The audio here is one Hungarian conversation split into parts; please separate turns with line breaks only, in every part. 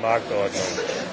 Marktordnung.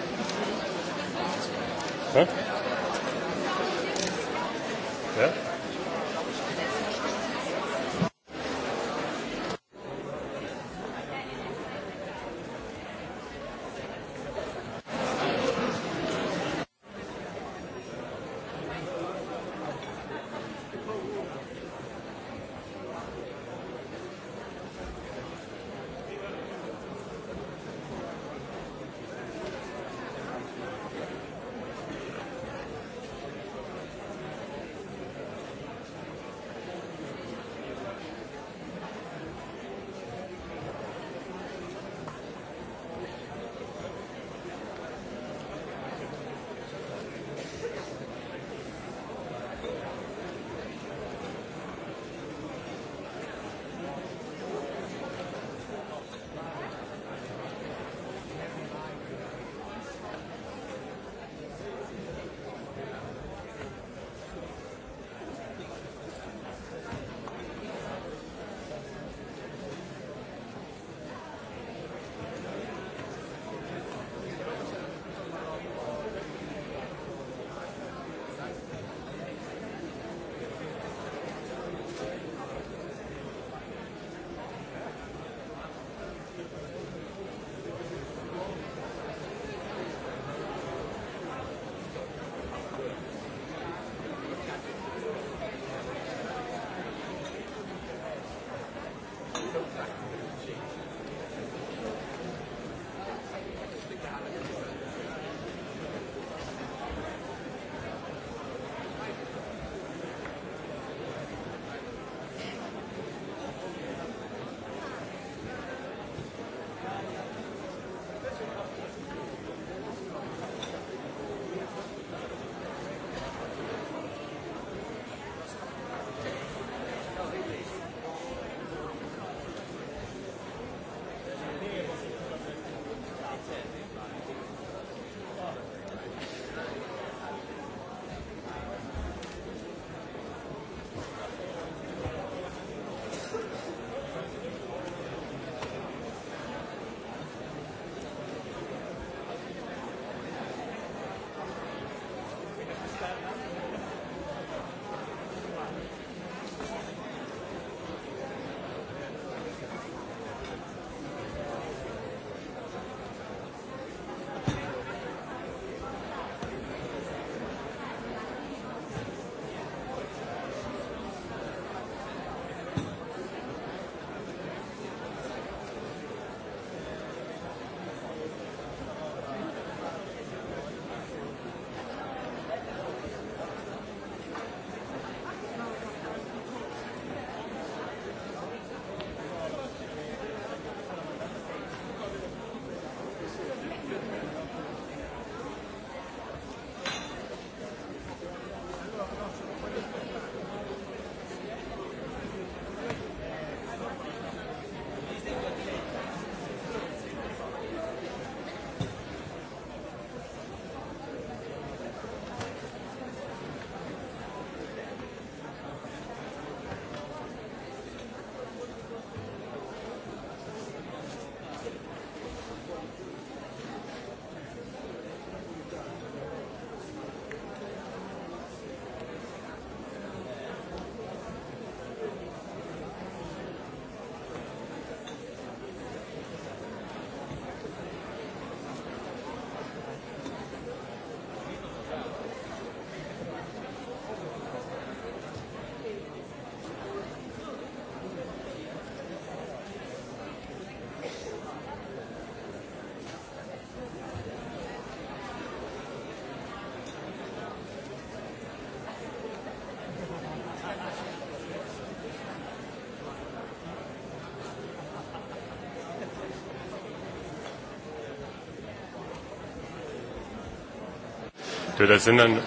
Für das sind dann,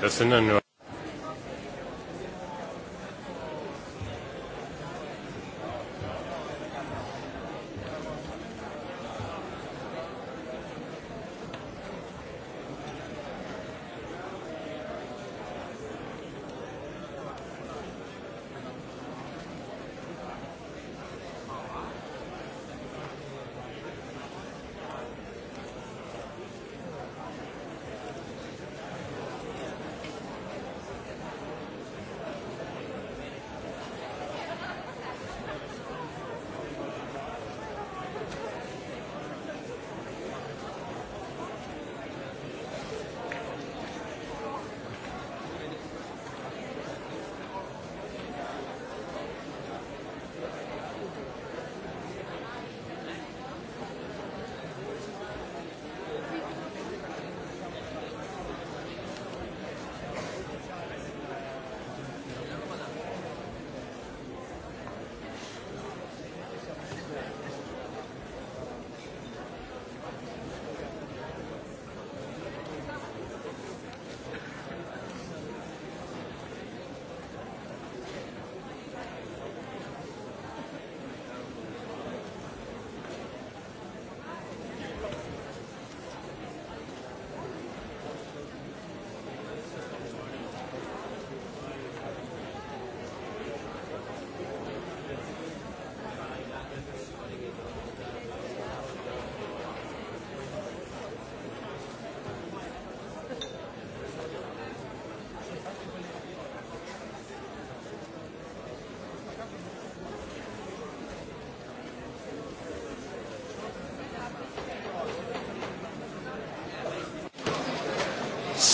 das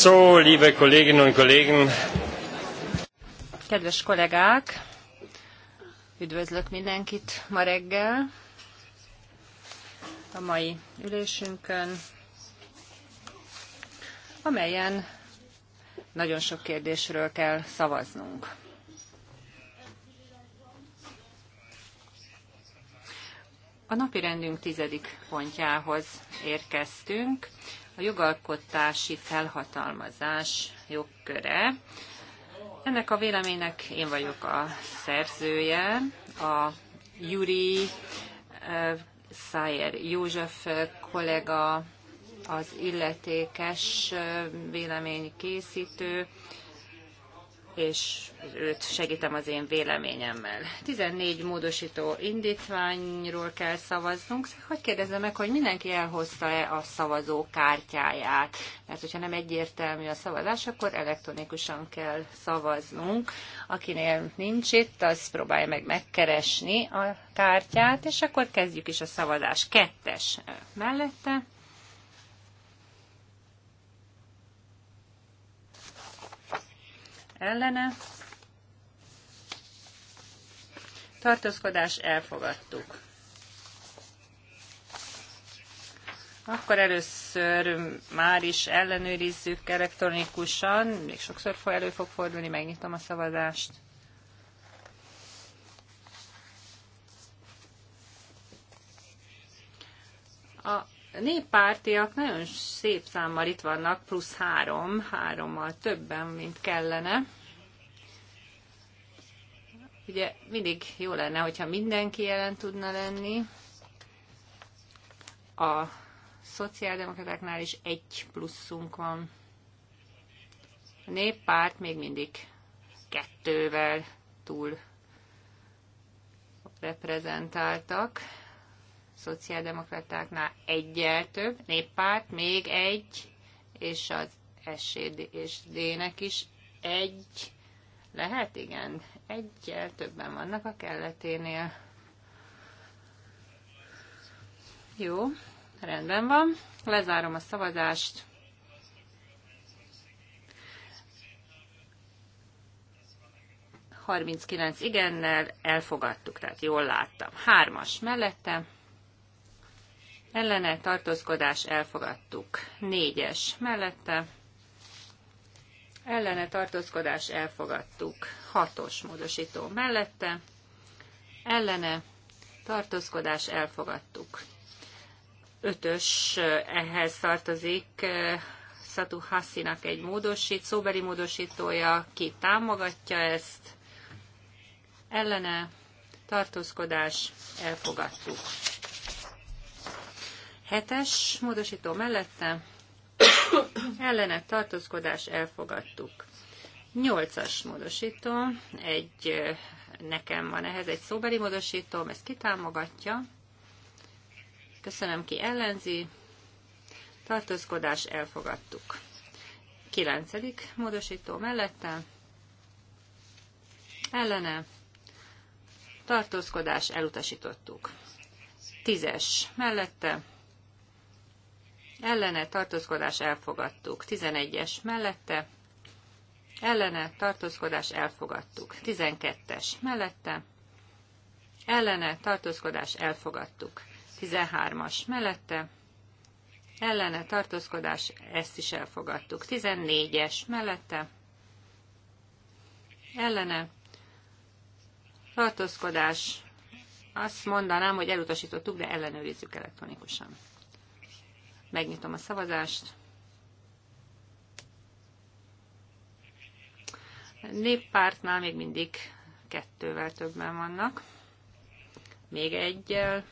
liebe Kolleginnen und Kollegen.
Kedves kollégák, üdvözlök mindenkit ma reggel a mai ülésünkön, amelyen nagyon sok kérdésről kell szavaznunk. A napi rendünk tizedik pontjához érkeztünk, a jogalkotási felhatalmazás jogköre. Ennek a véleménynek én vagyok a szerzője, a Juri Szájer József kollega az illetékes véleménykészítő, és őt segítem az én véleményemmel. 14 módosító indítványról kell szavaznunk. Hogy kérdezem meg, hogy mindenki elhozta-e a szavazó kártyáját? Mert hogyha nem egyértelmű a szavazás, akkor elektronikusan kell szavaznunk. Akinél nincs itt, az próbálja meg megkeresni a kártyát, és akkor kezdjük is a szavazás kettes mellette ellene. Tartózkodás elfogadtuk. Akkor először már is ellenőrizzük elektronikusan, még sokszor elő fog fordulni, megnyitom a szavazást. A néppártiak nagyon szép számmal itt vannak, plusz három, hárommal többen, mint kellene. Ugye mindig jó lenne, hogyha mindenki jelen tudna lenni. A szociáldemokratáknál is egy pluszunk van. A néppárt még mindig kettővel túl reprezentáltak szociáldemokratáknál egyel több, néppárt még egy, és az SED és nek is egy, lehet, igen, egyel többen vannak a kelleténél. Jó, rendben van. Lezárom a szavazást. Harminckilenc igennel elfogadtuk, tehát jól láttam. Hármas mellette ellene tartózkodás elfogadtuk. Négyes mellette ellene tartózkodás elfogadtuk. Hatos módosító mellette ellene tartózkodás elfogadtuk. Ötös eh, ehhez tartozik eh, Szatu Hassinak egy módosít, szóbeli módosítója, ki támogatja ezt, ellene tartózkodás elfogadtuk. Hetes módosító mellette ellene tartózkodás elfogadtuk. Nyolcas módosító, egy nekem van ehhez egy szóbeli módosítóm, ezt kitámogatja. Köszönöm, ki ellenzi. Tartózkodás elfogadtuk. Kilencedik módosító mellette. Ellene. Tartózkodás elutasítottuk. Tízes mellette ellene tartózkodás elfogadtuk. 11-es mellette, ellene tartózkodás elfogadtuk. 12-es mellette, ellene tartózkodás elfogadtuk. 13-as mellette, ellene tartózkodás, ezt is elfogadtuk. 14-es mellette, ellene tartózkodás, azt mondanám, hogy elutasítottuk, de ellenőrizzük elektronikusan. Megnyitom a szavazást. Néppártnál még mindig kettővel többen vannak. Még egyel.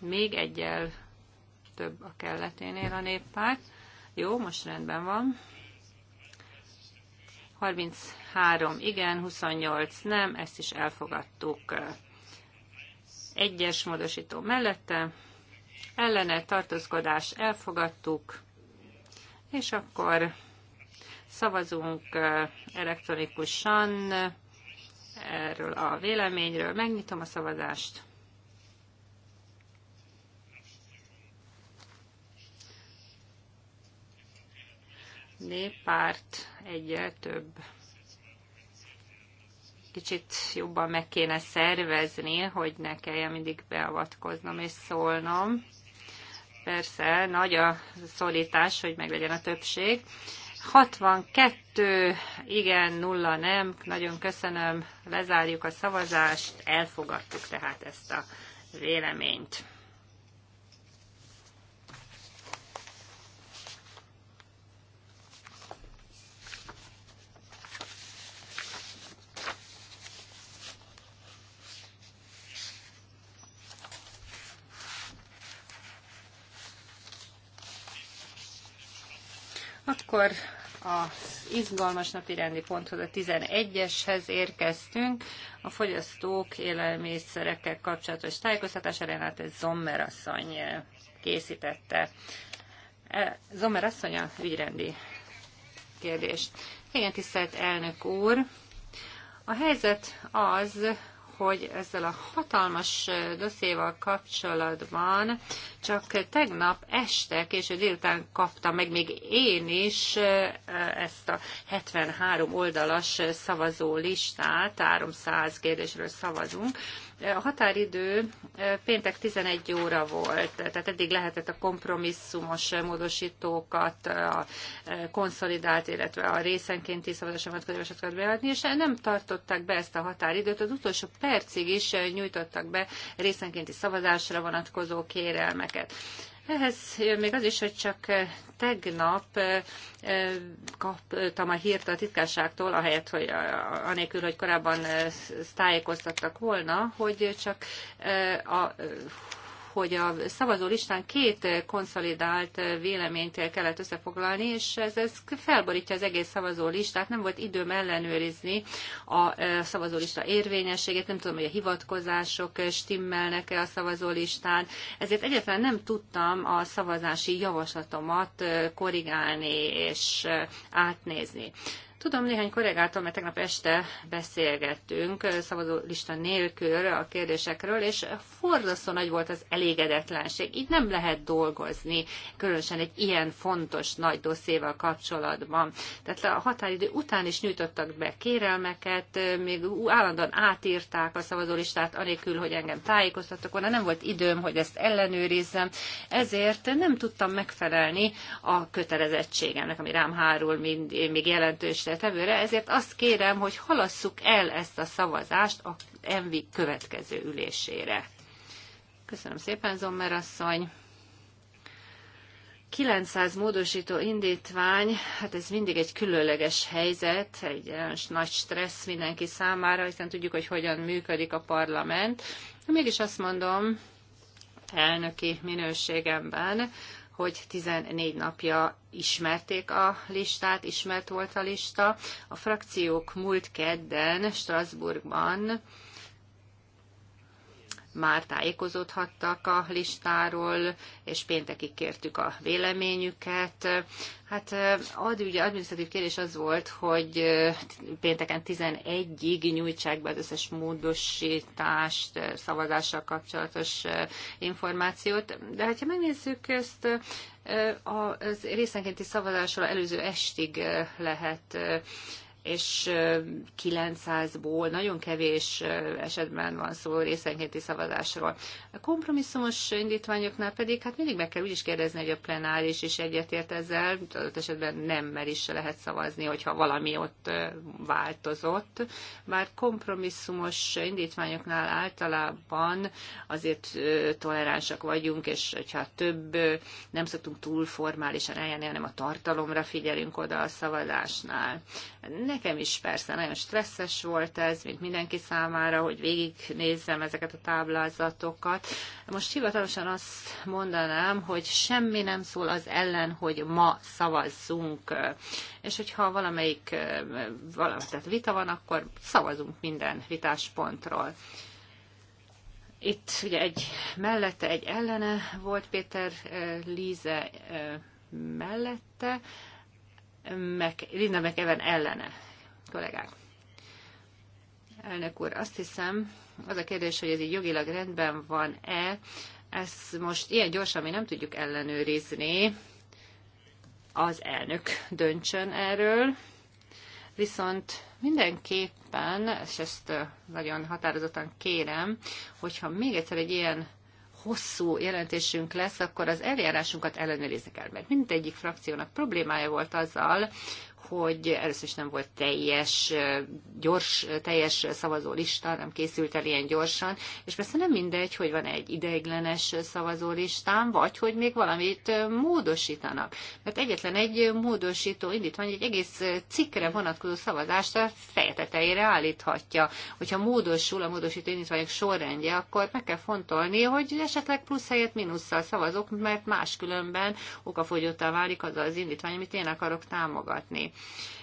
Még egyel több a kelleténél a néppárt. Jó, most rendben van. 33 igen, 28 nem, ezt is elfogadtuk. Egyes módosító mellette, ellene tartózkodás elfogadtuk, és akkor szavazunk elektronikusan erről a véleményről. Megnyitom a szavazást. Néppárt egyel több. Kicsit jobban meg kéne szervezni, hogy ne kelljen mindig beavatkoznom és szólnom persze nagy a szólítás, hogy meglegyen a többség. 62, igen, nulla nem, nagyon köszönöm, lezárjuk a szavazást, elfogadtuk tehát ezt a véleményt. akkor az izgalmas napi rendi ponthoz, a 11-eshez érkeztünk, a fogyasztók élelmiszerekkel kapcsolatos tájékoztatás Renate Zommer asszony készítette. E, Zomer asszony a ügyrendi kérdés. Igen, tisztelt elnök úr! A helyzet az, hogy ezzel a hatalmas dosszéval kapcsolatban csak tegnap este, késő délután kaptam meg még én is ezt a 73 oldalas szavazó listát, 300 kérdésről szavazunk, a határidő péntek 11 óra volt, tehát eddig lehetett a kompromisszumos módosítókat, a konszolidált, illetve a részenkénti szabadásra vonatkozó javaslatokat beadni, és nem tartották be ezt a határidőt. Az utolsó percig is nyújtottak be részenkénti szavazásra vonatkozó kérelmeket. Ehhez még az is, hogy csak eh, tegnap eh, eh, kaptam a hírt a titkárságtól, ahelyett, hogy anélkül, hogy korábban tájékoztattak volna, hogy csak a hogy a szavazó listán két konszolidált véleményt kellett összefoglalni, és ez, ez felborítja az egész szavazó listát. Nem volt időm ellenőrizni a e, szavazólista érvényességét, nem tudom, hogy a hivatkozások stimmelnek-e a szavazólistán, ezért egyetlen nem tudtam a szavazási javaslatomat e, korrigálni és e, átnézni. Tudom, néhány kollégától, mert tegnap este beszélgettünk szavazólista nélkül a kérdésekről, és forzasztó nagy volt az elégedetlenség. Itt nem lehet dolgozni, különösen egy ilyen fontos nagy dosszéval kapcsolatban. Tehát a határidő után is nyújtottak be kérelmeket, még állandóan átírták a szavazólistát, anélkül, hogy engem tájékoztattak volna, nem volt időm, hogy ezt ellenőrizzem, ezért nem tudtam megfelelni a kötelezettségemnek, ami rám hárul, mind még jelentős tevőre ezért azt kérem, hogy halasszuk el ezt a szavazást a ENVI következő ülésére. Köszönöm szépen, Zommer asszony. 900 módosító indítvány, hát ez mindig egy különleges helyzet, egy nagy stressz mindenki számára, hiszen tudjuk, hogy hogyan működik a parlament. Mégis azt mondom, elnöki minőségemben, hogy 14 napja ismerték a listát, ismert volt a lista. A frakciók múlt kedden Strasbourgban már tájékozódhattak a listáról, és péntekig kértük a véleményüket. Hát az ugye adminisztratív kérés az volt, hogy pénteken 11-ig nyújtsák be az összes módosítást, szavazással kapcsolatos információt, de hát ha megnézzük ezt, az részenkénti szavazásról előző estig lehet és 900-ból nagyon kevés esetben van szó részenkénti szavazásról. A kompromisszumos indítványoknál pedig hát mindig meg kell úgy is kérdezni, hogy a plenáris is egyetért ezzel, adott esetben mert is lehet szavazni, hogyha valami ott változott. Bár kompromisszumos indítványoknál általában azért toleránsak vagyunk, és hogyha több nem szoktunk túl formálisan eljárni, hanem a tartalomra figyelünk oda a szavazásnál. Ne Nekem is persze nagyon stresszes volt ez, mint mindenki számára, hogy végignézzem ezeket a táblázatokat. Most hivatalosan azt mondanám, hogy semmi nem szól az ellen, hogy ma szavazzunk. És hogyha valamelyik valami, tehát vita van, akkor szavazunk minden vitáspontról. Itt ugye egy mellette, egy ellene volt Péter Líze mellette, meg Linda McEwen ellene kollégák. Elnök úr, azt hiszem, az a kérdés, hogy ez így jogilag rendben van-e, ezt most ilyen gyorsan mi nem tudjuk ellenőrizni. Az elnök döntsön erről. Viszont mindenképpen, és ezt nagyon határozottan kérem, hogyha még egyszer egy ilyen hosszú jelentésünk lesz, akkor az eljárásunkat ellenőrizni kell, mert mindegyik frakciónak problémája volt azzal, hogy először is nem volt teljes, gyors, teljes szavazólista, nem készült el ilyen gyorsan, és persze nem mindegy, hogy van egy ideiglenes szavazólistám, vagy hogy még valamit módosítanak. Mert egyetlen egy módosító indítvány egy egész cikkre vonatkozó szavazást a feje állíthatja. Hogyha módosul a módosító indítványok sorrendje, akkor meg kell fontolni, hogy esetleg plusz helyett mínusszal szavazok, mert máskülönben okafogyottá válik az az indítvány, amit én akarok támogatni.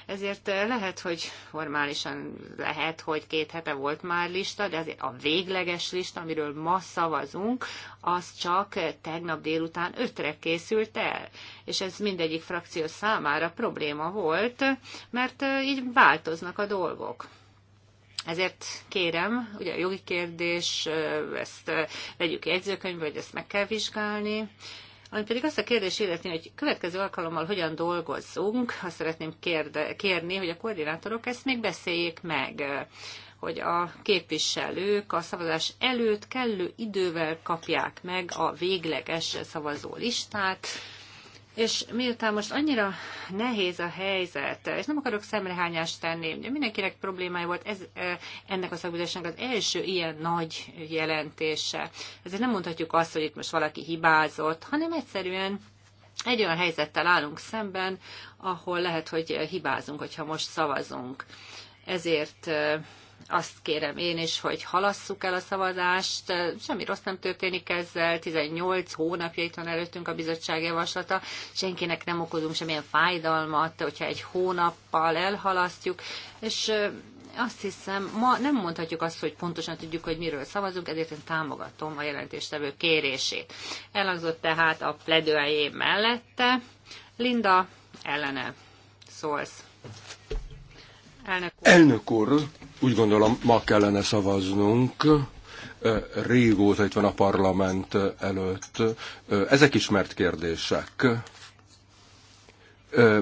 Ezért eh, lehet, hogy formálisan lehet, hogy két hete volt már lista, de azért a végleges lista, amiről ma szavazunk, az csak tegnap délután ötre készült el. És ez mindegyik frakció számára probléma volt, mert eh, így változnak a dolgok. Ezért kérem, ugye a jogi kérdés, eh, ezt vegyük jegyzőkönyvbe, hogy ezt meg kell vizsgálni, ami pedig azt a kérdés illeti, hogy következő alkalommal hogyan dolgozzunk, azt szeretném kérde, kérni, hogy a koordinátorok ezt még beszéljék meg hogy a képviselők a szavazás előtt kellő idővel kapják meg a végleges szavazó listát, és miután most annyira nehéz a helyzet, és nem akarok szemrehányást tenni, ugye mindenkinek problémája volt ez, ennek a szakbizásnak az első ilyen nagy jelentése. Ezért nem mondhatjuk azt, hogy itt most valaki hibázott, hanem egyszerűen egy olyan helyzettel állunk szemben, ahol lehet, hogy hibázunk, hogyha most szavazunk. Ezért azt kérem én is, hogy halasszuk el a szavazást, semmi rossz nem történik ezzel, 18 hónapja itt van előttünk a bizottság javaslata, senkinek nem okozunk semmilyen fájdalmat, hogyha egy hónappal elhalasztjuk, és azt hiszem, ma nem mondhatjuk azt, hogy pontosan tudjuk, hogy miről szavazunk, ezért én támogatom a jelentéstevő kérését. Elhangzott tehát a pledőjé mellette. Linda, ellene szólsz. Elnök
úr. Elnök úr, úgy gondolom ma kellene szavaznunk. Régóta itt van a parlament előtt. Ezek ismert kérdések.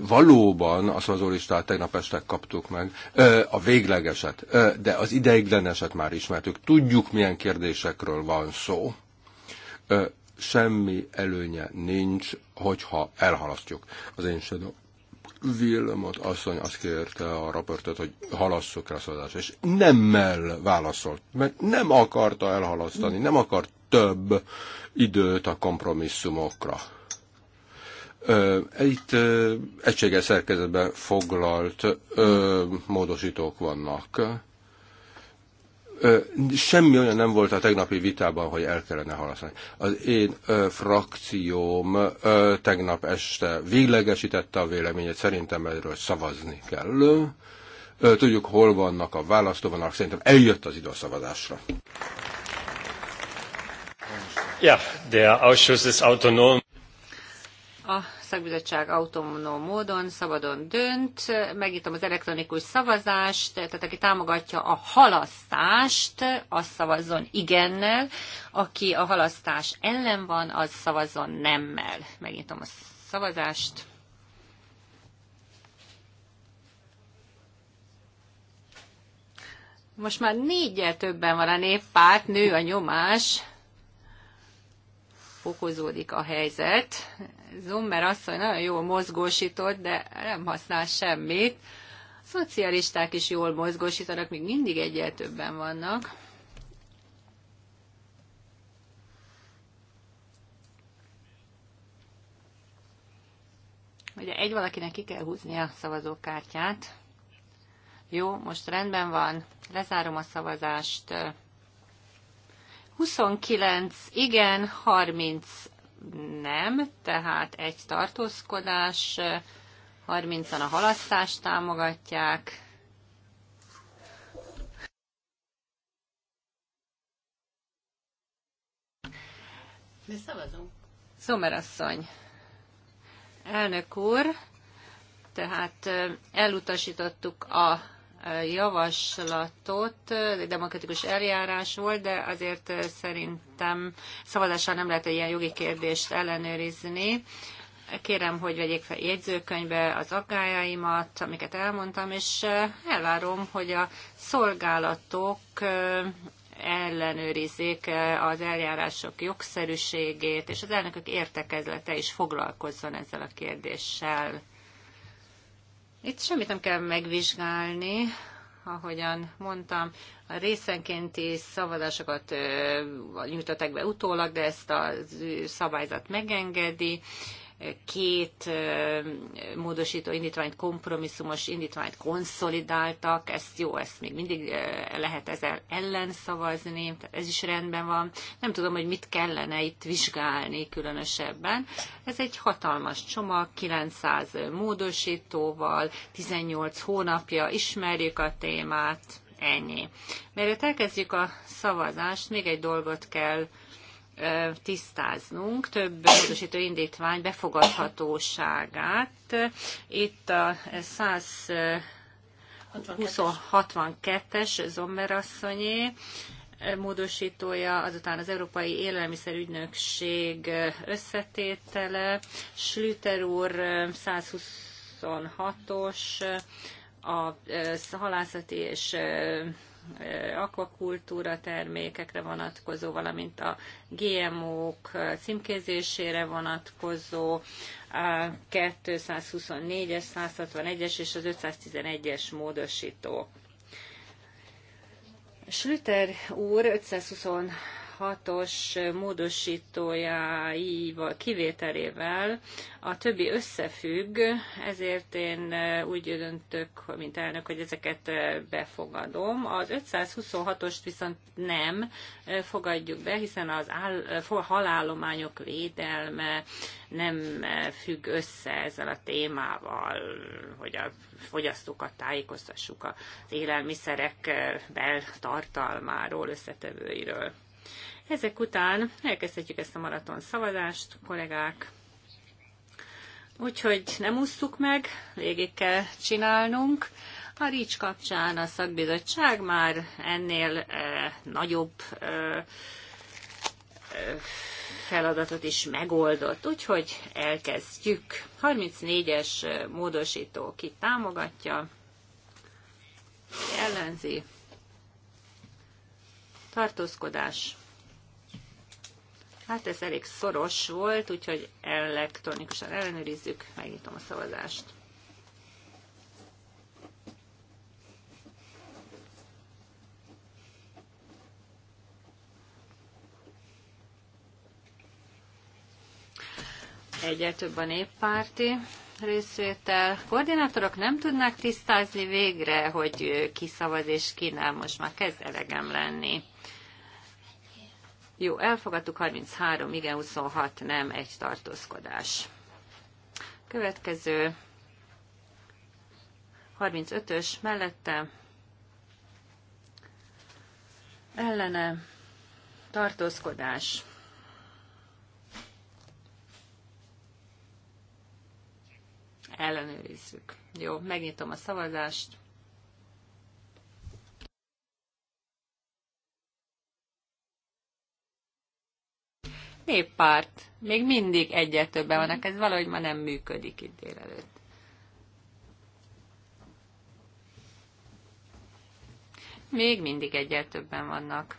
Valóban a szavazólistát tegnap este kaptuk meg, a véglegeset, de az ideigleneset már ismertük. Tudjuk, milyen kérdésekről van szó semmi előnye nincs, hogyha elhalasztjuk. Az én sem. Vilmot asszony azt kérte a raportot, hogy halasszuk el a szavazást, és nemmel válaszolt, mert nem akarta elhalasztani, nem akart több időt a kompromisszumokra. itt egységes szerkezetben foglalt módosítók vannak semmi olyan nem volt a tegnapi vitában, hogy el kellene halasztani. Az én ö, frakcióm ö, tegnap este véglegesítette a véleményét, szerintem erről szavazni kell. Ö, tudjuk, hol vannak a választóvonalak, szerintem eljött az idő a szavazásra. Ja, der Ausschuss ist autonom
a szakbizottság autonóm módon, szabadon dönt. Megítom az elektronikus szavazást, tehát aki támogatja a halasztást, az szavazzon igennel, aki a halasztás ellen van, az szavazzon nemmel. Megítom a szavazást. Most már négyel többen van a néppárt, nő a nyomás fokozódik a helyzet. Zummer asszony nagyon jól mozgósított, de nem használ semmit. A szocialisták is jól mozgósítanak, még mindig egyel többen vannak. Ugye egy valakinek ki kell húzni a szavazókártyát. Jó, most rendben van. Lezárom a szavazást. 29 igen, 30 nem, tehát egy tartózkodás, 30-an a halasztást támogatják.
Mi szavazunk?
Szomerasszony. Elnök úr, tehát elutasítottuk a javaslatot, egy demokratikus eljárás volt, de azért szerintem szavazással nem lehet egy ilyen jogi kérdést ellenőrizni. Kérem, hogy vegyék fel jegyzőkönyvbe az aggájaimat, amiket elmondtam, és eh, elvárom, hogy a szolgálatok eh, ellenőrizzék eh, az eljárások jogszerűségét, és az elnökök értekezlete is foglalkozzon ezzel a kérdéssel. Itt semmit nem kell megvizsgálni, ahogyan mondtam, a részenkénti szavazásokat nyújtottak be utólag, de ezt a szabályzat megengedi két módosító indítványt, kompromisszumos indítványt konszolidáltak, ezt jó, ezt még mindig lehet ezzel ellen szavazni, tehát ez is rendben van. Nem tudom, hogy mit kellene itt vizsgálni különösebben. Ez egy hatalmas csomag, 900 módosítóval, 18 hónapja, ismerjük a témát, ennyi. Mert elkezdjük a szavazást, még egy dolgot kell tisztáznunk több módosító indítvány befogadhatóságát. Itt a 100 es Zommerasszonyé módosítója, azután az Európai Élelmiszerügynökség összetétele, Schlüter úr 126-os, a halászati és Eh, akvakultúra termékekre vonatkozó, valamint a GMO-k eh, címkézésére vonatkozó, 224-es, 161-es és az 511-es módosító. Schlüter úr 520 6-os módosítójáival, kivételével a többi összefügg, ezért én úgy döntök, mint elnök, hogy ezeket befogadom. Az 526-ost viszont nem fogadjuk be, hiszen az áll, halálományok védelme nem függ össze ezzel a témával, hogy a fogyasztókat tájékoztassuk az élelmiszerek beltartalmáról, összetevőiről. Ezek után elkezdhetjük ezt a maraton szavazást, kollégák. Úgyhogy nem ússzuk meg, végig kell csinálnunk. A RICS kapcsán a szakbizottság már ennél eh, nagyobb eh, eh feladatot is megoldott, úgyhogy elkezdjük. 34-es eh, módosító ki támogatja, ellenzi, tartózkodás. Hát ez elég szoros volt, úgyhogy elektronikusan ellenőrizzük, megnyitom a szavazást. egyre több a néppárti részvétel. Koordinátorok nem tudnak tisztázni végre, hogy ki szavaz és ki nem. Most már kezd elegem lenni. Jó, elfogadtuk 33, igen, 26, nem, egy tartózkodás. Következő 35-ös mellette ellene tartózkodás. Ellenőrizzük. Jó, megnyitom a szavazást. néppárt. Még mindig egyet többen vannak, ez valahogy ma nem működik itt délelőtt. Még mindig egyet többen vannak.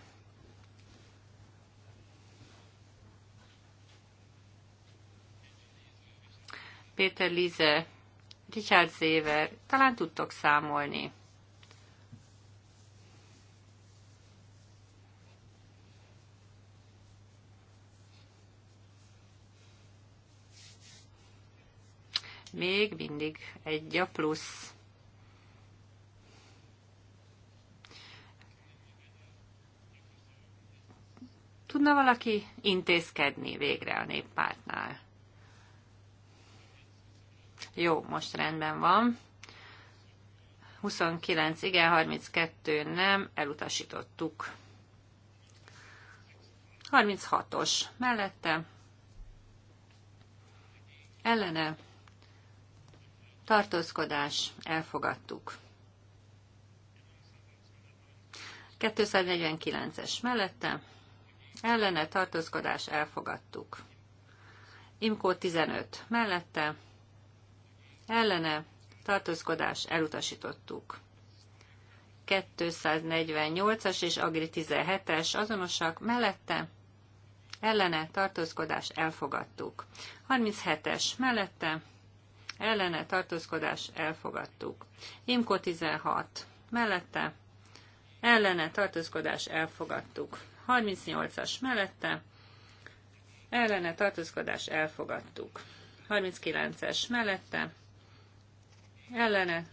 Péter Lize, Richard Zéver, talán tudtok számolni. még mindig egy a plusz. Tudna valaki intézkedni végre a néppártnál? Jó, most rendben van. 29 igen, 32 nem, elutasítottuk. 36-os mellette, ellene tartózkodás, elfogadtuk. 249-es mellette, ellene tartózkodás, elfogadtuk. Imkó 15 mellette, ellene tartózkodás, elutasítottuk. 248-as és Agri 17-es azonosak mellette, ellene tartózkodás, elfogadtuk. 37-es mellette, ellene tartózkodás elfogadtuk. Imko 16 mellette ellene tartózkodás elfogadtuk. 38-as mellette ellene tartózkodás elfogadtuk. 39-es mellette ellene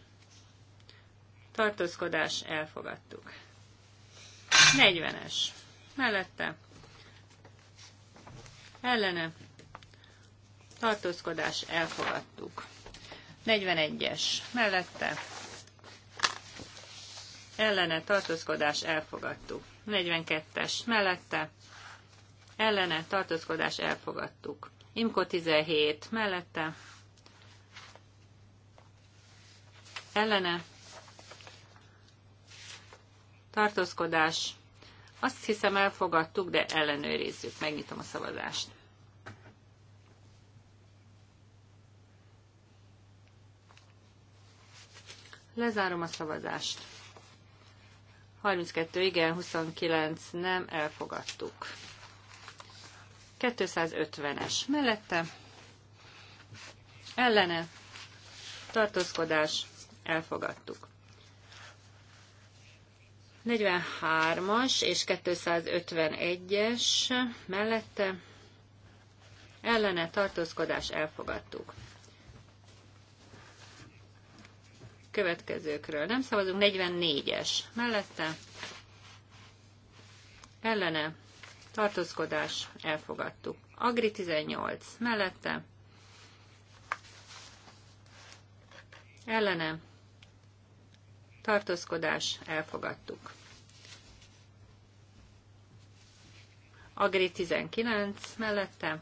tartózkodás elfogadtuk. 40-es mellette ellene tartózkodás elfogadtuk. 41-es mellette ellene tartózkodás elfogadtuk. 42-es mellette ellene tartózkodás elfogadtuk. Imko 17 mellette ellene tartózkodás. Azt hiszem elfogadtuk, de ellenőrizzük. Megnyitom a szavazást. Lezárom a szavazást. 32 igen, 29 nem, elfogadtuk. 250-es mellette, ellene, tartózkodás, elfogadtuk. 43-as és 251-es mellette, ellene, tartózkodás, elfogadtuk. következőkről. Nem szavazunk 44-es. Mellette ellene tartózkodás elfogadtuk. Agri 18. Mellette ellene tartózkodás elfogadtuk. Agri 19 mellette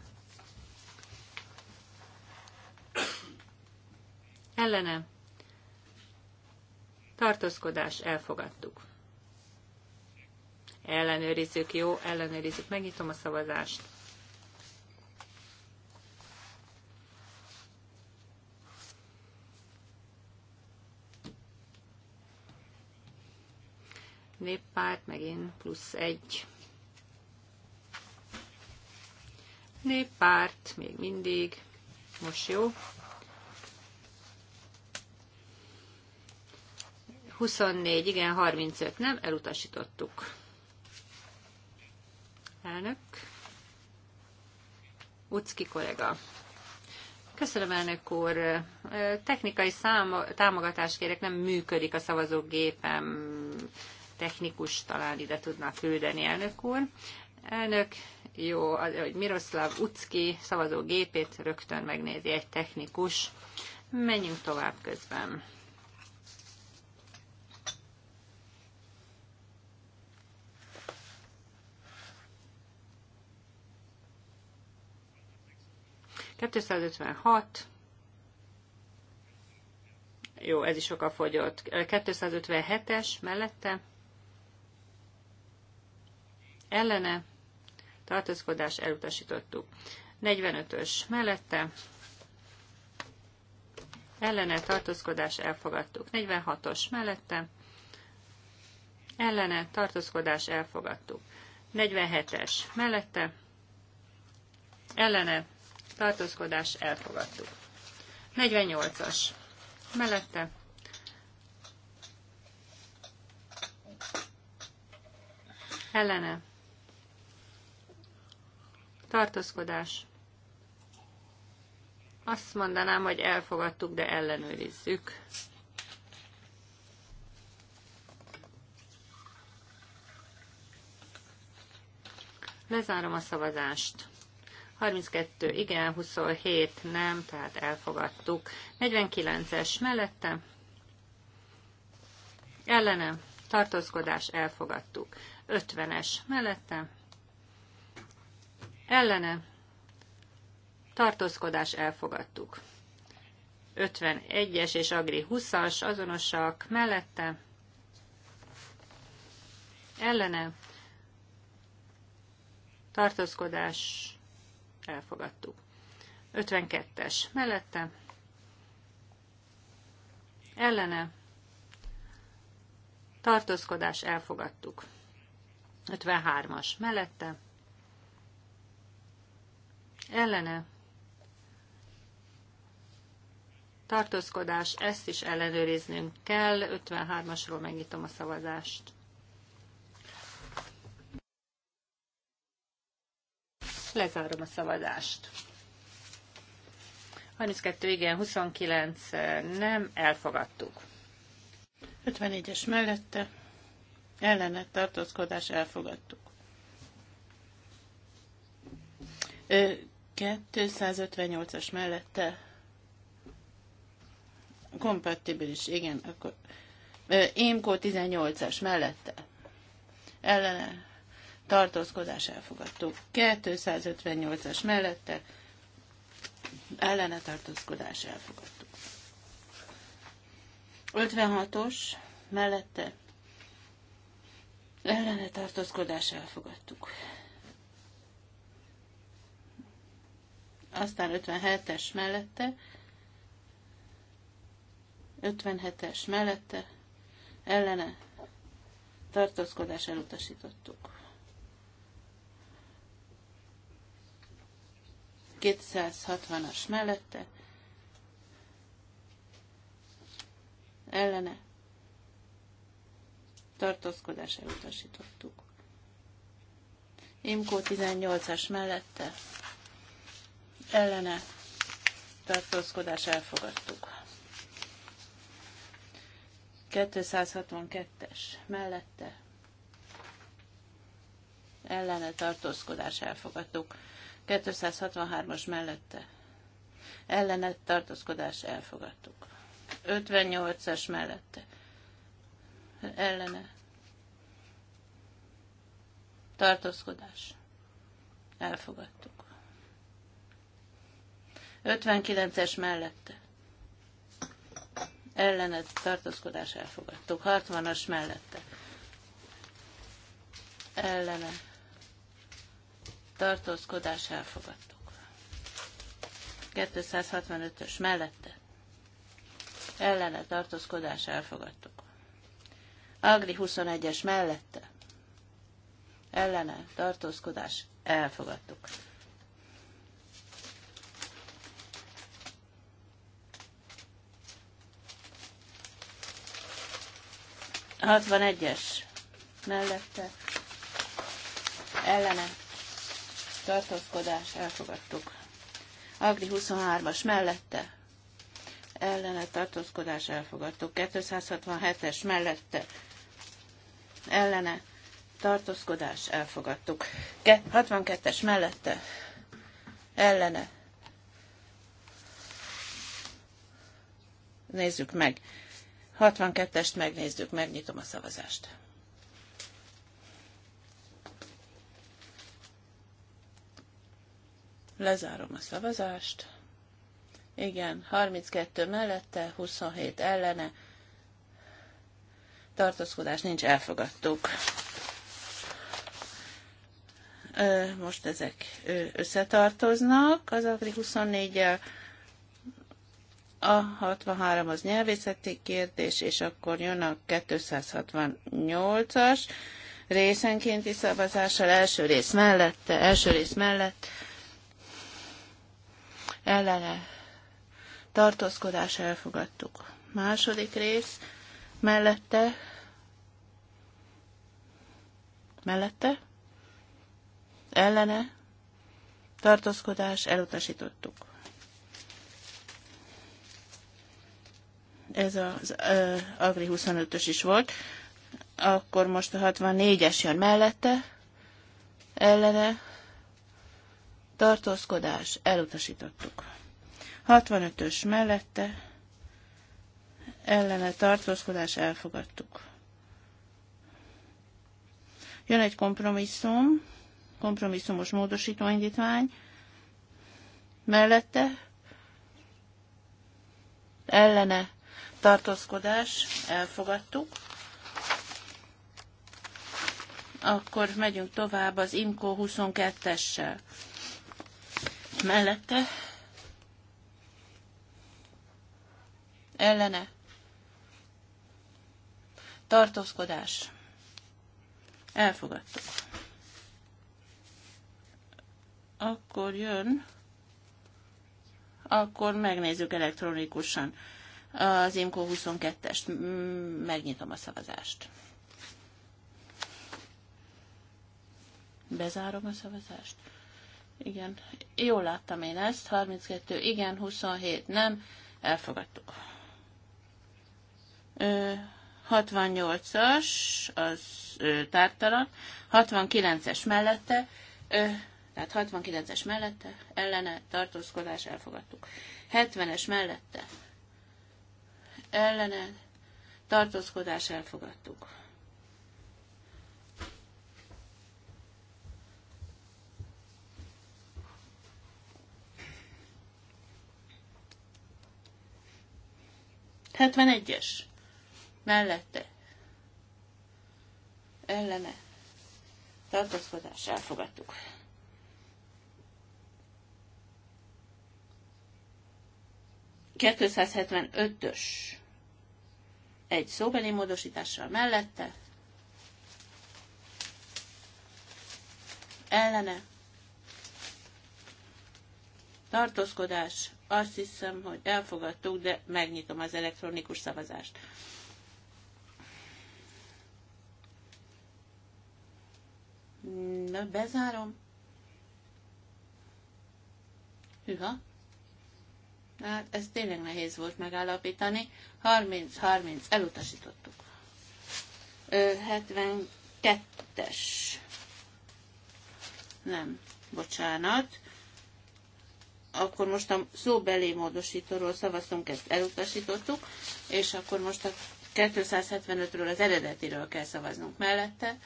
ellene tartózkodás, elfogadtuk. Ellenőrizzük, jó, ellenőrizzük, megnyitom a szavazást. Néppárt, megint plusz egy. Néppárt, még mindig. Most jó. 24, igen, 35 nem, elutasítottuk. Elnök. Ucki kollega. Köszönöm, elnök úr. Technikai száma, támogatást kérek, nem működik a szavazógépem. Technikus talán ide tudna küldeni, elnök úr. Elnök, jó, hogy Miroslav Ucki szavazógépét rögtön megnézi egy technikus. Menjünk tovább közben. 256, jó, ez is sokkal fogyott. 257-es mellette, ellene, tartózkodás elutasítottuk. 45-ös mellette, ellene, tartózkodás elfogadtuk. 46-os mellette, ellene, tartózkodás elfogadtuk. 47-es mellette, ellene, tartózkodás elfogadtuk. 48-as mellette ellene tartózkodás azt mondanám, hogy elfogadtuk, de ellenőrizzük. Lezárom a szavazást. 32 igen, 27 nem, tehát elfogadtuk. 49-es mellette, ellenem, tartózkodás, elfogadtuk. 50-es mellette, ellene, tartózkodás, elfogadtuk. 51-es és Agri 20-as azonosak mellette, ellene, tartózkodás, elfogadtuk. 52-es mellette, ellene, tartózkodás, elfogadtuk. 53-as mellette, ellene, tartózkodás, ezt is ellenőriznünk kell. 53-asról megnyitom a szavazást. Lezárom a szavazást. 32 igen, 29 nem, elfogadtuk. 54-es mellette ellene
tartózkodás elfogadtuk. 258-as mellette kompatibilis, igen, akkor Émkó 18-as mellette ellene tartózkodás elfogadtó 258-as mellette ellene tartózkodás elfogadtó. 56-os mellette ellene tartózkodás elfogadtuk. Aztán 57-es mellette 57-es mellette ellene tartózkodás elutasítottuk. 260-as mellette, ellene tartózkodás elutasítottuk. Imkó 18-as mellette ellene tartózkodás elfogadtuk. 262-es mellette ellene tartózkodás elfogadtuk. 263-as mellette ellenet tartózkodás elfogadtuk. 58-as mellette ellene tartózkodás elfogadtuk. 59-es mellette ellene tartózkodás elfogadtuk. 60-as mellette ellene tartózkodás elfogadtuk. 265-ös mellette ellene tartózkodás elfogadtuk. Agri 21-es mellette ellene tartózkodás elfogadtuk. 61-es mellette ellene tartózkodás, elfogadtuk. Agri 23-as mellette, ellene tartózkodás, elfogadtuk. 267-es mellette, ellene tartózkodás, elfogadtuk. 62-es mellette, ellene. Nézzük meg. 62-est megnézzük, megnyitom a szavazást. Lezárom a szavazást. Igen, 32 mellette, 27 ellene. Tartózkodás nincs, elfogadtuk. Most ezek összetartoznak. Az Agri 24-jel a 63 az nyelvészeti kérdés, és akkor jön a 268-as részenkénti szavazással első rész mellette, első rész mellett ellene tartózkodás elfogadtuk. Második rész mellette mellette ellene tartózkodás elutasítottuk. Ez az ö, Agri 25-ös is volt. Akkor most a 64-es jön mellette, ellene tartózkodás, elutasítottuk. 65-ös mellette, ellene tartózkodás, elfogadtuk. Jön egy kompromisszum, kompromisszumos módosítóindítvány, mellette, ellene tartózkodás, elfogadtuk. Akkor megyünk tovább az IMCO 22-essel mellette, ellene, tartózkodás, elfogadtuk. Akkor jön, akkor megnézzük elektronikusan az IMCO 22-est. Megnyitom a szavazást. Bezárom a szavazást. Igen, jól láttam én ezt, 32 igen, 27 nem, elfogadtuk. 68-as, az tártalan, 69-es mellette, ö, tehát 69-es mellette, ellene, tartózkodás, elfogadtuk. 70-es mellette, ellene, tartózkodás, elfogadtuk. 71-es. Mellette. Ellene. Tartózkodás. Elfogadtuk. ös egy szóbeli módosítással mellette, ellene, tartózkodás, azt hiszem, hogy elfogadtuk, de megnyitom az elektronikus szavazást. Na, bezárom. Hűha. Hát ez tényleg nehéz volt megállapítani. 30-30 elutasítottuk. 72-es. Nem, bocsánat akkor most a szóbeli módosítóról szavaztunk, ezt elutasítottuk, és akkor most a 275-ről az eredetiről kell szavaznunk mellette.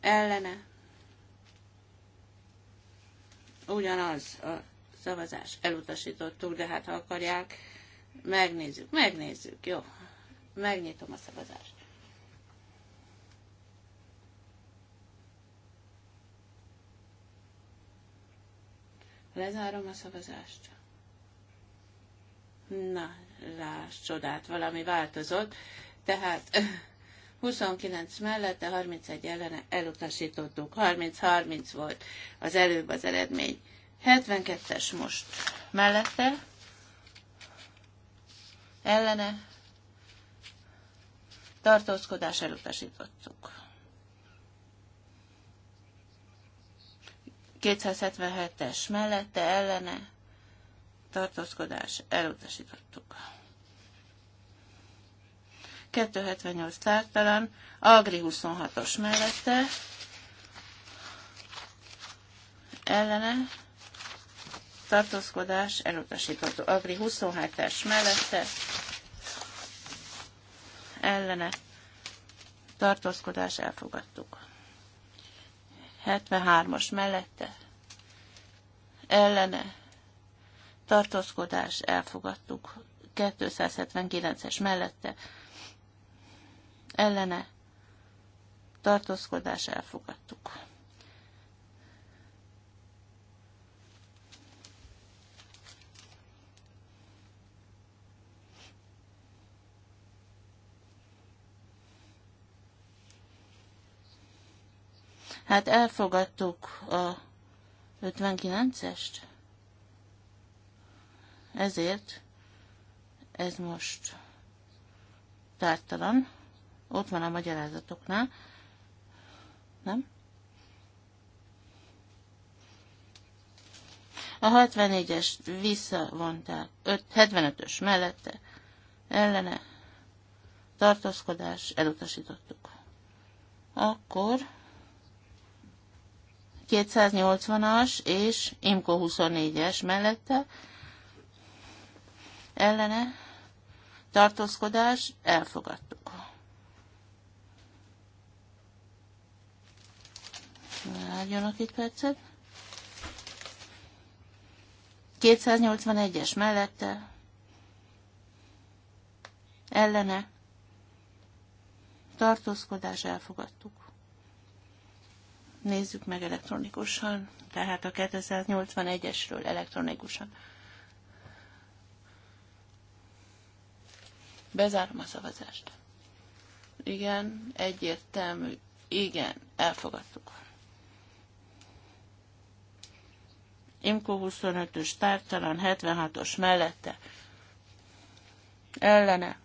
Ellene. Ugyanaz a szavazás. Elutasítottuk, de hát ha akarják, megnézzük, megnézzük, jó. Megnyitom a szavazást. Lezárom a szavazást. Na, láss csodát, valami változott. Tehát 29 mellette, 31 ellene elutasítottuk. 30-30 volt az előbb az eredmény. 72-es most mellette, ellene, tartózkodás elutasítottuk. 277-es mellette ellene tartózkodás elutasítottuk. 278 tártalan, Agri 26-os mellette ellene tartózkodás elutasítottuk. Agri 27-es mellette ellene tartózkodás elfogadtuk. 73-as mellette ellene tartózkodás elfogadtuk 279-es mellette ellene tartózkodás elfogadtuk. Hát elfogadtuk a 59-est. Ezért ez most tártalan. Ott van a magyarázatoknál. Nem? A 64-est visszavonták. 75-ös mellette ellene tartózkodás elutasítottuk. Akkor 280-as és IMCO 24-es mellette ellene tartózkodás elfogadtuk. Várjanak itt percet. 281-es mellette ellene tartózkodás elfogadtuk. Nézzük meg elektronikusan, tehát a 281-esről elektronikusan. Bezárom a szavazást. Igen, egyértelmű. Igen, elfogadtuk. Imko 25-ös tártalan, 76-os mellette. Ellene.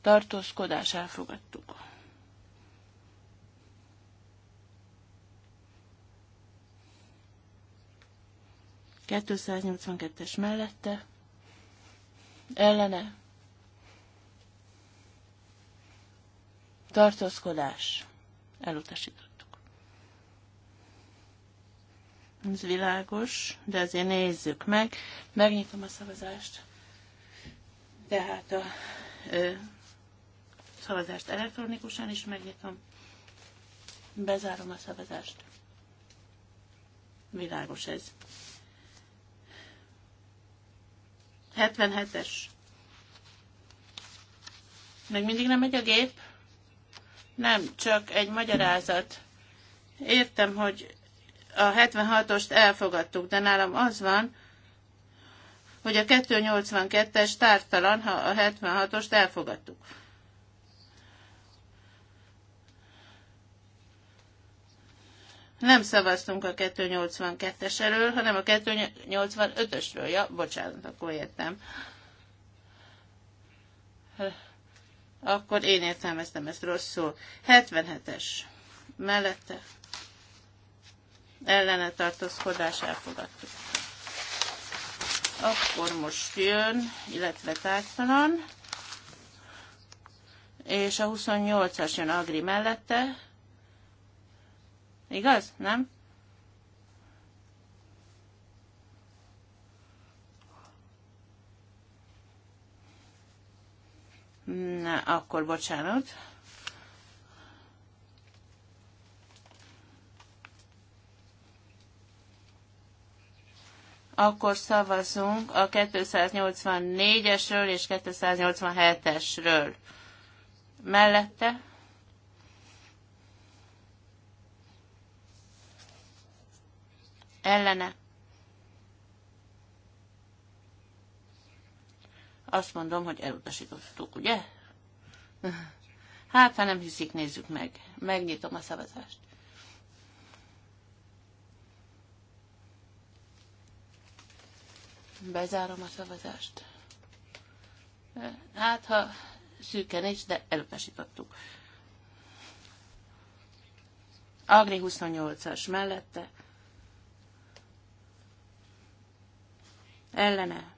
Tartózkodás elfogadtuk. 282-es mellette, ellene, tartózkodás, elutasítottuk. Ez világos, de azért nézzük meg. Megnyitom a szavazást. Tehát a ö, szavazást elektronikusan is megnyitom. Bezárom a szavazást. Világos ez. 77-es. Meg mindig nem megy a gép? Nem, csak egy magyarázat. Értem, hogy a 76-ost elfogadtuk, de nálam az van, hogy a 282-es tártalan, ha a 76-ost elfogadtuk. Nem szavaztunk a 282-es hanem a 285-ösről. Ja, bocsánat, akkor értem. Akkor én értelmeztem ezt rosszul. 77-es. Mellette. Ellene tartózkodás elfogadtuk. Akkor most jön, illetve tártalan. És a 28-as jön Agri mellette Igaz? Nem? Na, akkor bocsánat. Akkor szavazunk a 284-esről és 287-esről. Mellette ellene. Azt mondom, hogy elutasítottuk, ugye? Hát, ha nem hiszik, nézzük meg. Megnyitom a szavazást. Bezárom a szavazást. Hát, ha szűken is, de elutasítottuk. Agri 28-as mellette ellene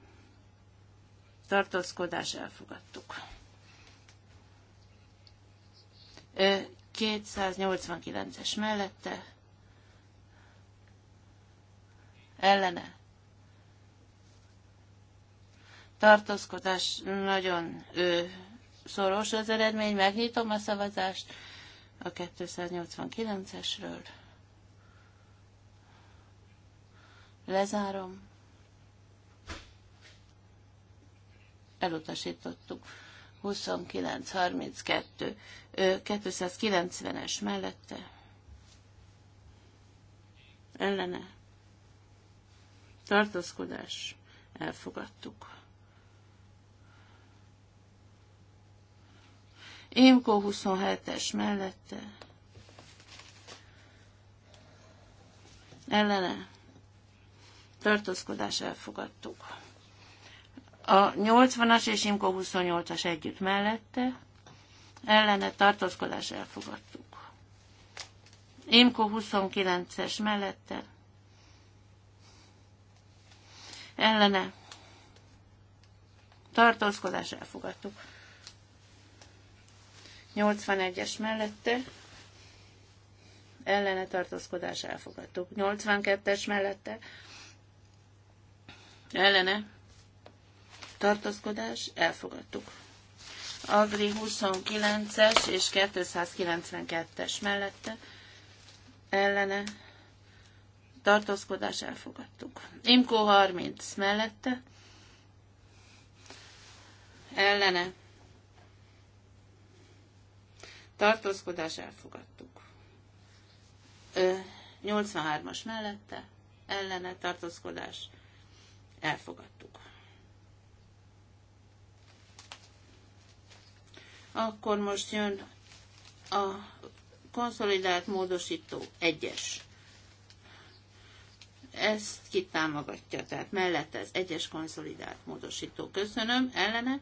tartózkodás elfogadtuk. 289-es mellette ellene tartózkodás nagyon ő, szoros az eredmény. Megnyitom a szavazást a 289-esről. Lezárom. elutasítottuk. 29-32, 290-es mellette, ellene, tartózkodás, elfogadtuk. Émkó 27-es mellette, ellene, tartózkodás, elfogadtuk. A 80-as és Imko 28-as együtt mellette, ellene tartózkodás elfogadtuk. Imko 29-es mellette, ellene tartózkodás elfogadtuk. 81-es mellette ellene tartózkodás elfogadtuk. 82-es mellette ellene tartózkodás, elfogadtuk. Agri 29-es és 292-es mellette ellene tartózkodás elfogadtuk. Imkó 30 mellette ellene tartózkodás elfogadtuk. 83-as mellette ellene tartózkodás elfogadtuk. Akkor most jön a konszolidált módosító egyes. Ezt kitámogatja, tehát mellette az egyes konszolidált módosító. Köszönöm, ellene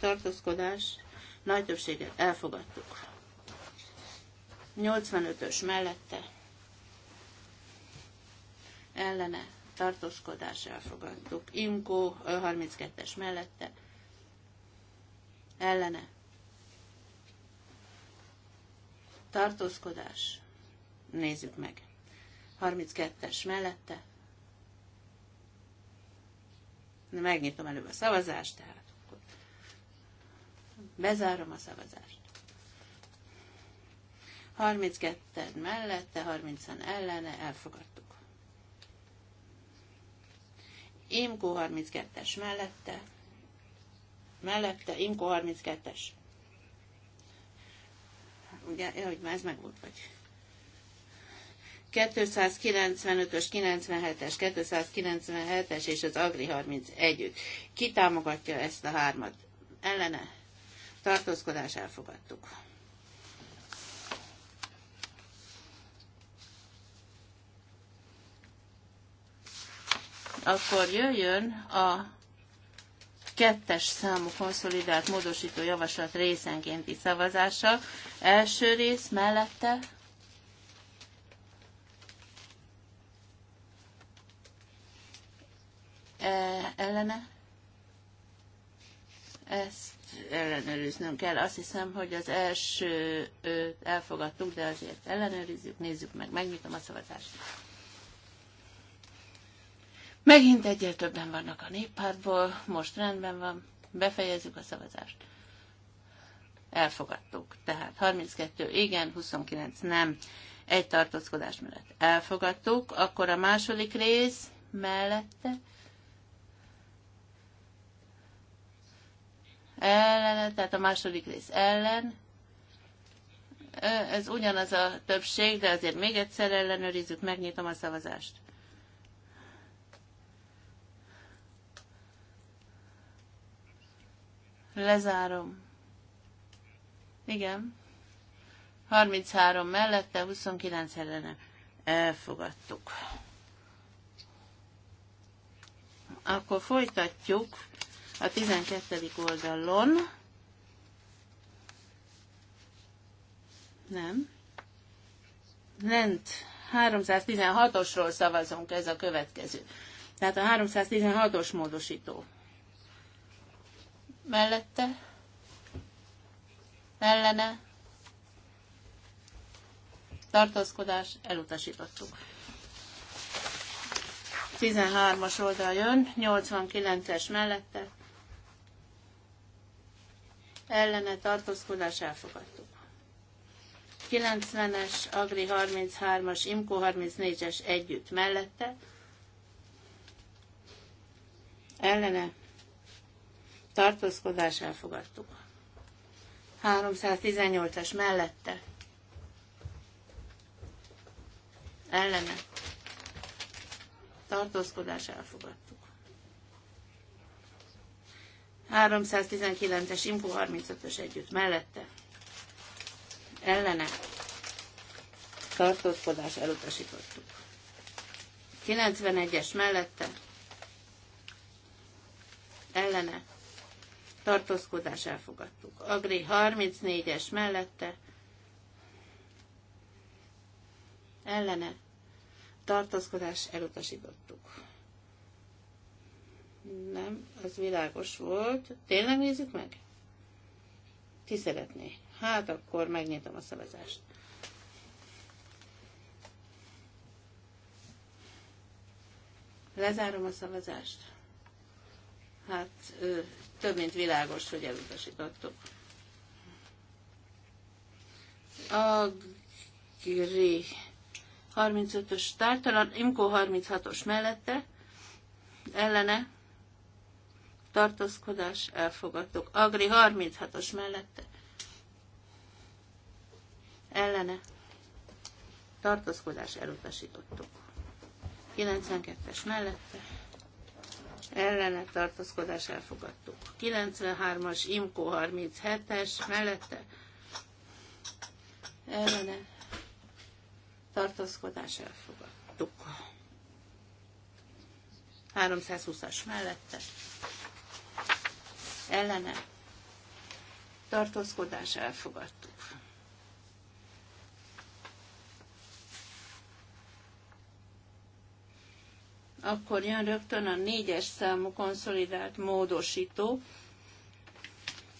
tartózkodás, nagy többséget elfogadtuk. 85-ös mellette ellene tartózkodás elfogadtuk. Imko 32-es mellette ellene. Tartózkodás. Nézzük meg. 32-es mellette. Megnyitom előbb a szavazást, tehát akkor bezárom a szavazást. 32 mellette, 30 ellene, elfogadtuk. Imkó 32-es mellette, mellette, Imko 32-es. Ugye, ja, hogy már ez meg volt, vagy 295-ös, 97-es, 297-es és az Agri 31-ük. Ki támogatja ezt a hármat? Ellene? Tartózkodás elfogadtuk. Akkor jöjjön a kettes számú konszolidált módosító javaslat részenkénti szavazása. Első rész mellette e, ellene ezt ellenőriznünk kell. Azt hiszem, hogy az első elfogadtuk, de azért ellenőrizzük, nézzük meg, megnyitom a szavazást. Megint egyel többen vannak a néppártból, most rendben van, befejezzük a szavazást. Elfogadtuk. Tehát 32 igen, 29 nem. Egy tartózkodás mellett elfogadtuk. Akkor a második rész mellette ellen, tehát a második rész ellen. Ez ugyanaz a többség, de azért még egyszer ellenőrizzük, megnyitom a szavazást. Lezárom. Igen. 33 mellette, 29 ellene. Elfogadtuk. Akkor folytatjuk a 12. oldalon. Nem. Lent 316-osról szavazunk, ez a következő. Tehát a 316-os módosító mellette, ellene, tartózkodás, elutasítottuk. 13-as oldal jön, 89-es mellette, ellene tartózkodás elfogadtuk. 90-es, Agri 33-as, Imko 34-es együtt mellette, ellene tartózkodás elfogadtuk. 318-as mellette ellene tartózkodás elfogadtuk. 319-es Info 35-ös együtt mellette ellene tartózkodás elutasítottuk. 91-es mellette ellene tartózkodás elfogadtuk. Agri 34-es mellette, ellene, tartózkodás elutasítottuk. Nem, az világos volt. Tényleg nézzük meg? Ki szeretné? Hát akkor megnyitom a szavazást. Lezárom a szavazást. Hát több mint világos, hogy elutasítottuk. A Gri 35-ös tártalan, Imko 36-os mellette, ellene, tartózkodás, elfogadtuk. Agri 36-os mellette, ellene, tartózkodás, elutasítottuk. 92-es mellette, ellene tartózkodás elfogadtuk. 93-as Imko 37-es mellette ellene tartózkodás elfogadtuk. 320-as mellette ellene tartózkodás elfogadtuk. akkor jön rögtön a négyes számú konszolidált módosító,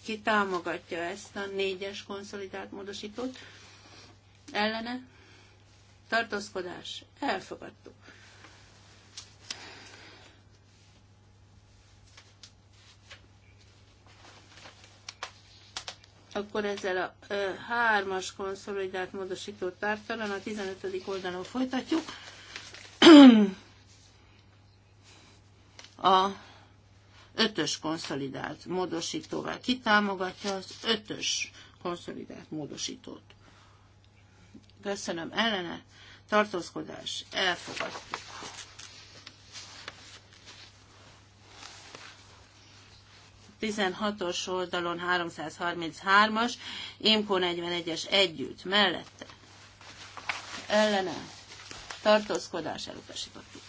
ki támogatja ezt a négyes konszolidált módosítót, ellene tartózkodás, elfogadtuk. Akkor ezzel a ö, hármas konszolidált módosítót tartalan a 15. oldalon folytatjuk a ötös konszolidált módosítóval. kitámogatja az ötös konszolidált módosítót? Köszönöm ellene. Tartózkodás. Elfogadtuk. 16-os oldalon 333-as, Imko 41-es együtt, mellette. Ellene. Tartózkodás elutasítottuk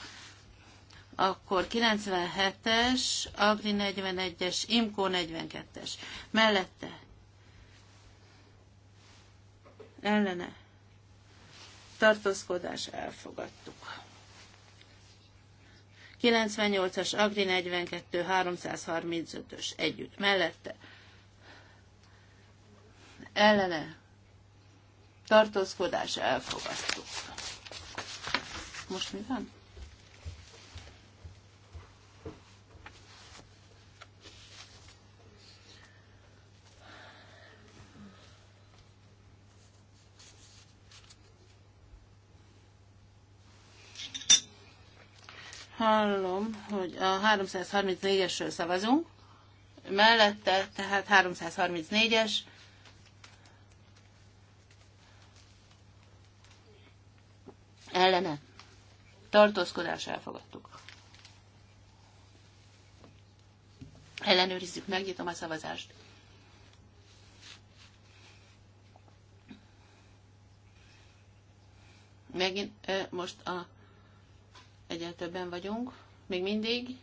akkor 97-es, Agri 41-es, Imkó 42-es. Mellette. Ellene. Tartózkodás elfogadtuk. 98-as, Agri 42, 335-ös együtt. Mellette. Ellene. Tartózkodás elfogadtuk. Most mi van? Hallom, hogy a 334-esről szavazunk, mellette, tehát 334-es, ellene. Tartózkodás elfogadtuk. Ellenőrizzük, megnyitom a szavazást. Megint most a egyre többen vagyunk, még mindig.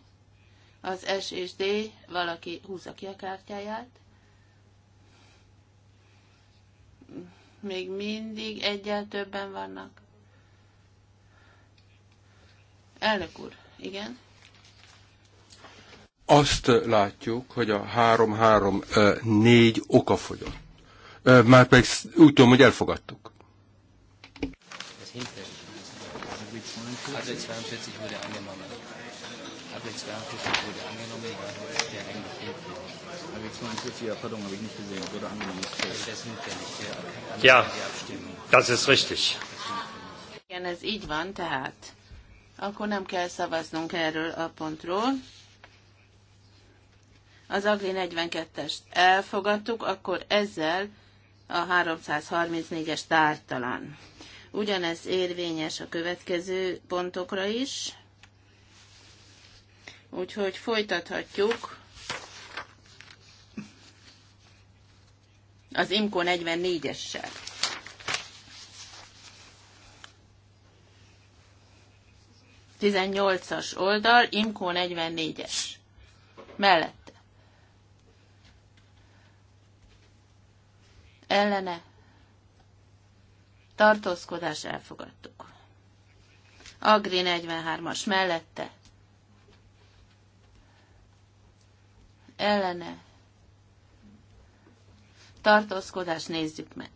Az S és D, valaki húzza ki a kártyáját. Még mindig egyel többen vannak. Elnök úr, igen.
Azt látjuk, hogy a 3-3-4 oka fogyott. Már pedig úgy tudom, hogy elfogadtuk.
Ez hintes. Ableck 42 wurde angenommen. Ableck 42 wurde angenommen, die der 42, ja, pardon, habe ich nicht gesehen, wurde angenommen.
das Ja, das ist richtig.
Igen, ez így van, tehát akkor nem kell szavaznunk erről a pontról. Az Agri 42-est elfogadtuk, akkor ezzel a 334-es tártalan. Ugyanez érvényes a következő pontokra is. Úgyhogy folytathatjuk. Az IMCO 44-essel. Tizennyolcas oldal, IMCO 44-es. Mellette. Ellene tartózkodás elfogadtuk. Agri 43-as mellette, ellene, tartózkodás nézzük meg.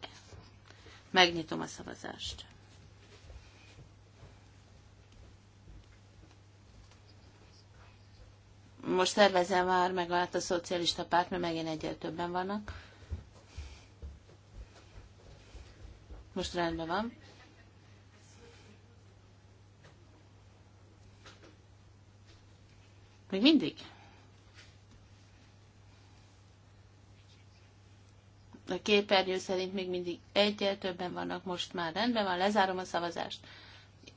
Megnyitom a szavazást. Most szervezem már meg a hát szocialista párt, mert megint egyel többen vannak. Most rendben van. Még mindig? A képernyő szerint még mindig egyel többen vannak, most már rendben van, lezárom a szavazást.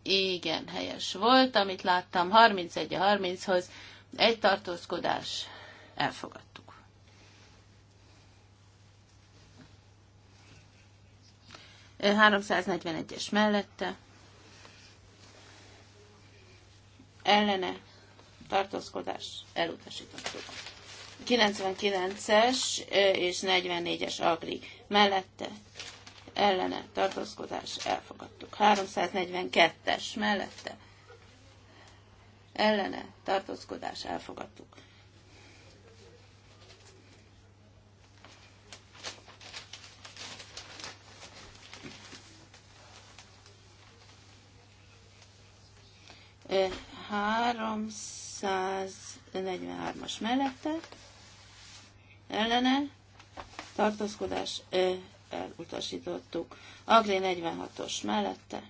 Igen, helyes volt, amit láttam, 31 a 30-hoz, egy tartózkodás elfogadt. 341-es mellette, ellene tartózkodás elutasítottuk. 99-es és 44-es agri mellette ellene tartózkodás elfogadtuk. 342-es mellette ellene tartózkodás elfogadtuk. 343-as mellette ellene tartózkodás elutasítottuk. Agri 46-os mellette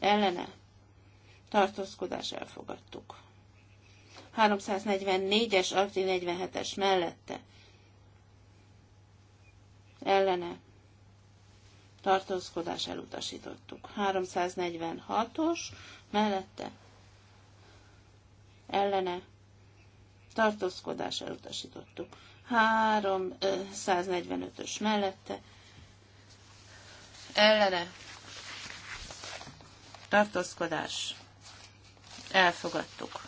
ellene tartózkodás elfogadtuk. 344-es, Agri 47-es mellette ellene tartózkodás elutasítottuk. 346-os mellette ellene tartózkodás elutasítottuk. 345-ös mellette ellene tartózkodás elfogadtuk.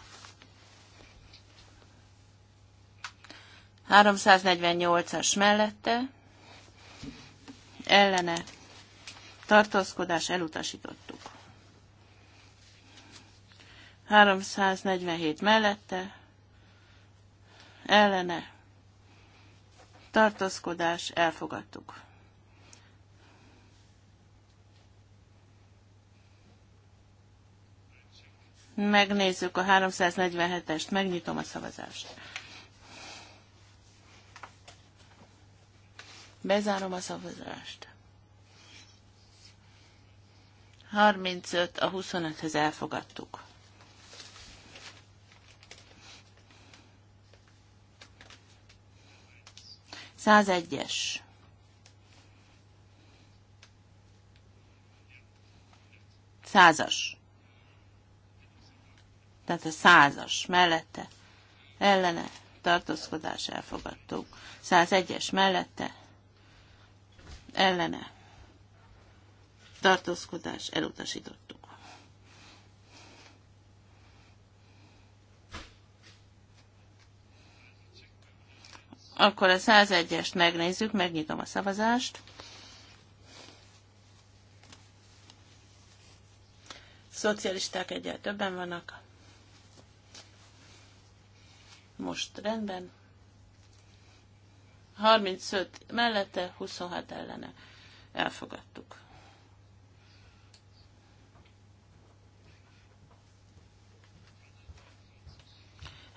348-as mellette ellene tartózkodás elutasítottuk. 347 mellette, ellene, tartózkodás elfogadtuk. Megnézzük a 347-est, megnyitom a szavazást. Bezárom a szavazást. 35 a 25 hez elfogadtuk. Százegyes. Százas. Tehát a százas mellette, ellene, tartózkodás elfogadtuk. 101 mellette, ellene, tartózkodás elutasítottuk. Akkor a 101-est megnézzük, megnyitom a szavazást. Szocialisták egyel többen vannak. Most rendben. 35 mellette, 26 ellene. Elfogadtuk.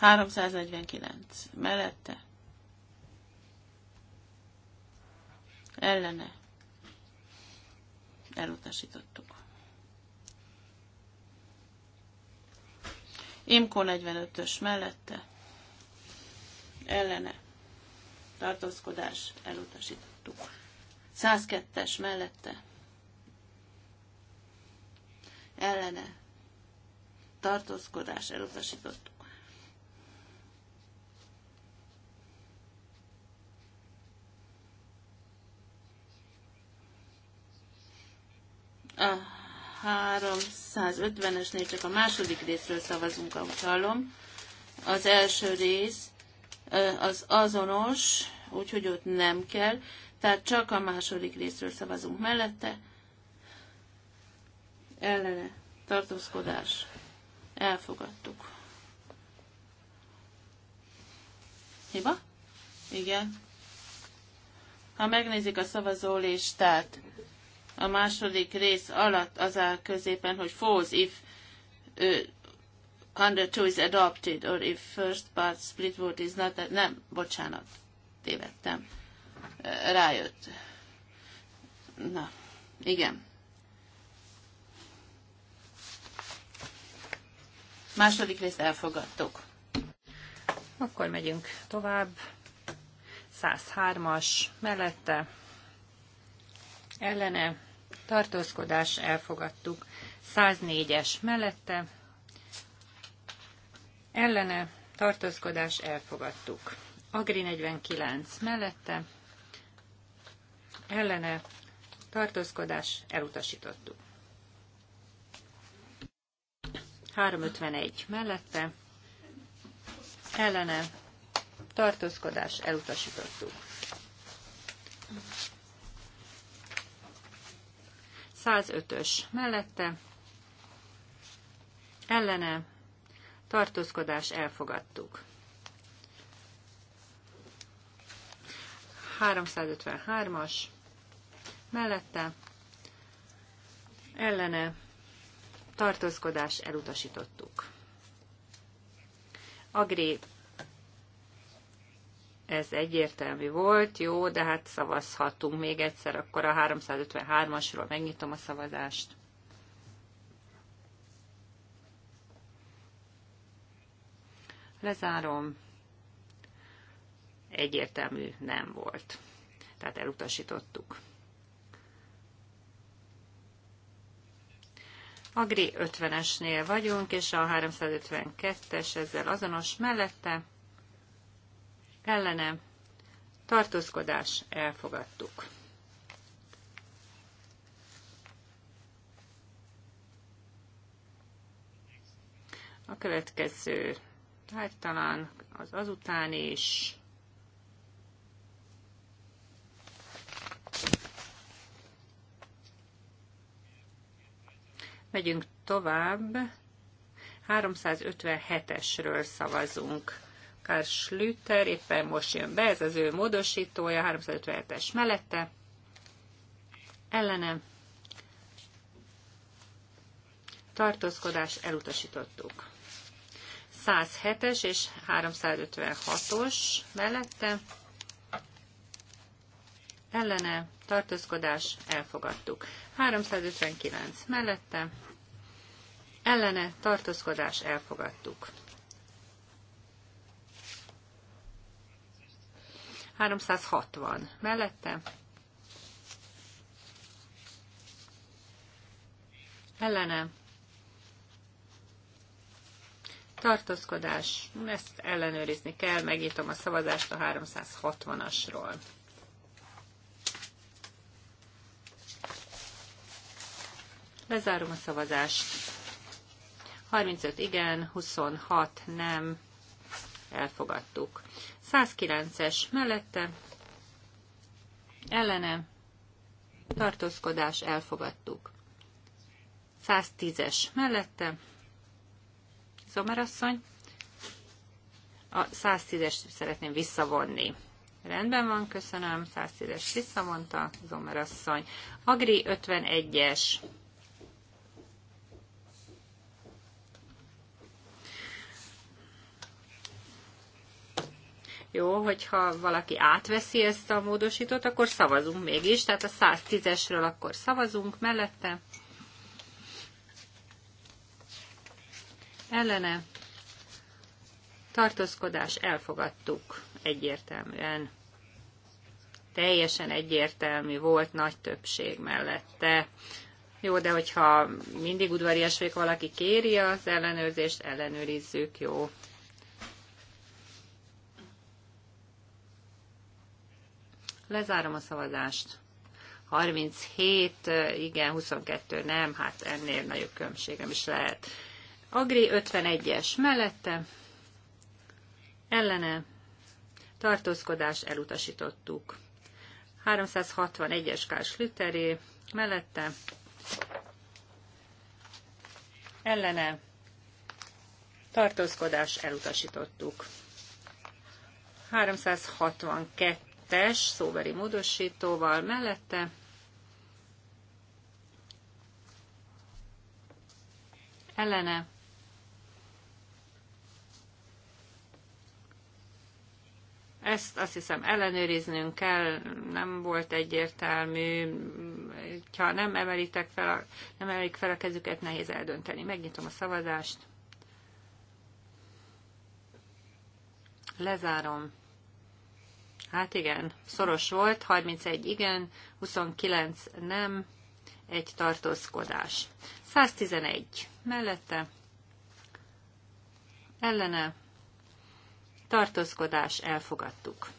349. Mellette. Ellene. Elutasítottuk. Imko 45-ös mellette. Ellene. Tartózkodás. Elutasítottuk. 102-es mellette. Ellene. Tartózkodás. Elutasítottuk. A 350-esnél csak a második részről szavazunk, ahogy hallom. Az első rész az azonos, úgyhogy ott nem kell, tehát csak a második részről szavazunk mellette. Ellene tartózkodás. Elfogadtuk. Hiba? Igen. Ha megnézik a szavazó listát, a második rész alatt az áll középen, hogy falls if uh, under two is adopted, or if first part split vote is not, nem, bocsánat, tévedtem, rájött. Na, igen. Második részt elfogadtuk.
Akkor megyünk tovább. 103-as mellette ellene tartózkodás elfogadtuk. 104-es mellette ellene tartózkodás elfogadtuk. Agri 49 mellette ellene tartózkodás elutasítottuk. 351 mellette ellene tartózkodás elutasítottuk. 105-ös mellette, ellene, tartózkodás elfogadtuk. 353-as mellette, ellene, tartózkodás elutasítottuk. Agrép ez egyértelmű volt, jó, de hát szavazhatunk még egyszer, akkor a 353-asról megnyitom a szavazást. Lezárom. Egyértelmű nem volt. Tehát elutasítottuk. Agri 50-esnél vagyunk, és a 352-es ezzel azonos mellette ellene tartózkodás elfogadtuk. A következő, hát talán az azután is. Megyünk tovább. 357-esről szavazunk. Karl Schlüter éppen most jön be, ez az ő módosítója, 357-es mellette, ellenem tartózkodás elutasítottuk. 107-es és 356-os mellette ellene tartózkodás elfogadtuk. 359 mellette ellene tartózkodás elfogadtuk. 360 mellette. Ellene. Tartózkodás. Ezt ellenőrizni kell. Megnyitom a szavazást a 360-asról. Lezárom a szavazást. 35 igen, 26 nem. Elfogadtuk. 109-es mellette ellene tartózkodás elfogadtuk. 110-es mellette szomerasszony a 110-est szeretném visszavonni. Rendben van, köszönöm. 110-es visszavonta Zomerasszony. Agri 51-es Jó, hogyha valaki átveszi ezt a módosítót, akkor szavazunk mégis. Tehát a 110-esről akkor szavazunk mellette. Ellene. Tartózkodás elfogadtuk egyértelműen. Teljesen egyértelmű volt nagy többség mellette. Jó, de hogyha mindig udvarias vagyok, valaki kéri az ellenőrzést, ellenőrizzük, jó. Lezárom a szavazást. 37, igen, 22 nem, hát ennél nagyobb különbségem is lehet. Agri 51-es mellette, ellene, tartózkodás elutasítottuk. 361-es Kárs Lüteré mellette, ellene, tartózkodás elutasítottuk. 362 2 szóveri módosítóval mellette ellene Ezt azt hiszem ellenőriznünk kell, nem volt egyértelmű, ha nem emelitek fel a, nem emelik fel a kezüket, nehéz eldönteni. Megnyitom a szavazást. Lezárom. Hát igen, szoros volt, 31 igen, 29 nem, egy tartózkodás. 111 mellette, ellene, tartózkodás, elfogadtuk.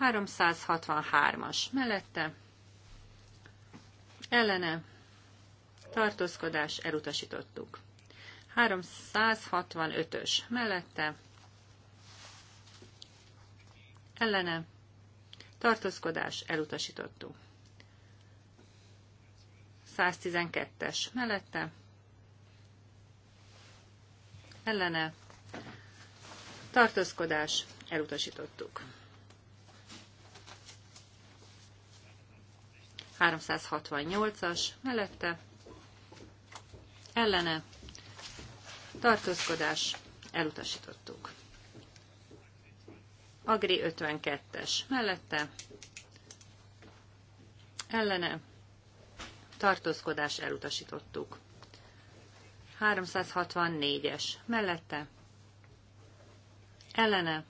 363-as mellette, ellene, tartózkodás, elutasítottuk. 365-ös mellette, ellene, tartózkodás, elutasítottuk. 112-es mellette, ellene, tartózkodás, elutasítottuk. 368-as mellette, ellene, tartózkodás, elutasítottuk. Agri 52-es mellette ellene tartózkodás elutasítottuk. 364-es mellette ellene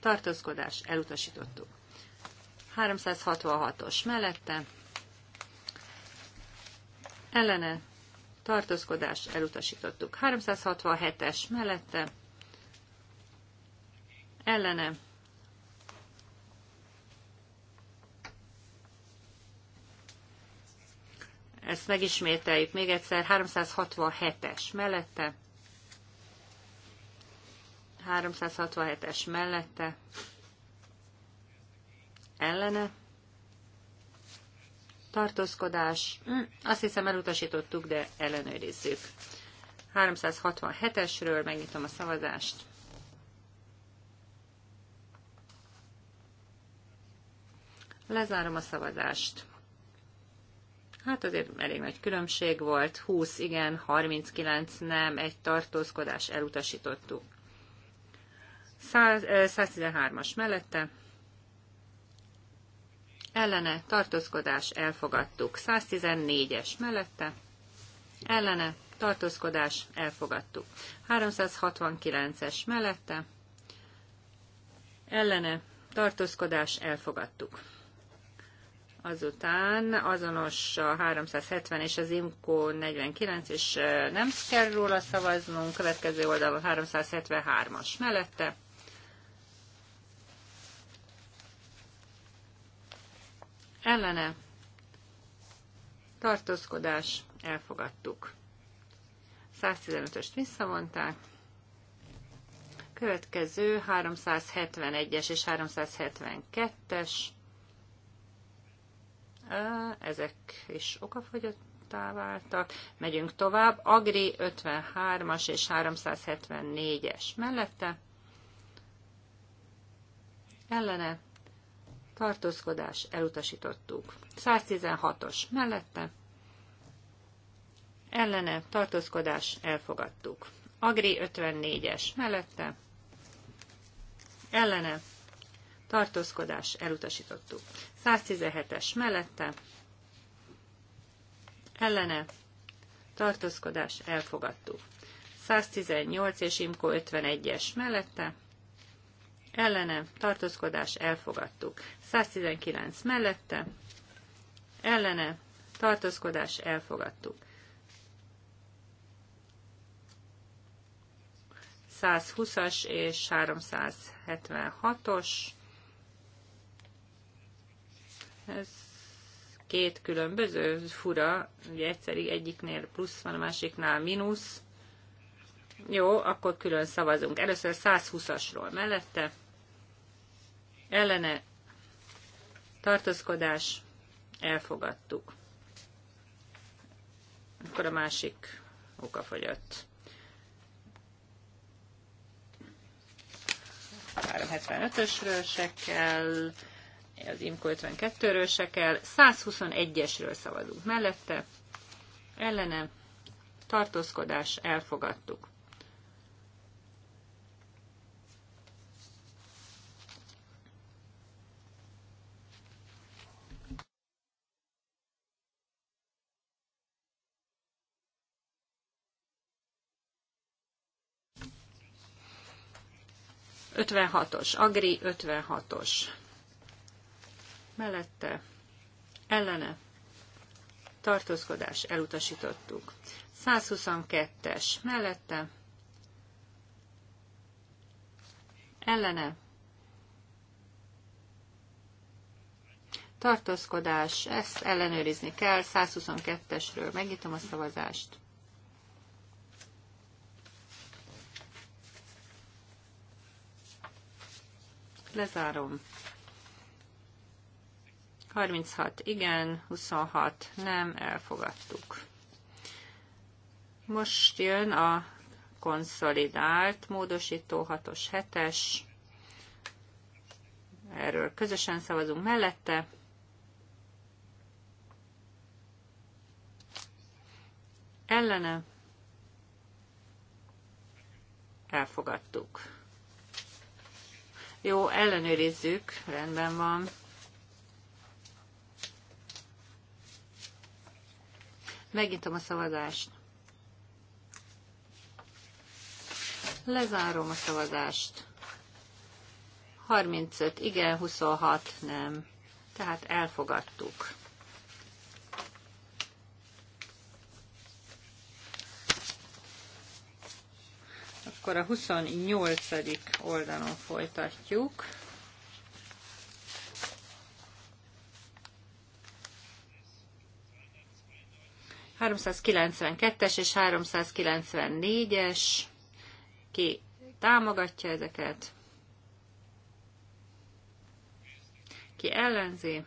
tartózkodás elutasítottuk. 366-os mellette ellene tartózkodás elutasítottuk. 367-es mellette ellene Ezt megismételjük még egyszer. 367-es mellette. 367-es mellette. Ellene. Tartózkodás. Hm, azt hiszem elutasítottuk, de ellenőrizzük. 367-esről megnyitom a szavazást. Lezárom a szavazást. Hát azért elég nagy különbség volt, 20 igen, 39 nem, egy tartózkodás elutasítottuk. 113-as mellette ellene tartózkodás elfogadtuk. 114-es mellette ellene tartózkodás elfogadtuk. 369-es mellette ellene tartózkodás elfogadtuk azután azonos a 370 és az IMCO 49, és nem kell róla szavaznunk, következő oldalon 373-as mellette. Ellene tartózkodás, elfogadtuk. 115-öst visszavonták. Következő 371-es és 372-es Eh, ezek is okafogyottá váltak. Megyünk tovább. Agri 53-as és 374-es mellette. Ellene tartózkodás elutasítottuk. 116-os mellette. Ellene tartózkodás elfogadtuk. Agri 54-es mellette. Ellene tartózkodás elutasítottuk. 117-es mellette, ellene, tartózkodás, elfogadtuk. 118 és Imko 51-es mellette, ellene, tartózkodás, elfogadtuk. 119 mellette, ellene, tartózkodás, elfogadtuk. 120-as és 376-os ez két különböző, fura, ugye egyszer egyiknél plusz van, a másiknál mínusz. Jó, akkor külön szavazunk. Először 120-asról mellette. Ellene tartózkodás, elfogadtuk. Akkor a másik oka fogyott. 375-ösről se kell, az IMCO 52-ről se kell, 121-esről szavazunk mellette, ellene, tartózkodás, elfogadtuk. Ötvenhatos, Agri 56-os mellette ellene tartózkodás elutasítottuk. 122-es mellette ellene tartózkodás, ezt ellenőrizni kell, 122-esről megnyitom a szavazást. Lezárom. 36 igen, 26 nem, elfogadtuk. Most jön a konszolidált módosító 6-os 7-es. Erről közösen szavazunk mellette. Ellene elfogadtuk. Jó, ellenőrizzük, rendben van. Megnyitom a szavazást. Lezárom a szavazást. 35, igen, 26, nem. Tehát elfogadtuk. Akkor a 28. oldalon folytatjuk. 392-es és 394-es. Ki támogatja ezeket? Ki ellenzi?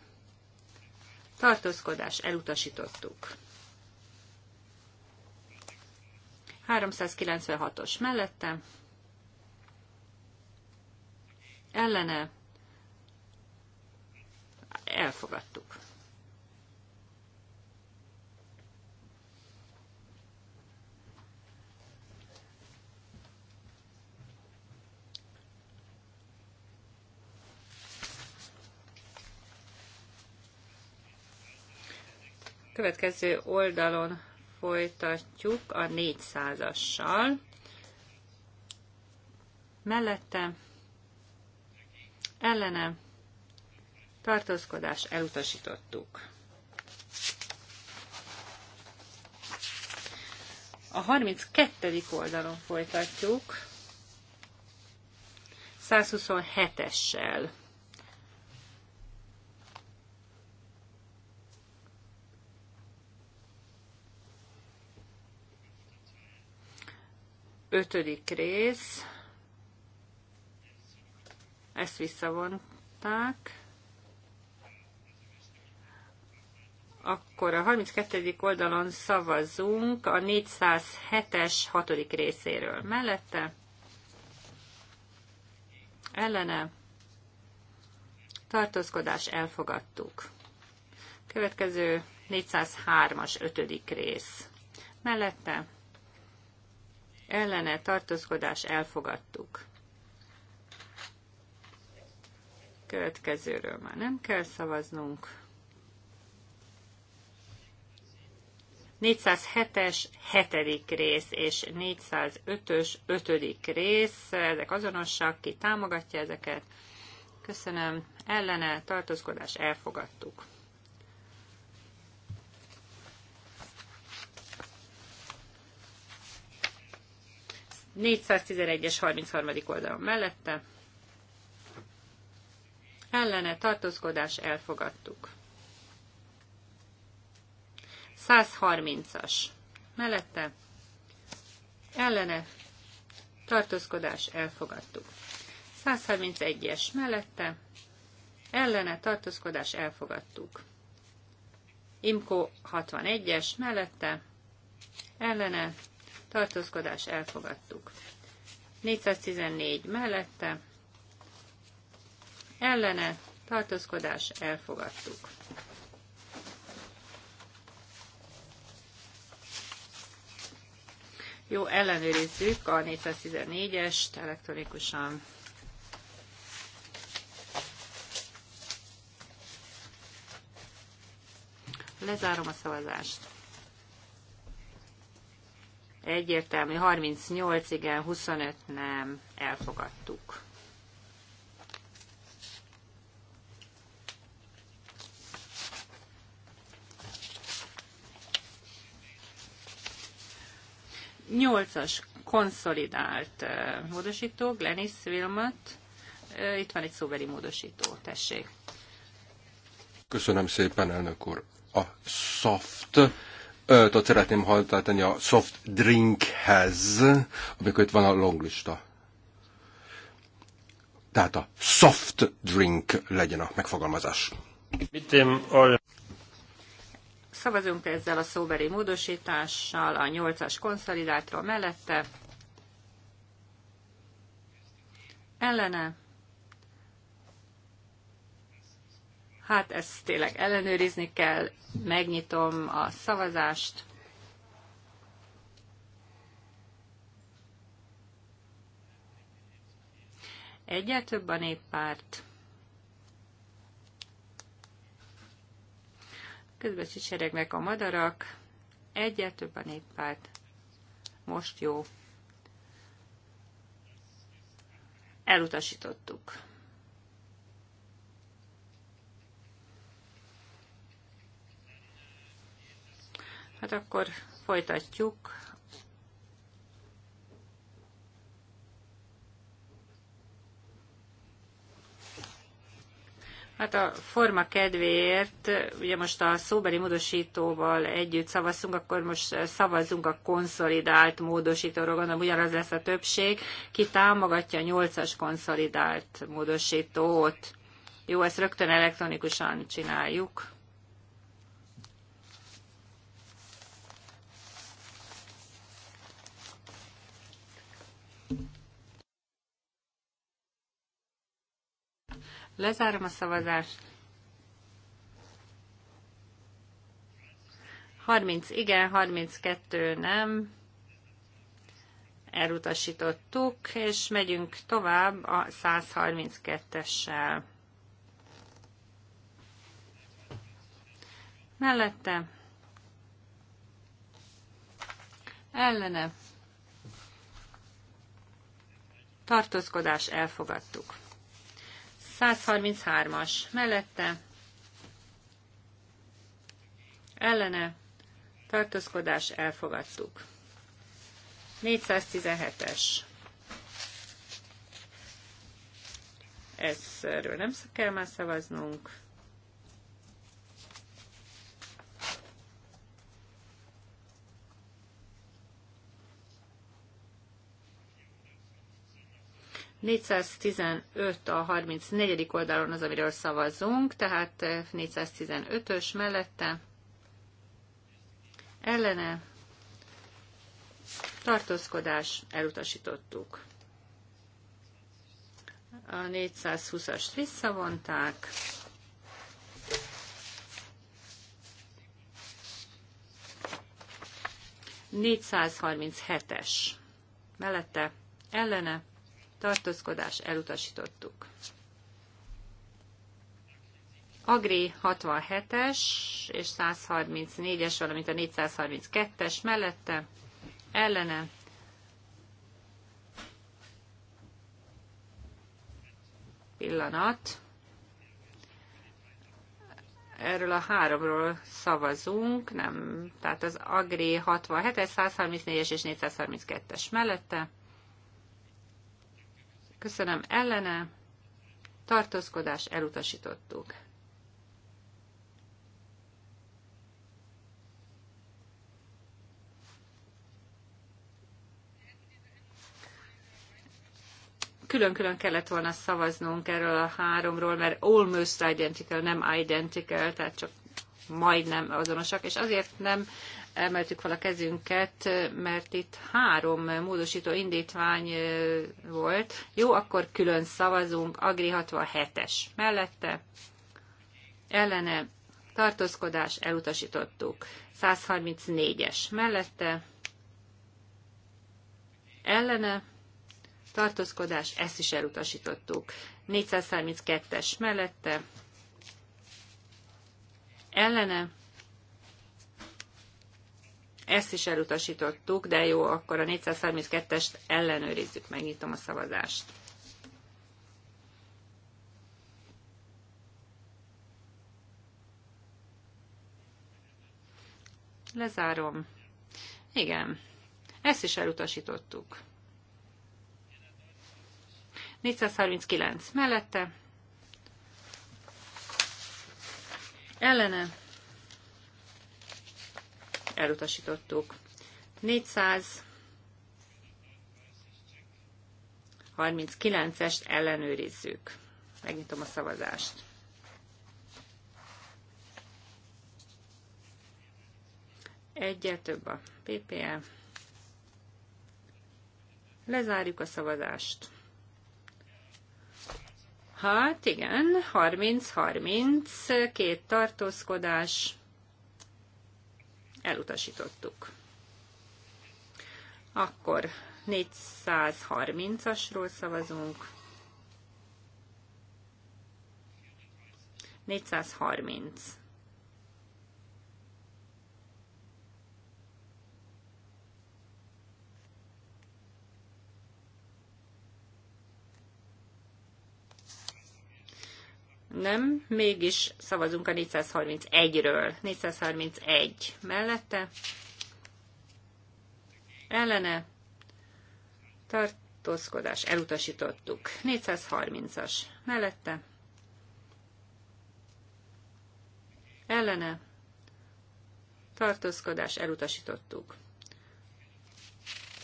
Tartózkodás elutasítottuk. 396-os mellette. Ellene elfogadtuk. következő oldalon folytatjuk a 400-assal. Mellette ellene tartózkodás elutasítottuk. A 32. oldalon folytatjuk 127-essel. Ötödik rész. Ezt visszavonták. Akkor a 32. oldalon szavazunk a 407-es hatodik részéről. Mellette? Ellene? Tartózkodás elfogadtuk. Következő 403-as ötödik rész. Mellette? ellene tartózkodás elfogadtuk. Következőről már nem kell szavaznunk. 407-es hetedik rész és 405-ös ötödik rész, ezek azonosak, ki támogatja ezeket. Köszönöm. Ellene tartózkodás elfogadtuk. 411-es 33. oldalon mellette. Ellene tartózkodás elfogadtuk. 130-as mellette. Ellene tartózkodás elfogadtuk. 131-es mellette. Ellene tartózkodás elfogadtuk. Imko 61-es mellette. Ellene tartózkodás elfogadtuk. 414 mellette, ellene, tartózkodás elfogadtuk. Jó, ellenőrizzük a 414-est elektronikusan. Lezárom a szavazást. Egyértelmű 38 igen, 25 nem, elfogadtuk. Nyolcas konszolidált módosító, Glenis Wilmot. Itt van egy szóbeli módosító, tessék.
Köszönöm szépen, elnök úr. A soft ott szeretném hozzátenni a soft drinkhez, amikor itt van a longlista. Tehát a soft drink legyen a megfogalmazás.
Szavazunk ezzel a szóbeli módosítással, a nyolcas as konszolidátról mellette. Ellene Hát ezt tényleg ellenőrizni kell, megnyitom a szavazást. Egyel több a néppárt. Közben csicseregnek a madarak. Egyel több a néppárt. Most jó. Elutasítottuk. Hát akkor folytatjuk. Hát a forma kedvéért, ugye most a szóbeli módosítóval együtt szavazunk, akkor most szavazzunk a konszolidált módosítóról, gondolom ugyanaz lesz a többség. Ki támogatja a 8-as konszolidált módosítót? Jó, ezt rögtön elektronikusan csináljuk. Lezárom a szavazást. 30 igen, 32 nem. Elutasítottuk, és megyünk tovább a 132-essel. Mellette. Ellene. Tartózkodás elfogadtuk. 133-as mellette ellene tartózkodás elfogadtuk. 417-es. Ezről nem kell már szavaznunk. 415 a 34. oldalon az, amiről szavazunk, tehát 415-ös eh, mellette ellene tartózkodás elutasítottuk. A 420-ast visszavonták. Négyszázharminchetes mellette ellene tartózkodás elutasítottuk. Agri 67-es és 134-es, valamint a 432-es mellette, ellene. Pillanat. Erről a háromról szavazunk, nem, tehát az Agri 67-es, 134-es és 432-es mellette, Köszönöm ellene. Tartózkodás elutasítottuk. külön-külön kellett volna szavaznunk erről a háromról, mert almost identical, nem identical, tehát csak majdnem azonosak, és azért nem emeltük fel a kezünket, mert itt három módosító indítvány volt. Jó, akkor külön szavazunk. Agri 67-es mellette. Ellene tartózkodás elutasítottuk. 134-es mellette. Ellene tartózkodás, ezt is elutasítottuk. 432-es mellette. Ellene ezt is elutasítottuk, de jó, akkor a 432-est ellenőrizzük, megnyitom a szavazást. Lezárom. Igen, ezt is elutasítottuk. 439 mellette. Ellene elutasítottuk. 439-est ellenőrizzük. Megnyitom a szavazást. Egyel több a PPE. Lezárjuk a szavazást. Hát igen, 30-30, két tartózkodás elutasítottuk. Akkor 430-asról szavazunk. 430. Nem, mégis szavazunk a 431-ről. 431 mellette. Ellene. Tartózkodás. Elutasítottuk. 430-as mellette. Ellene. Tartózkodás. Elutasítottuk.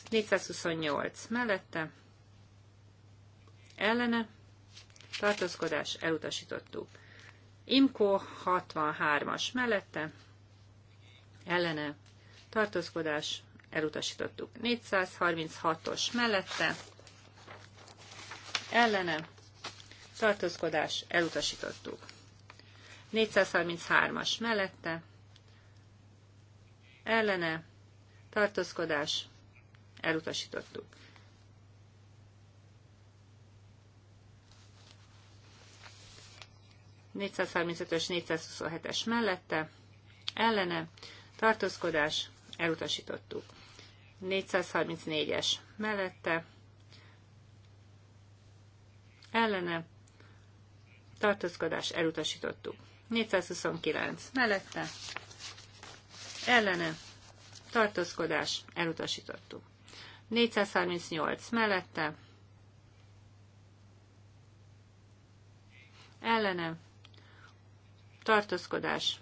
428 mellette. Ellene tartózkodás elutasítottuk. Imko 63-as mellette, ellene, tartózkodás elutasítottuk. 436-os mellette, ellene, tartózkodás elutasítottuk. 433-as mellette, ellene, tartózkodás elutasítottuk. 435-ös, 427-es mellette, ellene, tartózkodás, elutasítottuk. 434-es mellette, ellene, tartózkodás, elutasítottuk. 429 mellette, ellene, tartózkodás, elutasítottuk. 438 mellette, ellene, tartózkodás.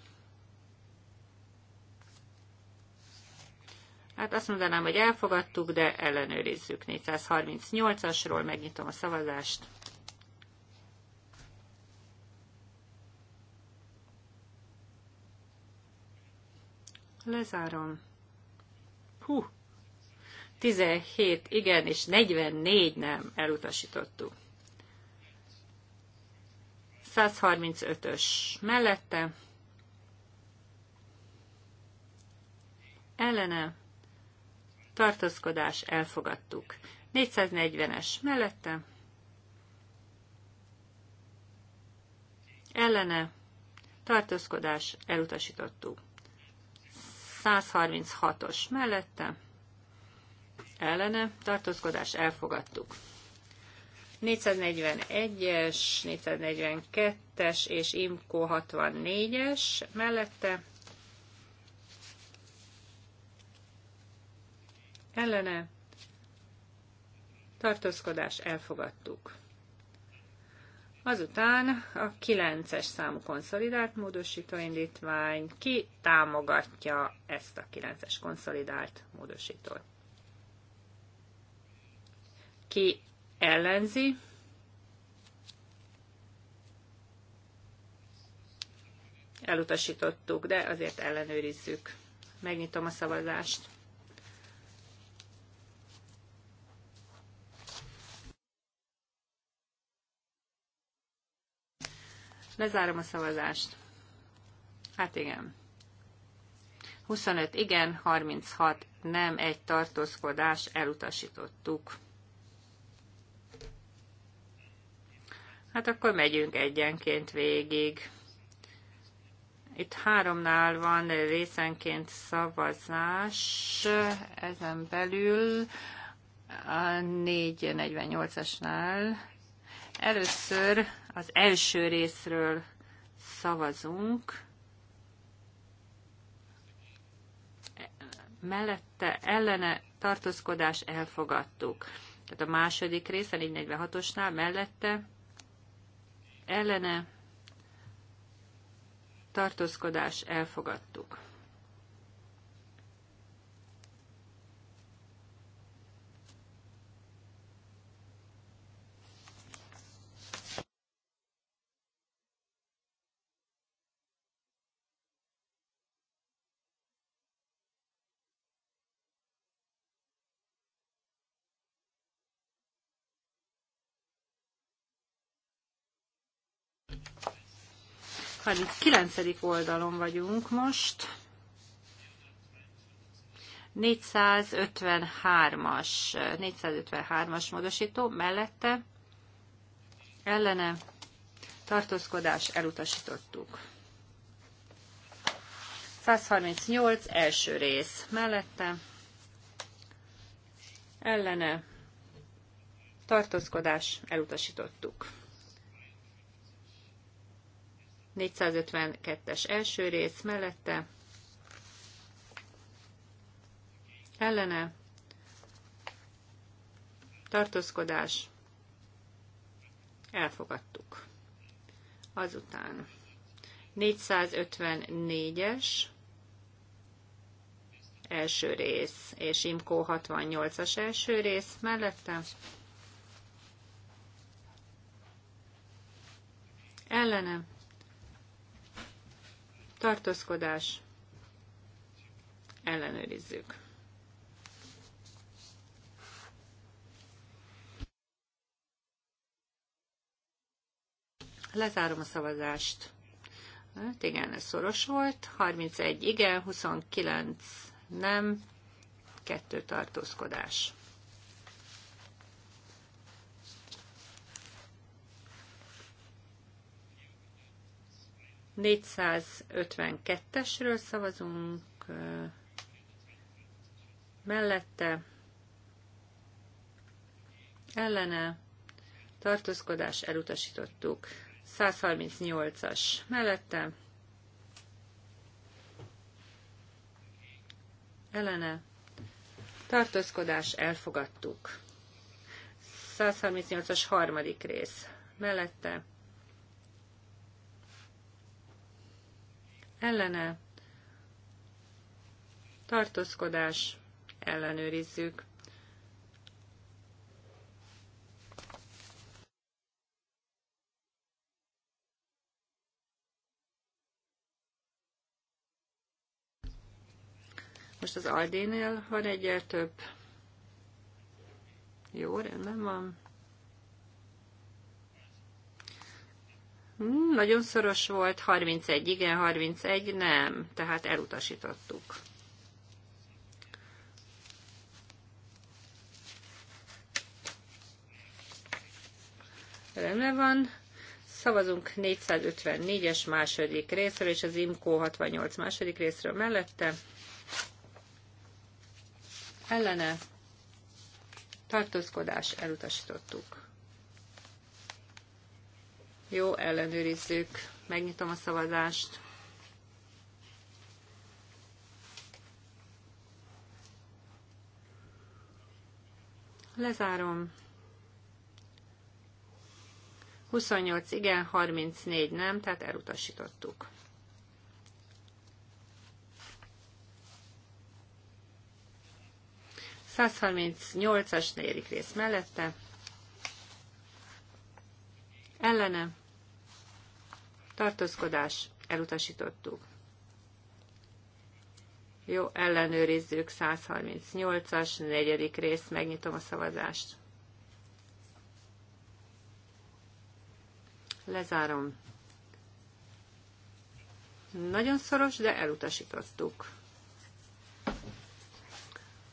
Hát azt mondanám, hogy elfogadtuk, de ellenőrizzük. 438-asról megnyitom a szavazást. Lezárom. Hú! 17 igen, és 44 nem elutasítottuk. 135-ös mellette, ellene, tartózkodás, elfogadtuk. 440-es mellette, ellene, tartózkodás, elutasítottuk. 136-os mellette, ellene, tartózkodás, elfogadtuk. 441-es, 442-es és IMCO 64-es mellette. Ellene tartózkodás elfogadtuk. Azután a 9-es számú konszolidált módosítóindítvány ki támogatja ezt a 9-es konszolidált módosítót. Ki ellenzi, elutasítottuk, de azért ellenőrizzük. Megnyitom a szavazást. Lezárom a szavazást. Hát igen. 25 igen, 36 nem, egy tartózkodás, elutasítottuk. Hát akkor megyünk egyenként végig. Itt háromnál van részenként szavazás, ezen belül a 448-asnál. Először az első részről szavazunk. Mellette ellene tartózkodás elfogadtuk. Tehát a második rész, a 446-osnál mellette ellene tartózkodás elfogadtuk. kilencedik oldalon vagyunk most. 453-as, 453-as módosító mellette ellene tartózkodás elutasítottuk. 138 első rész mellette ellene tartózkodás elutasítottuk. 452-es első rész mellette, ellene, tartózkodás, elfogadtuk. Azután 454-es első rész, és Imkó 68-as első rész mellette, ellene, tartózkodás, ellenőrizzük. Lezárom a szavazást. Hát igen, ez szoros volt. 31 igen, 29 nem, 2 tartózkodás. 452-esről szavazunk mellette, ellene, tartózkodás elutasítottuk. 138-as mellette, ellene, tartózkodás elfogadtuk. 138-as harmadik rész mellette, ellene, tartózkodás, ellenőrizzük. Most az Aldénél van egyel több. Jó, rendben van. Hmm, nagyon szoros volt, 31 igen, 31 nem, tehát elutasítottuk. Rendben van. Szavazunk 454-es második részről, és az IMCO 68 második részről mellette. Ellene tartózkodás elutasítottuk. Jó, ellenőrizzük. Megnyitom a szavazást. Lezárom. 28 igen, 34 nem, tehát elutasítottuk. as negyedik rész mellette. Ellenem tartózkodás, elutasítottuk. Jó, ellenőrizzük 138-as, negyedik rész, megnyitom a szavazást. Lezárom. Nagyon szoros, de elutasítottuk.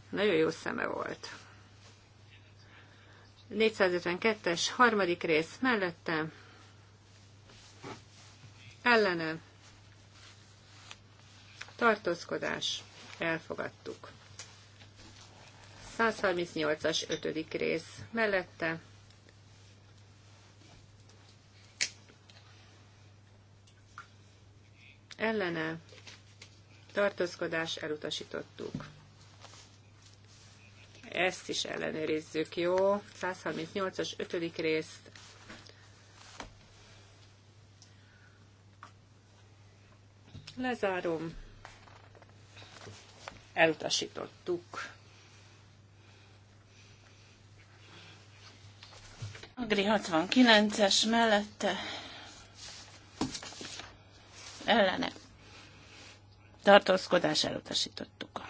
Nagyon jó szeme volt. 452-es, harmadik rész mellette ellene tartózkodás elfogadtuk. 138-as 5. rész mellette ellene tartózkodás elutasítottuk. Ezt is ellenőrizzük, jó? 138-as 5. részt Lezárom. Elutasítottuk.
Agri 69-es mellette ellene tartózkodás elutasítottuk.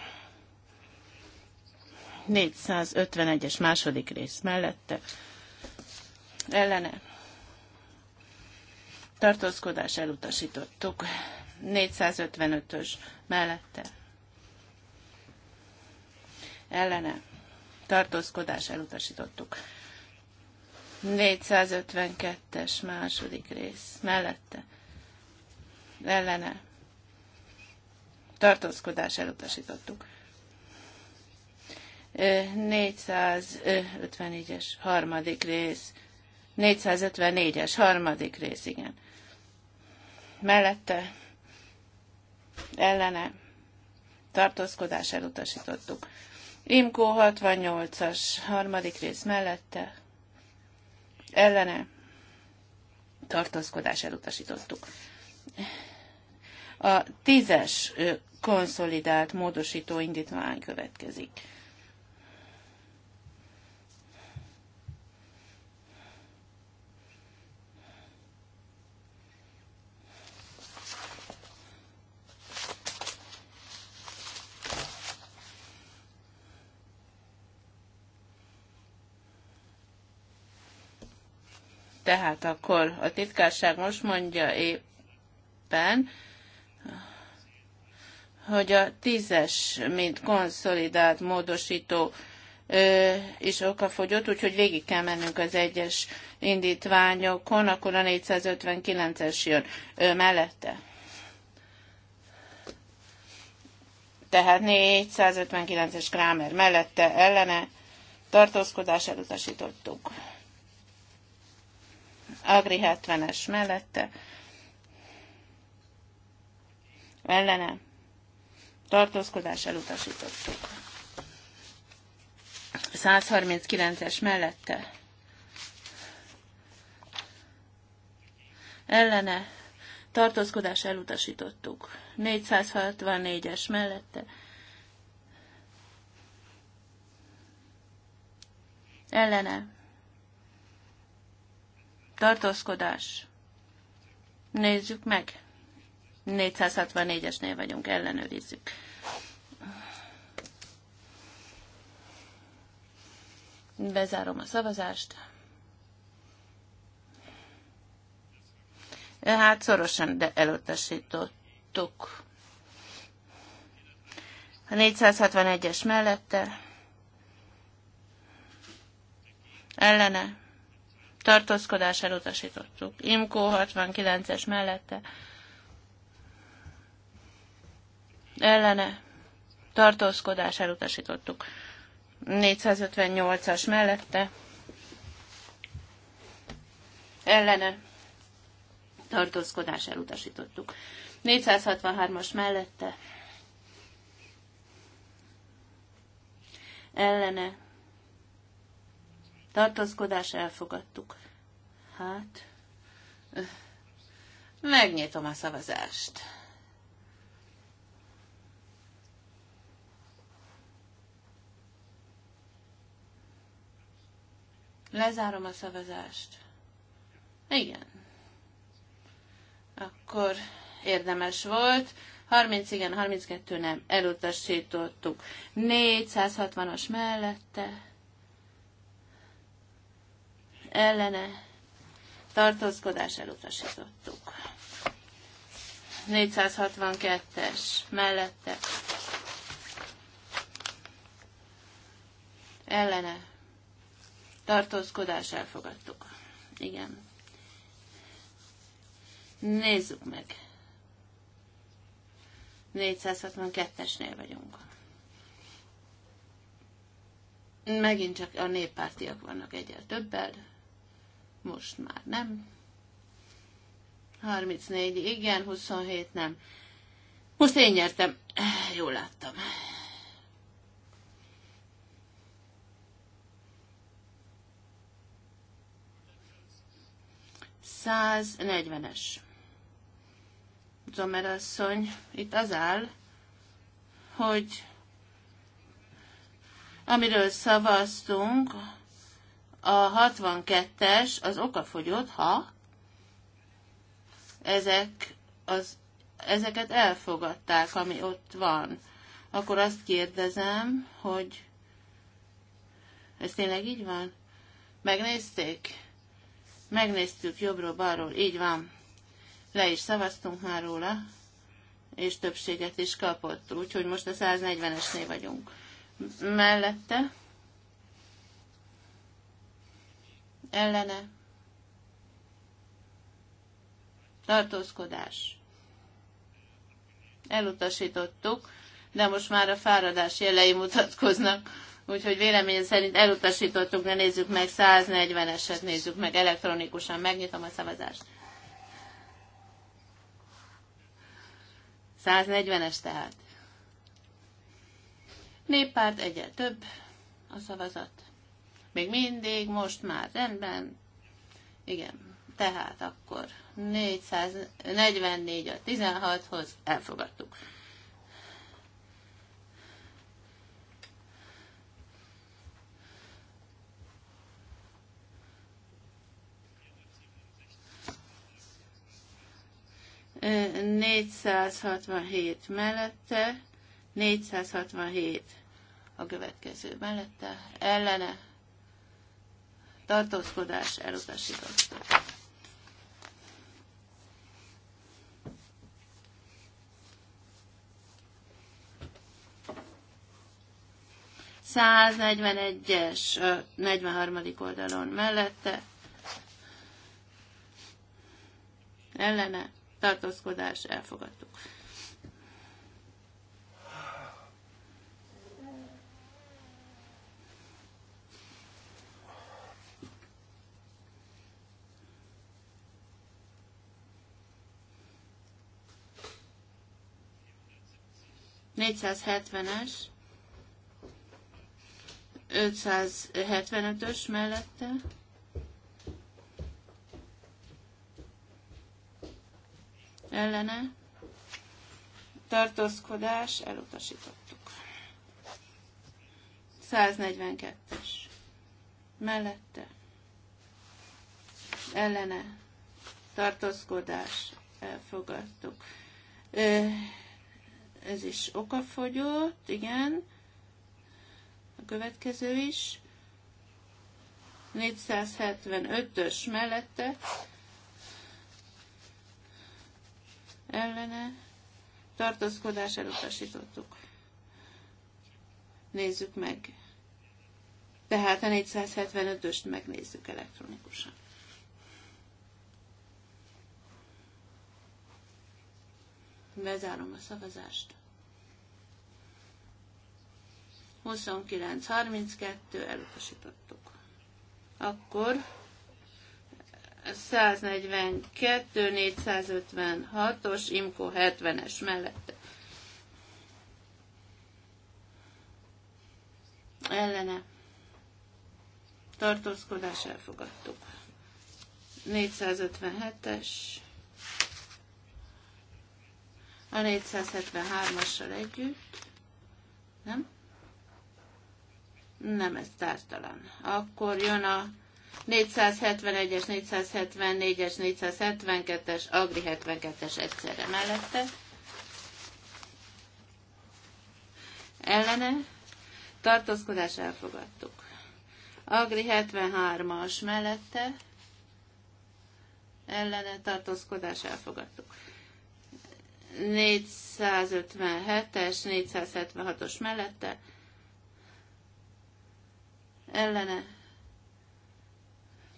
451-es második rész mellette ellene tartózkodás elutasítottuk. 455-ös mellette ellene tartózkodás elutasítottuk. 452-es második rész mellette ellene tartózkodás elutasítottuk. 454-es harmadik rész 454-es harmadik rész, igen. Mellette ellene tartózkodás elutasítottuk. Imkó 68-as harmadik rész mellette ellene tartózkodás elutasítottuk. A tízes konszolidált módosító indítvány következik. Tehát akkor a titkárság most mondja éppen, hogy a tízes, mint konszolidált módosító ö, is okafogyott, úgyhogy végig kell mennünk az egyes indítványokon, akkor a 459-es jön ö, mellette. Tehát 459-es Krámer mellette ellene tartózkodás elutasítottuk. Agri 70-es mellette. Ellene. Tartózkodás elutasítottuk. 139-es mellette. Ellene. Tartózkodás elutasítottuk. 464-es mellette. Ellene tartózkodás. Nézzük meg. 464-esnél vagyunk, ellenőrizzük. Bezárom a szavazást. Hát szorosan de elutasítottuk. A 461-es mellette. Ellene tartózkodás elutasítottuk. Imkó 69-es mellette ellene tartózkodás elutasítottuk. 458-as mellette ellene tartózkodás elutasítottuk. 463-as mellette ellene tartózkodás elfogadtuk. Hát, megnyitom a szavazást. Lezárom a szavazást. Igen. Akkor érdemes volt. 30 igen, 32 nem. Elutasítottuk. 460-as mellette ellene tartózkodás elutasítottuk. 462-es mellette ellene tartózkodás elfogadtuk. Igen. Nézzük meg. 462-esnél vagyunk. Megint csak a néppártiak vannak egyel többel most már nem. 34 igen, 27 nem. Most én nyertem. Jól láttam. Száz negyvenes. Zomer asszony, itt az áll, hogy amiről szavaztunk, a 62-es az okafogyott, ha ezek az, ezeket elfogadták, ami ott van. Akkor azt kérdezem, hogy ez tényleg így van? Megnézték? Megnéztük jobbról-balról, így van. Le is szavaztunk már róla, és többséget is kapott, úgyhogy most a 140-esnél vagyunk. Mellette ellene tartózkodás. Elutasítottuk, de most már a fáradás jelei mutatkoznak, úgyhogy véleményem szerint elutasítottuk, de nézzük meg 140-eset, nézzük meg elektronikusan, megnyitom a szavazást. 140-es tehát. Néppárt egyel több a szavazat. Még mindig, most már rendben. Igen, tehát akkor 444 a 16-hoz elfogadtuk. Ö, 467 mellette, 467 a következő mellette, ellene, tartózkodás elutasítottuk. es 43. oldalon mellette ellene tartózkodás elfogadtuk. 470-es, 575-ös mellette. Ellene. Tartózkodás elutasítottuk. 142-es. Mellette. Ellene. Tartózkodás elfogadtuk. Ö, ez is okafogyott, igen. A következő is. 475-ös mellette ellene tartózkodás elutasítottuk. Nézzük meg. Tehát a 475-öst megnézzük elektronikusan. Bezárom a szavazást. 29-32 elutasítottuk. Akkor 142-456-os Imko 70-es mellette. Ellene tartózkodás elfogadtuk. 457-es a 473-assal együtt. Nem? Nem, ez tártalan. Akkor jön a 471-es, 474-es, 472-es, Agri 72-es egyszerre mellette. Ellene tartózkodás elfogadtuk. Agri 73-as mellette ellene tartózkodás elfogadtuk. 457-es, 476-os mellette ellene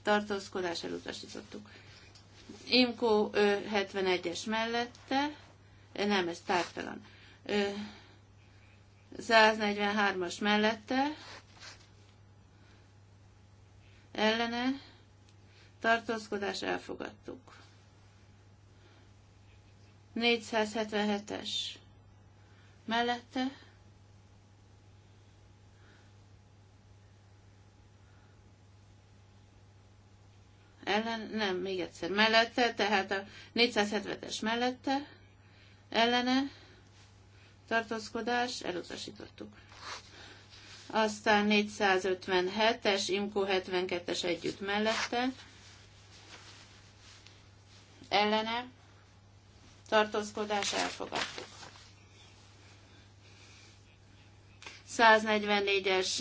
tartózkodás elutasítottuk. Imkó 71-es mellette, nem, ez tártalan. 143-as mellette ellene tartózkodás elfogadtuk. 477-es mellette, ellen, nem, még egyszer, mellette, tehát a 470-es mellette, ellene, tartózkodás, elutasítottuk. Aztán 457-es, imkó 72-es együtt mellette, ellene, tartózkodás elfogadtuk. 144-es,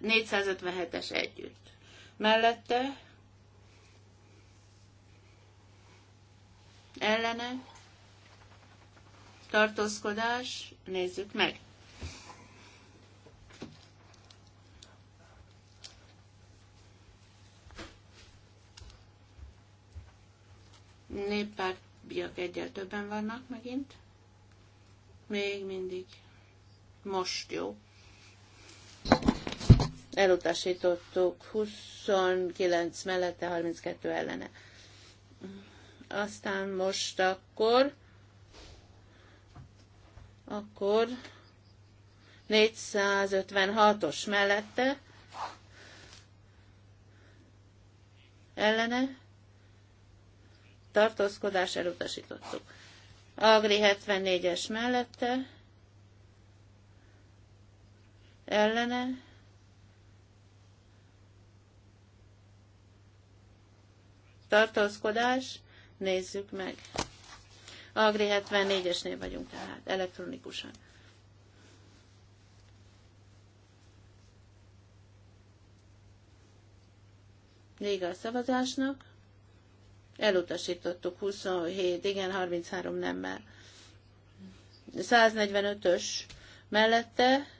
457-es együtt. Mellette ellene tartózkodás, nézzük meg. Néppárt biak egyel többen vannak megint. Még mindig. Most jó. Elutasítottuk 29 mellette, 32 ellene. Aztán most akkor akkor 456-os mellette ellene tartózkodás elutasítottuk. Agri 74-es mellette, ellene, tartózkodás, nézzük meg. Agri 74-esnél vagyunk tehát, elektronikusan. Vége a szavazásnak elutasítottuk 27, igen, 33 nemmel. 145-ös mellette,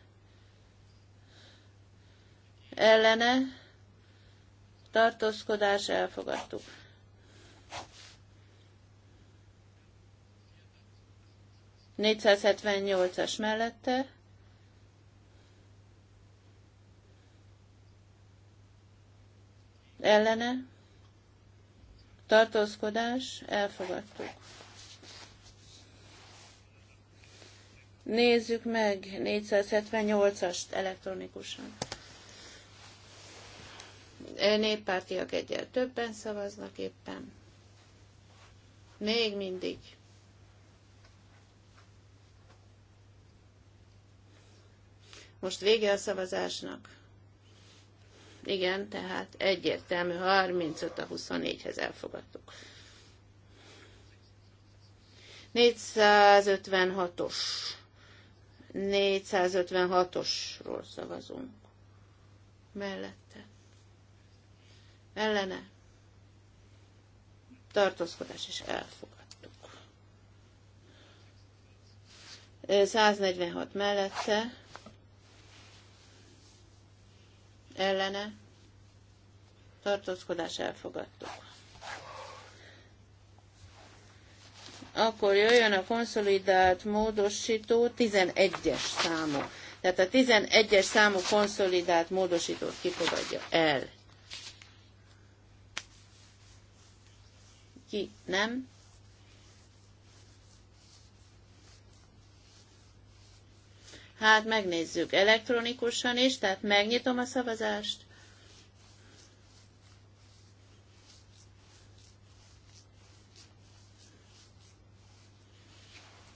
ellene, tartózkodás, elfogadtuk. as mellette, ellene, tartózkodás, elfogadtuk. Nézzük meg 478-ast elektronikusan. E, néppártiak egyel többen szavaznak éppen. Még mindig. Most vége a szavazásnak. Igen, tehát egyértelmű 35 a 24-hez elfogadtuk. 456-os. 456-osról szavazunk. Mellette. Ellene. Tartózkodás is elfogadtuk. 146 mellette ellene tartózkodás elfogadtuk. Akkor jöjjön a konszolidált módosító 11-es számú. Tehát a 11-es számú konszolidált módosítót kifogadja el. Ki nem? Hát megnézzük elektronikusan is, tehát megnyitom a szavazást.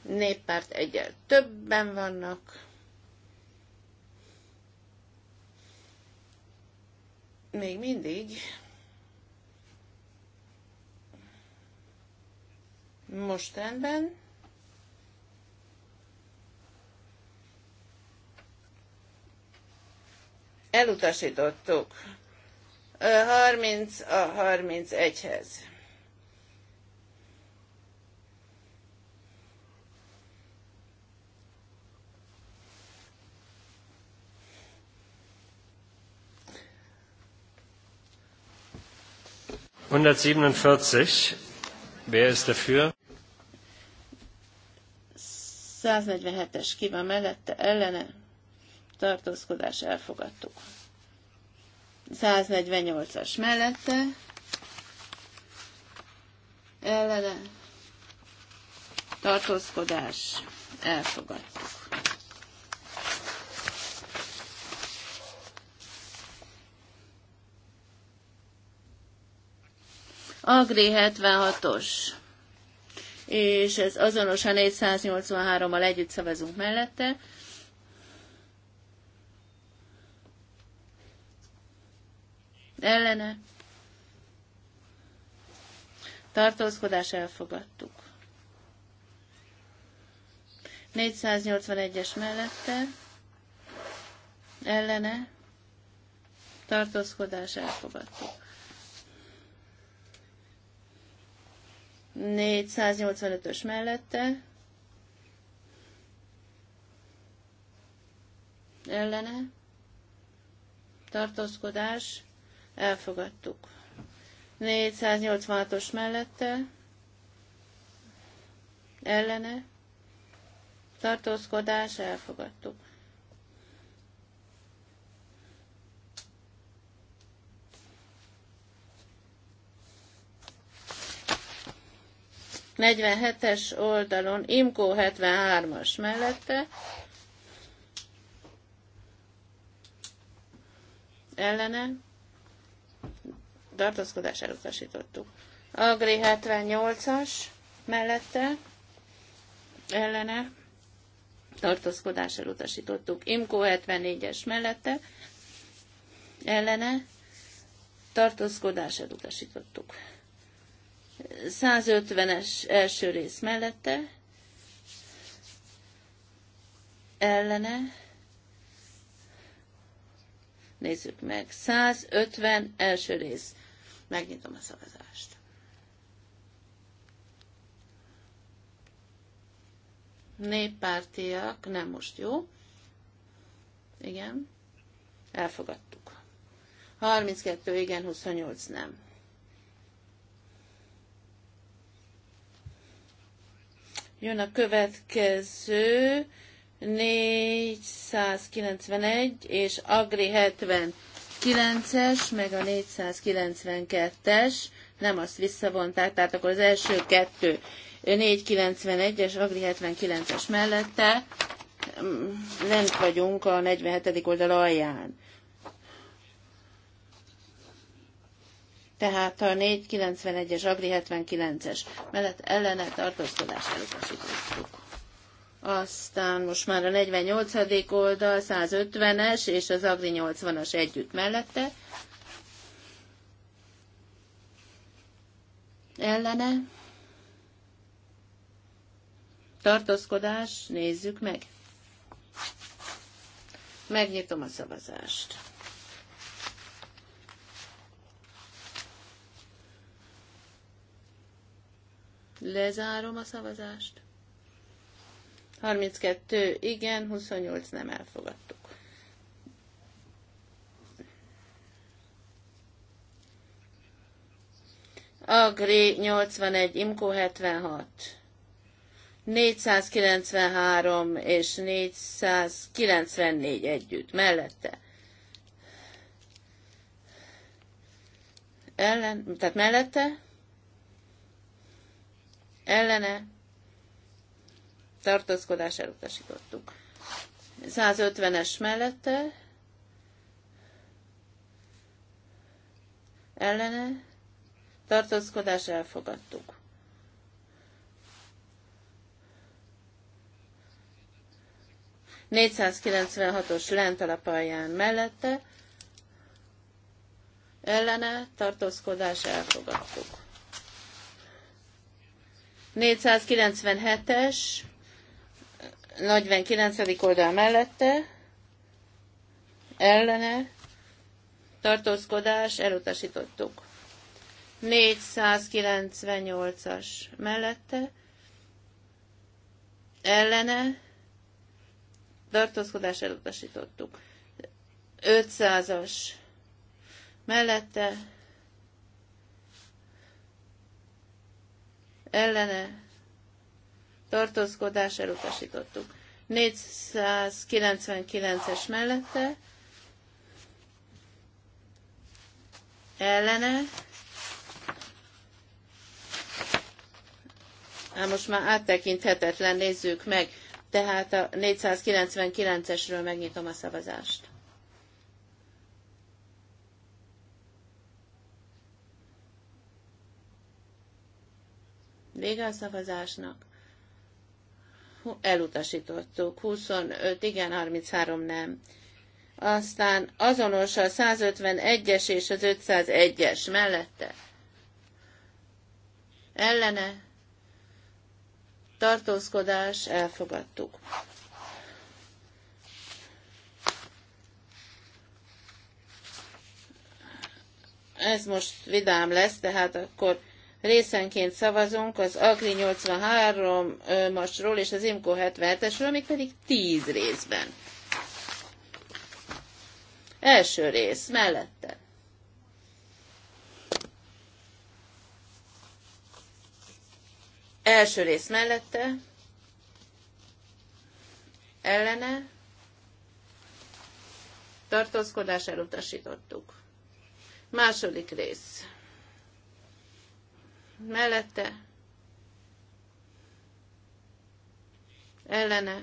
Néppárt egyel többen vannak. Még mindig. Most rendben. Elutasítottuk. 30 a 31-hez.
Wer ist dafür?
147-es ki van mellette, ellene tartózkodás elfogadtuk. 148-as mellette ellene tartózkodás elfogadtuk. Agri 76-os, és ez azonos a 483-mal együtt szavazunk mellette, ellene tartózkodás elfogadtuk. 481-es mellette ellene tartózkodás elfogadtuk. 485-ös mellette ellene tartózkodás elfogadtuk. 486-os mellette, ellene, tartózkodás, elfogadtuk. Negyvenhetes oldalon, Imkó 73-as mellette, ellene, tartózkodás elutasítottuk. Agri 78-as mellette ellene tartózkodás elutasítottuk. Imko 74-es mellette ellene tartózkodás elutasítottuk. 150-es első rész mellette ellene nézzük meg. 150 első rész Megnyitom a szavazást. Néppártiak, nem most jó. Igen. Elfogadtuk. 32 igen, 28 nem. Jön a következő 491 és Agri 70 409 es meg a 492-es, nem azt visszavonták, tehát akkor az első kettő 491-es, Agri 79-es mellette, mm, lent vagyunk a 47. oldal alján. Tehát a 491-es, Agri 79-es mellett ellene tartózkodás elutasítottuk aztán most már a 48. oldal, 150-es és az Agri 80-as együtt mellette. Ellene. Tartózkodás, nézzük meg. Megnyitom a szavazást. Lezárom a szavazást. 32 igen, 28 nem elfogadtuk. Agri 81, Imko 76. 493 és 494 együtt, mellette. Ellen, tehát mellette, ellene, tartózkodás elutasítottuk. 150-es mellette ellene tartózkodás elfogadtuk. os lent alapalján mellette ellene tartózkodás elfogadtuk. 497-es 49. oldal mellette, ellene, tartózkodás, elutasítottuk. 498-as mellette, ellene, tartózkodás, elutasítottuk. 500-as mellette, ellene, tartózkodás elutasítottuk. 499-es mellette ellene. Na most már áttekinthetetlen, nézzük meg. Tehát a 499-esről megnyitom a szavazást. Vége a szavazásnak elutasítottuk, 25 igen, 33 nem. Aztán azonos a 151-es és az 501-es mellette. Ellene tartózkodás elfogadtuk. Ez most vidám lesz, tehát akkor részenként szavazunk az Agri 83-asról és az Imco 77-esről, amik pedig 10 részben. Első rész, mellette. Első rész mellette. Ellene. Tartózkodás elutasítottuk. Második rész mellette, ellene,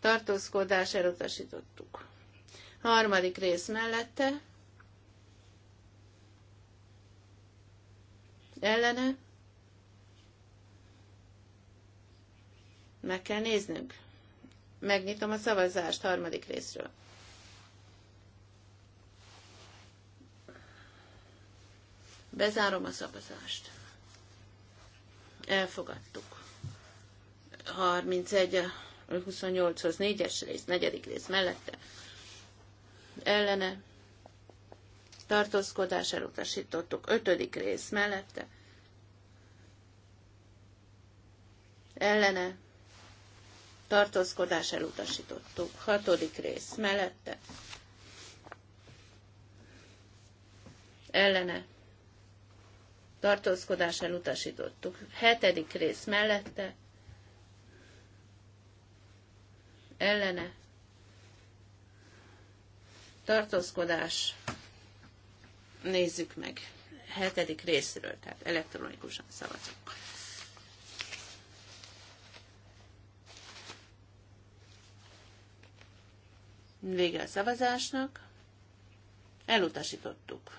tartózkodás elutasítottuk. Harmadik rész mellette, ellene, meg kell néznünk. Megnyitom a szavazást harmadik részről. Bezárom a szavazást. Elfogadtuk. 31 a 28-hoz 4-es rész, negyedik rész mellette. Ellene. Tartózkodás elutasítottuk. 5. rész mellette. Ellene. Tartózkodás elutasítottuk. 6. rész mellette. Ellene tartózkodás elutasítottuk. Hetedik rész mellette, ellene, tartózkodás, nézzük meg. Hetedik részről, tehát elektronikusan szavazunk. Vége a szavazásnak. Elutasítottuk.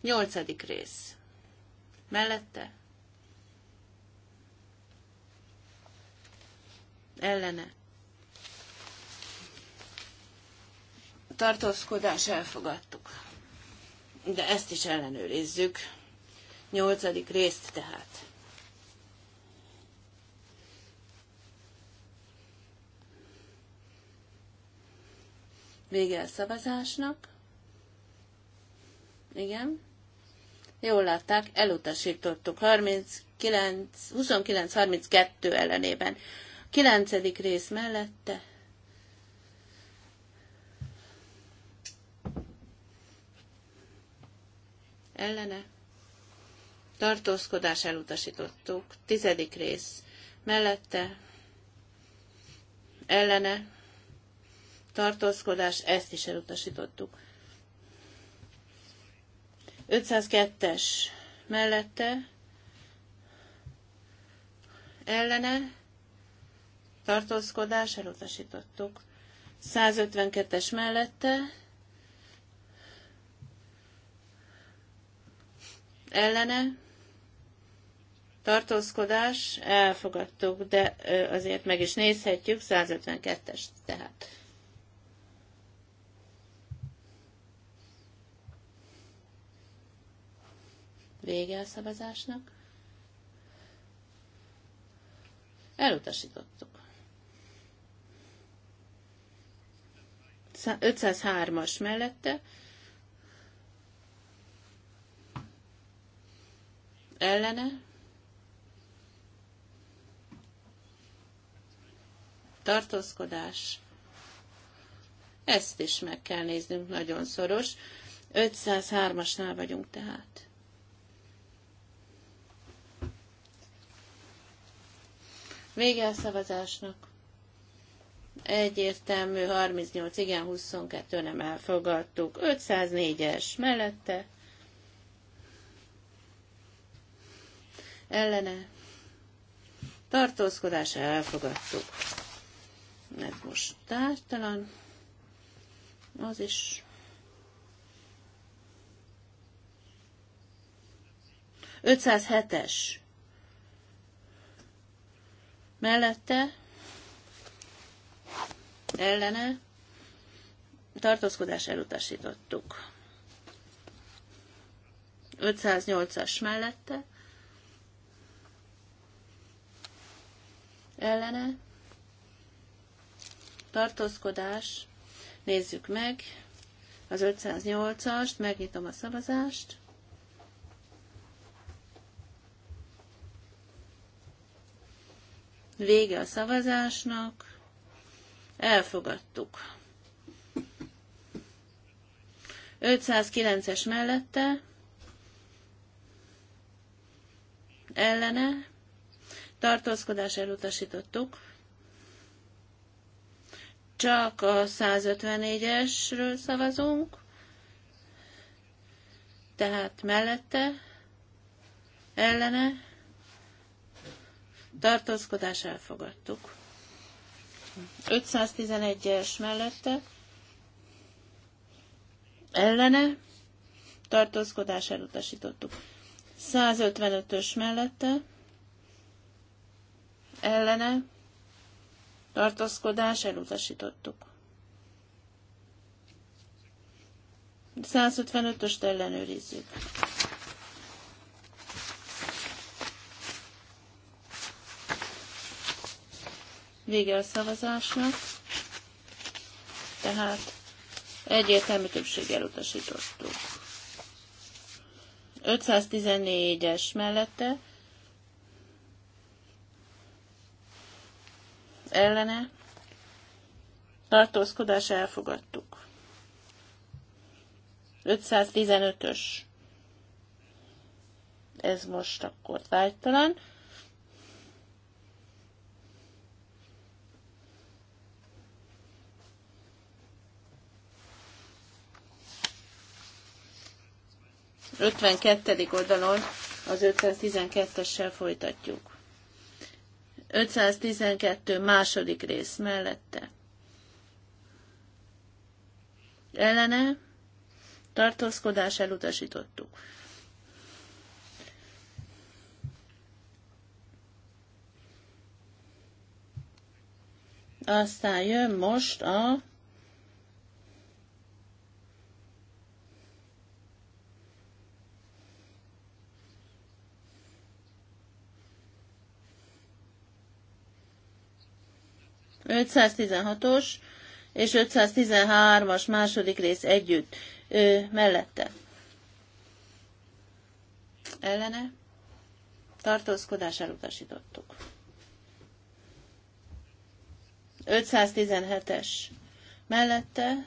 Nyolcadik rész mellette, ellene. Tartózkodás elfogadtuk. De ezt is ellenőrizzük. Nyolcadik részt tehát. Vége a szavazásnak. Igen. Jól látták, elutasítottuk 39, 29-32 ellenében. kilencedik rész mellette ellene. Tartózkodás elutasítottuk. Tizedik rész. Mellette. Ellene. Tartózkodás. Ezt is elutasítottuk. 502-es mellette ellene tartózkodás elutasítottuk. 152-es mellette ellene tartózkodás elfogadtuk, de azért meg is nézhetjük, 152-es tehát. Vége a szavazásnak. Elutasítottuk. 503-as mellette ellene tartózkodás. Ezt is meg kell néznünk nagyon szoros. 503-asnál vagyunk tehát. Vége a szavazásnak. Egyértelmű, 38, igen, 22 nem elfogadtuk. 504-es mellette. Ellene. Tartózkodás elfogadtuk. Ez most tártalan. Az is Ötszázhetes. es mellette, ellene, tartózkodás elutasítottuk. 508-as mellette, ellene, tartózkodás, nézzük meg, az 508-ast, megnyitom a szavazást, Vége a szavazásnak. Elfogadtuk. 509-es mellette ellene tartózkodás elutasítottuk. Csak a 154-esről szavazunk, tehát mellette, ellene, tartózkodás elfogadtuk. 511-es mellette ellene tartózkodás elutasítottuk. 155-ös mellette ellene tartózkodás elutasítottuk. 155-öst ellenőrizzük. Vége a szavazásnak. Tehát egyértelmű többséggel utasítottuk. 514-es mellette ellene tartózkodás elfogadtuk. 515-ös. Ez most akkor vágytalan. 52. oldalon az 512-essel folytatjuk. 512 második rész mellette. Ellene tartózkodás elutasítottuk. Aztán jön most a 516-os és 513-as második rész együtt ö, mellette. Ellene tartózkodás elutasítottuk. 517-es mellette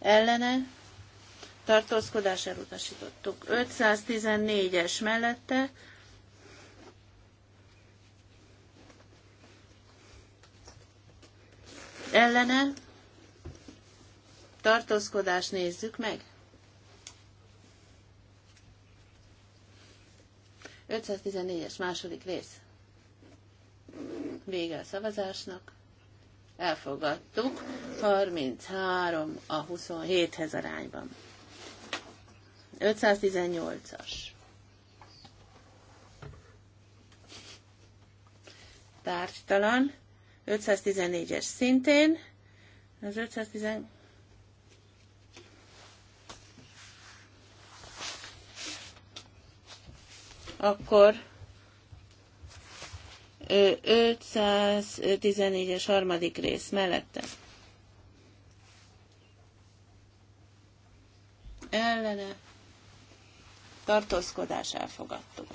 ellene tartózkodás elutasítottuk. 514-es mellette ellene tartózkodás nézzük meg. 514-es második rész. Vége a szavazásnak. Elfogadtuk. 33 a 27-hez arányban. 518-as. Tárgytalan. 514-es szintén, az 510 akkor 514-es harmadik rész mellette. Ellene tartózkodás elfogadtuk.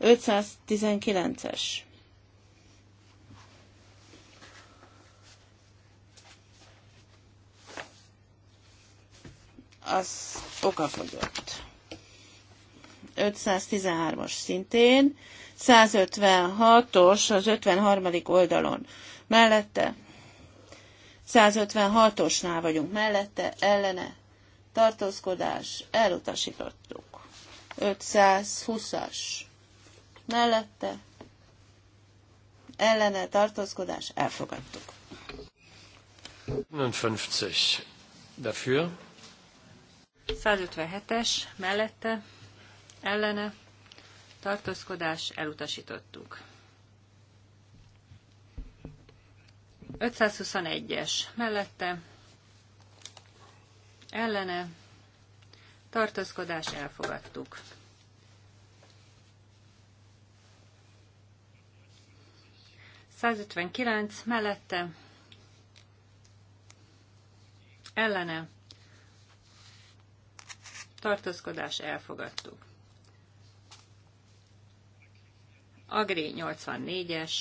519-es az okafogyott. 513-as szintén, 156-os az 53. oldalon mellette, 156-osnál vagyunk mellette, ellene, tartózkodás, elutasítottuk. 520-as mellette, ellene, tartózkodás,
elfogadtuk. 55 dafür
157-es mellette ellene tartózkodás elutasítottuk. 521-es mellette ellene tartózkodás elfogadtuk. 159 mellette ellene tartózkodás elfogadtuk. Agri 84-es,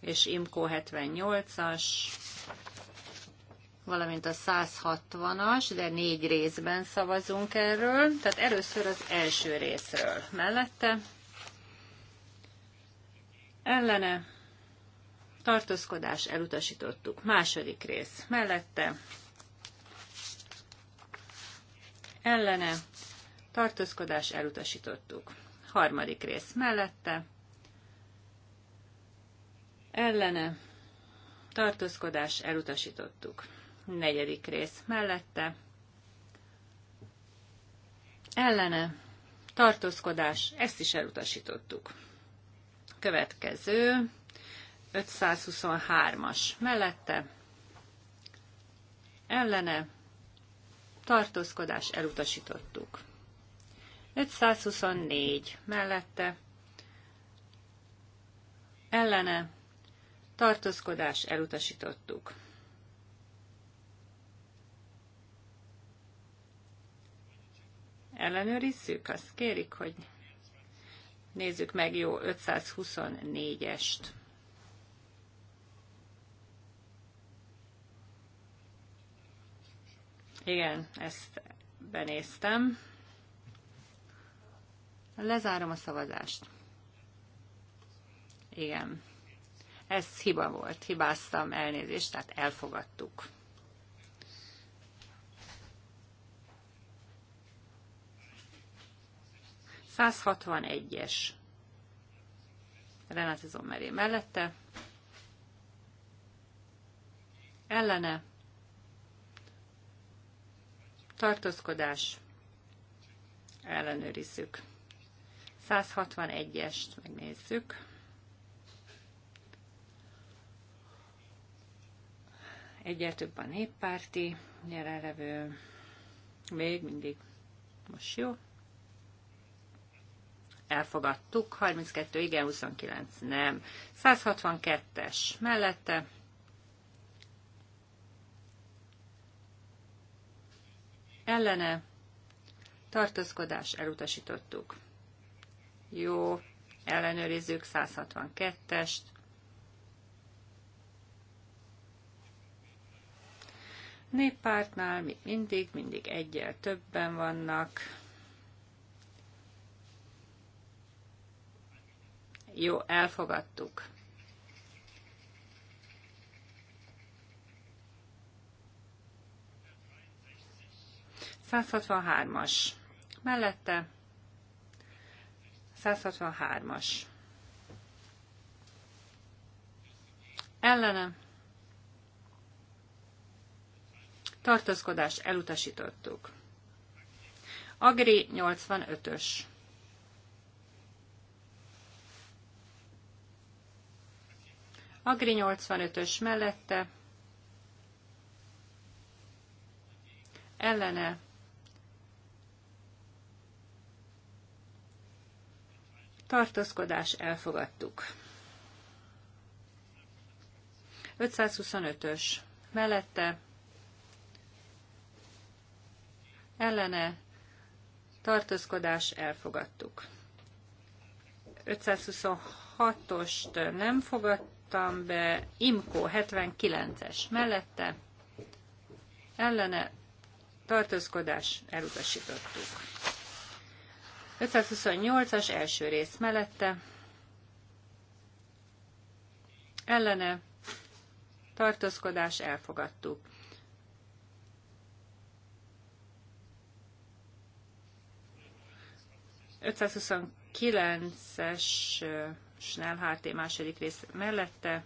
és Imco 78-as, valamint a 160-as, de négy részben szavazunk erről. Tehát először az első részről mellette. Ellene tartózkodás elutasítottuk. Második rész mellette ellene, tartózkodás elutasítottuk. Harmadik rész mellette, ellene, tartózkodás elutasítottuk. Negyedik rész mellette, ellene, tartózkodás, ezt is elutasítottuk. Következő, 523-as mellette, ellene, tartózkodás elutasítottuk. 524 mellette ellene tartózkodás elutasítottuk. Ellenőrizzük, azt kérik, hogy nézzük meg jó 524-est. Igen, ezt benéztem. Lezárom a szavazást. Igen. Ez hiba volt, hibáztam, elnézést, tehát elfogadtuk. es Renate Zommeré mellette, ellene, tartózkodás, ellenőrizzük. 161-est megnézzük. Egyel több a néppárti jelenlevő. Még mindig. Most jó. Elfogadtuk. 32, igen, 29, nem. 162-es mellette ellene tartózkodás elutasítottuk. Jó, ellenőrizzük 162-est. Néppártnál mindig, mindig egyel többen vannak. Jó, elfogadtuk. 163-as. Mellette 163-as. Ellene tartózkodást elutasítottuk. Agri 85-ös. Agri 85-ös mellette ellene tartózkodás elfogadtuk. 525-ös mellette ellene tartózkodás elfogadtuk. 526-ost nem fogadtam be, Imko 79-es mellette, ellene tartózkodás elutasítottuk. 528-as első rész mellette, ellene, tartózkodás elfogadtuk. es Snell HT második rész mellette,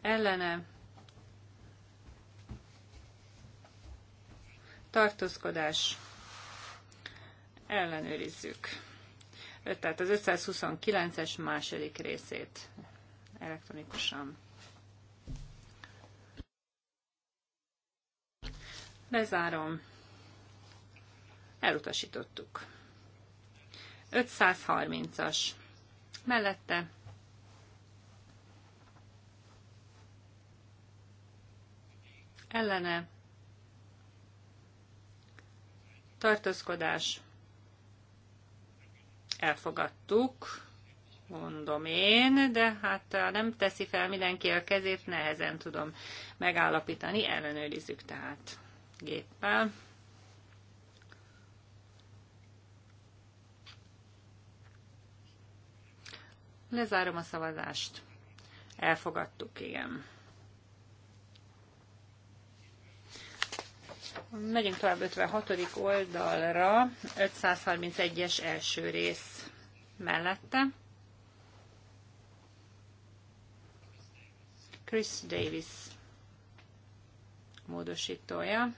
ellene, tartózkodás, ellenőrizzük. Tehát az 529-es második részét elektronikusan. Lezárom. Elutasítottuk. 530-as. Mellette ellene tartózkodás. Elfogadtuk, mondom én, de hát nem teszi fel mindenki a kezét, nehezen tudom megállapítani, ellenőrizzük tehát géppel. Lezárom a szavazást. Elfogadtuk, igen. Megyünk tovább 56. oldalra, 531-es első rész mellette. Chris Davis módosítója.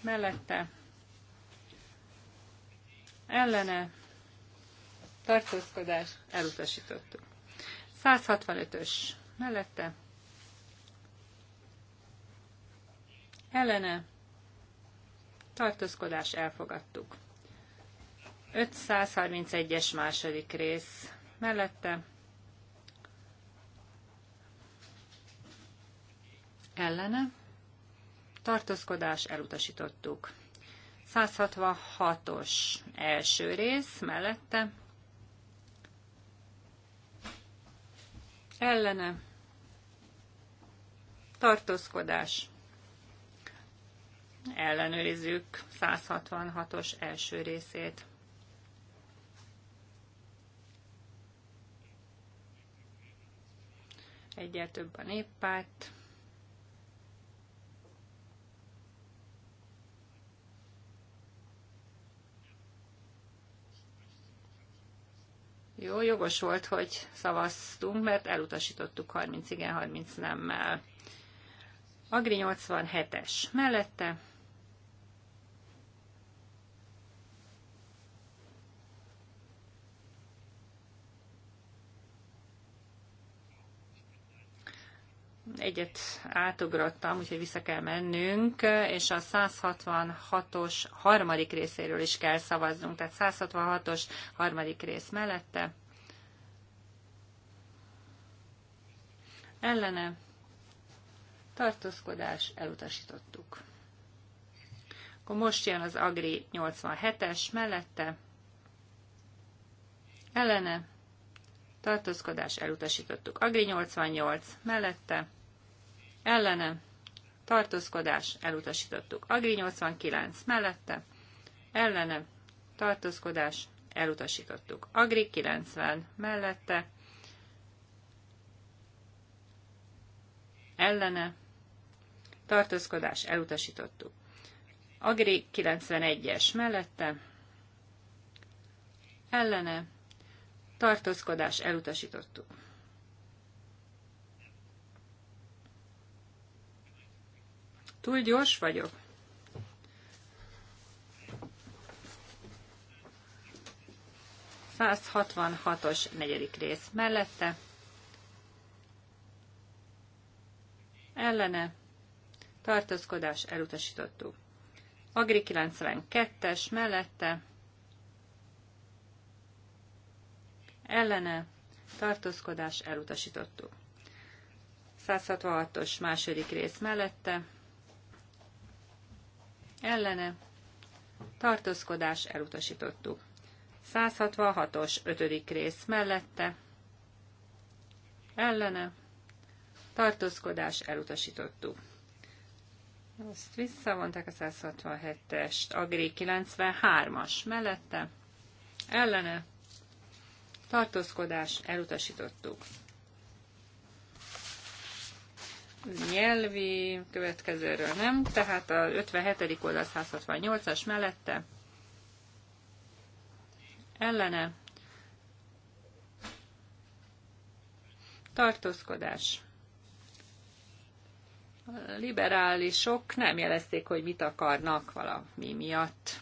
Mellette ellene tartózkodás elutasítottuk. 165-ös mellette ellene tartózkodás elfogadtuk. 531-es második rész mellette ellene tartózkodás elutasítottuk. 166-os első rész mellette ellene tartózkodás ellenőrizzük 166-os első részét. Egyel több a néppárt. Jó, jogos volt, hogy szavaztunk, mert elutasítottuk 30 igen, 30 nemmel. Agri 87-es mellette egyet átugrottam, úgyhogy vissza kell mennünk, és a 166-os harmadik részéről is kell szavaznunk, tehát 166-os harmadik rész mellette. Ellene tartózkodás elutasítottuk. Akkor most jön az Agri 87-es mellette. Ellene tartózkodás elutasítottuk. Agri 88 mellette ellene, tartózkodás, elutasítottuk. Agri 89 mellette, ellene, tartózkodás, elutasítottuk. Agri 90 mellette, ellene, tartózkodás, elutasítottuk. Agri 91-es mellette, ellene, tartózkodás, elutasítottuk. Túl gyors vagyok? os negyedik rész mellette. Ellene. Tartózkodás elutasítottuk. Agri 92-es mellette. Ellene. Tartózkodás elutasítottuk. 166-os második rész mellette ellene, tartózkodás elutasítottuk. 166-os ötödik rész mellette, ellene, tartózkodás elutasítottuk. Azt visszavonták a 167-est, Agri 93-as mellette, ellene, tartózkodás elutasítottuk nyelvi, következőről nem, tehát a 57. oldal 168-as mellette ellene tartózkodás. A liberálisok nem jelezték, hogy mit akarnak valami miatt.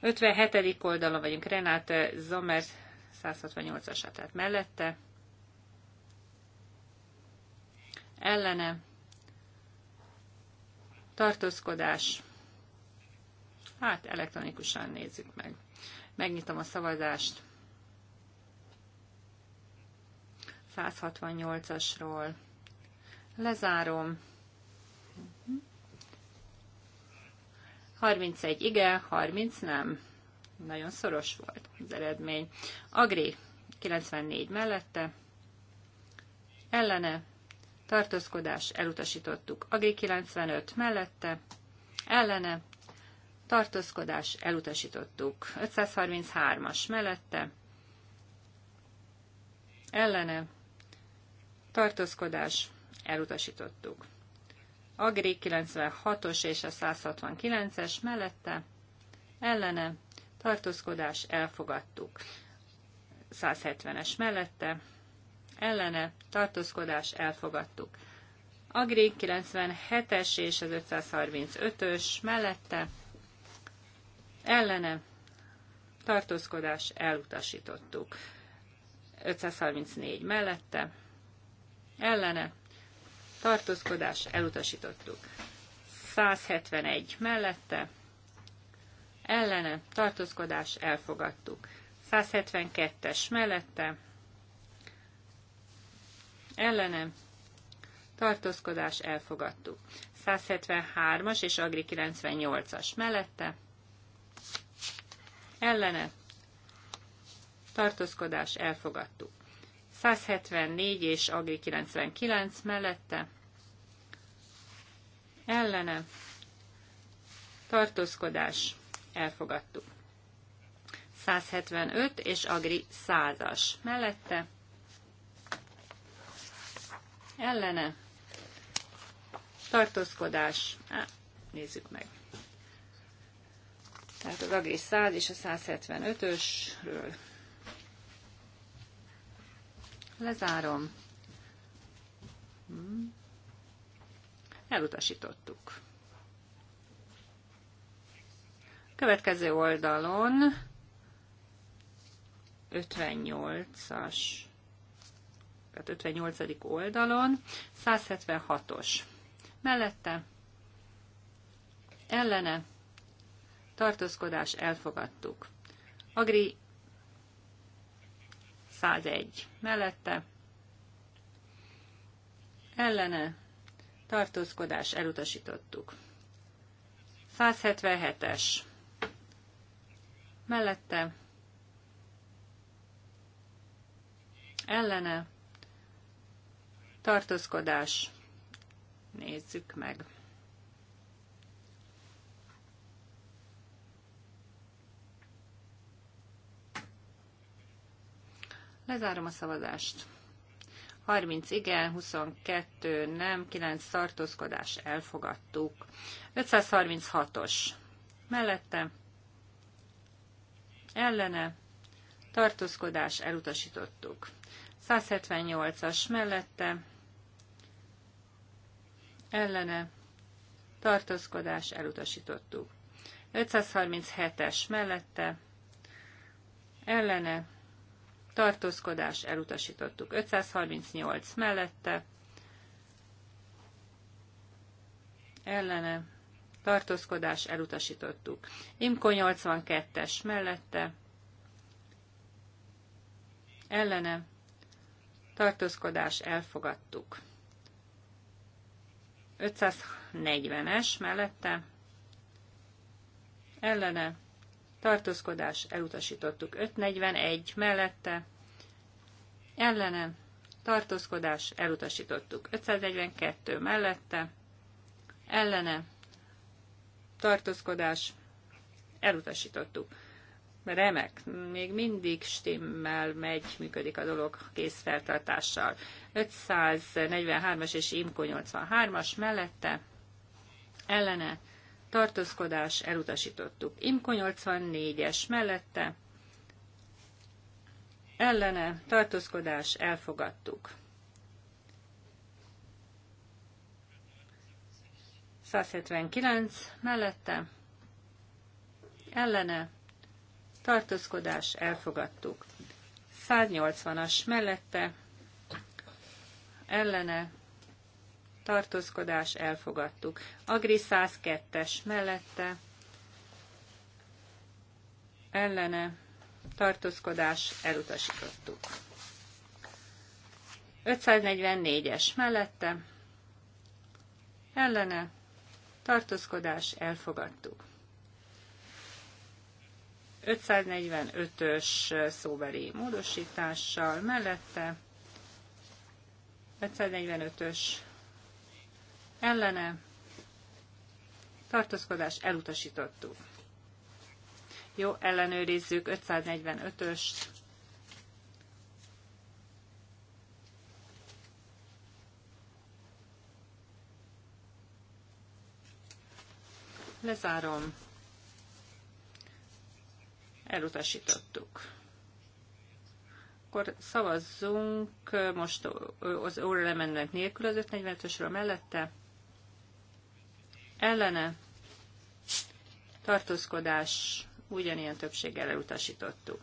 57. oldalon vagyunk renáte, Zomer 168-asát, tehát mellette ellene tartózkodás. Hát elektronikusan nézzük meg. Megnyitom a szavazást. 168-asról. Lezárom. 31 igen, 30 nem. Nagyon szoros volt az eredmény. Agri 94 mellette, ellene tartózkodás elutasítottuk. g 95 mellette, ellene, tartózkodás elutasítottuk. 533-as mellette, ellene, tartózkodás elutasítottuk. g 96-os és a 169-es mellette, ellene, tartózkodás elfogadtuk. 170-es mellette, ellene tartózkodás elfogadtuk. Agri 97-es és az 535-ös mellette ellene tartózkodás elutasítottuk. 534 mellette ellene tartózkodás elutasítottuk. 171 mellette ellene tartózkodás elfogadtuk. 172-es mellette ellene tartózkodás elfogadtuk. 173-as és Agri 98-as mellette ellene tartózkodás elfogadtuk. 174 és Agri 99 mellette ellene tartózkodás elfogadtuk. 175 és Agri 100-as mellette ellene, tartózkodás, Á, nézzük meg. Tehát az egész 100 és a 175-ösről lezárom. Hmm. Elutasítottuk. Következő oldalon 58-as tehát 58. oldalon, 176-os. Mellette ellene tartózkodás elfogadtuk. Agri 101. Mellette ellene tartózkodás elutasítottuk. 177-es. Mellette ellene tartózkodás, nézzük meg. Lezárom a szavazást. 30 igen, 22 nem, 9 tartózkodás elfogadtuk. 536-os mellette, ellene, tartózkodás elutasítottuk. 178-as mellette, ellene tartózkodás elutasítottuk. 537-es mellette ellene tartózkodás elutasítottuk. 538 mellette ellene tartózkodás elutasítottuk. Imko 82-es mellette ellene tartózkodás elfogadtuk. 540-es mellette ellene tartózkodás elutasítottuk 541 mellette ellene tartózkodás elutasítottuk 542 mellette ellene tartózkodás elutasítottuk remek, még mindig stimmel megy, működik a dolog készfeltartással. 543-as és IMCO 83-as mellette ellene tartózkodás elutasítottuk. IMCO 84-es mellette ellene tartózkodás elfogadtuk. 179 mellette ellene tartózkodás, elfogadtuk. 180-as mellette, ellene, tartózkodás, elfogadtuk. Agri 102-es mellette, ellene, tartózkodás, elutasítottuk. 544-es mellette, ellene, tartózkodás, elfogadtuk. 545-ös szóbeli módosítással mellette, 545-ös ellene, tartózkodás elutasítottuk. Jó, ellenőrizzük 545 ös Lezárom elutasítottuk. Akkor szavazzunk most az oral amendment nélkül az 545-ösről mellette. Ellene tartózkodás ugyanilyen többséggel elutasítottuk.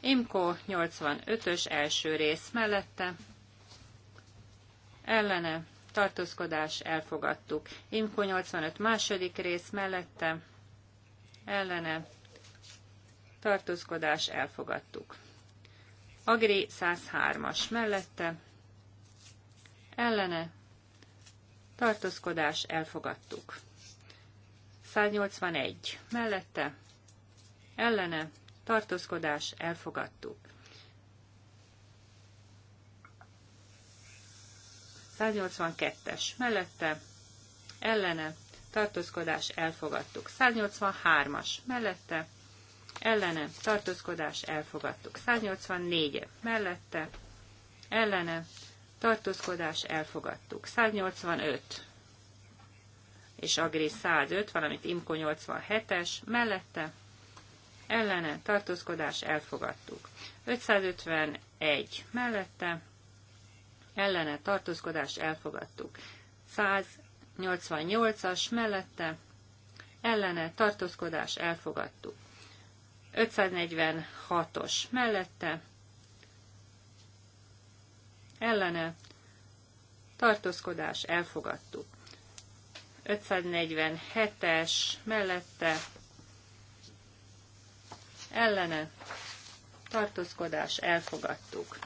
Imko 85-ös első rész mellette. Ellene tartózkodás elfogadtuk. Imko 85 második rész mellette ellene tartózkodás elfogadtuk. Agré 103-as mellette ellene tartózkodás elfogadtuk. 181 mellette ellene tartózkodás elfogadtuk. 182-es mellette ellene tartózkodás elfogadtuk. 183-as mellette, ellene, tartózkodás elfogadtuk. 184 mellette, ellene, tartózkodás elfogadtuk. 185 és Agri 105, valamint Imko 87-es, mellette, ellene, tartózkodás elfogadtuk. 551 mellette, ellene, tartózkodás elfogadtuk. 100 588-as mellette ellene tartózkodás elfogadtuk. 546-os mellette ellene tartózkodás elfogadtuk. 547-es mellette ellene tartózkodás elfogadtuk.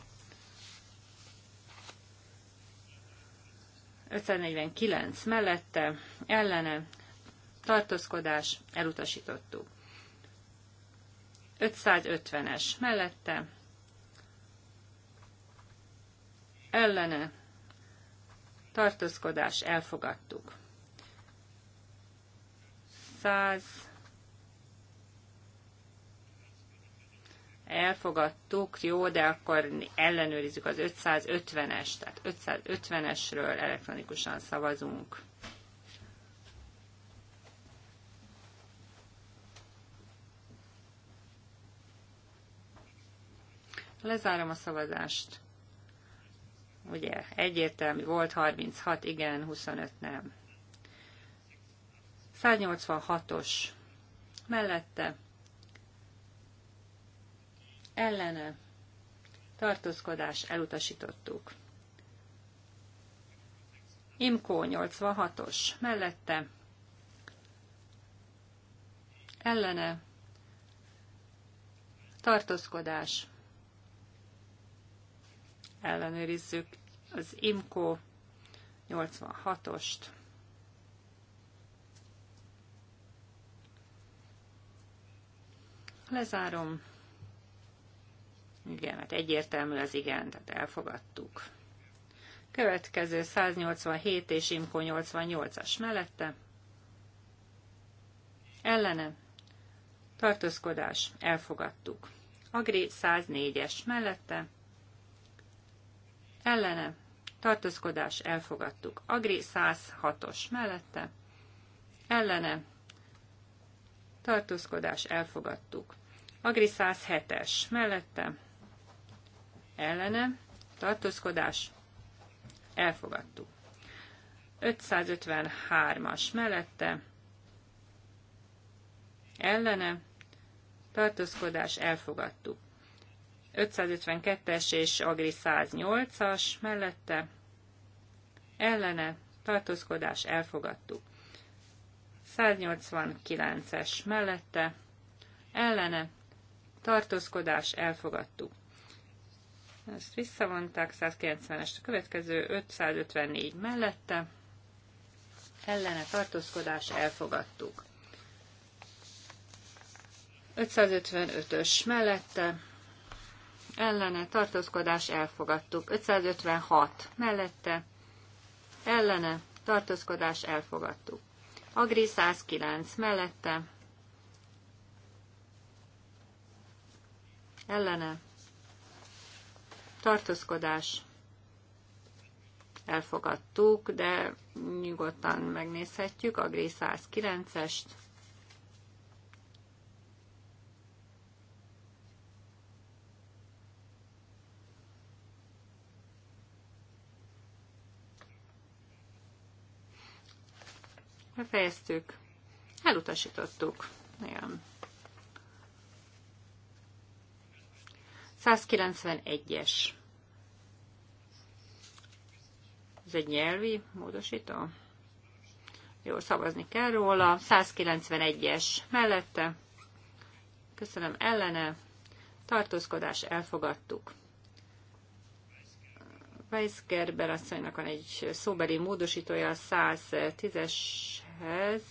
549 mellette, ellene, tartózkodás, elutasítottuk. 550-es mellette, ellene, tartózkodás, elfogadtuk. 100 elfogadtuk, jó, de akkor ellenőrizzük az 550-es, tehát 550-esről elektronikusan szavazunk. Lezárom a szavazást. Ugye egyértelmű volt, 36 igen, 25 nem. 186-os mellette ellene tartózkodás elutasítottuk. Imkó 86-os mellette ellene tartózkodás ellenőrizzük az Imkó 86-ost. Lezárom. Igen, hát egyértelmű az igen, tehát elfogadtuk. Következő 187 és Imko 88-as mellette. Ellene. Tartózkodás. Elfogadtuk. Agri 104-es mellette. Ellene. Tartózkodás. Elfogadtuk. Agri 106-os mellette. Ellene. Tartózkodás. Elfogadtuk. Agri 107-es mellette ellene, tartózkodás, elfogadtuk. 553-as mellette, ellene, tartózkodás, elfogadtuk. 552-es és Agri 108-as mellette, ellene, tartózkodás, elfogadtuk. 189-es mellette, ellene, tartózkodás, elfogadtuk. Ezt visszavonták, 190-es a következő, 554 mellette. Ellene tartózkodás elfogadtuk. 555-ös mellette. Ellene tartózkodás elfogadtuk. 556 mellette. Ellene tartózkodás elfogadtuk. Agri 109 mellette. Ellene tartózkodás elfogadtuk, de nyugodtan megnézhetjük a Gré 109-est. Befejeztük. Elutasítottuk. Igen. 191-es. Ez egy nyelvi módosító. Jó, szavazni kell róla. 191-es mellette. Köszönöm ellene. Tartózkodás elfogadtuk. Weisgerber asszonynak van egy szóbeli módosítója a 110-eshez.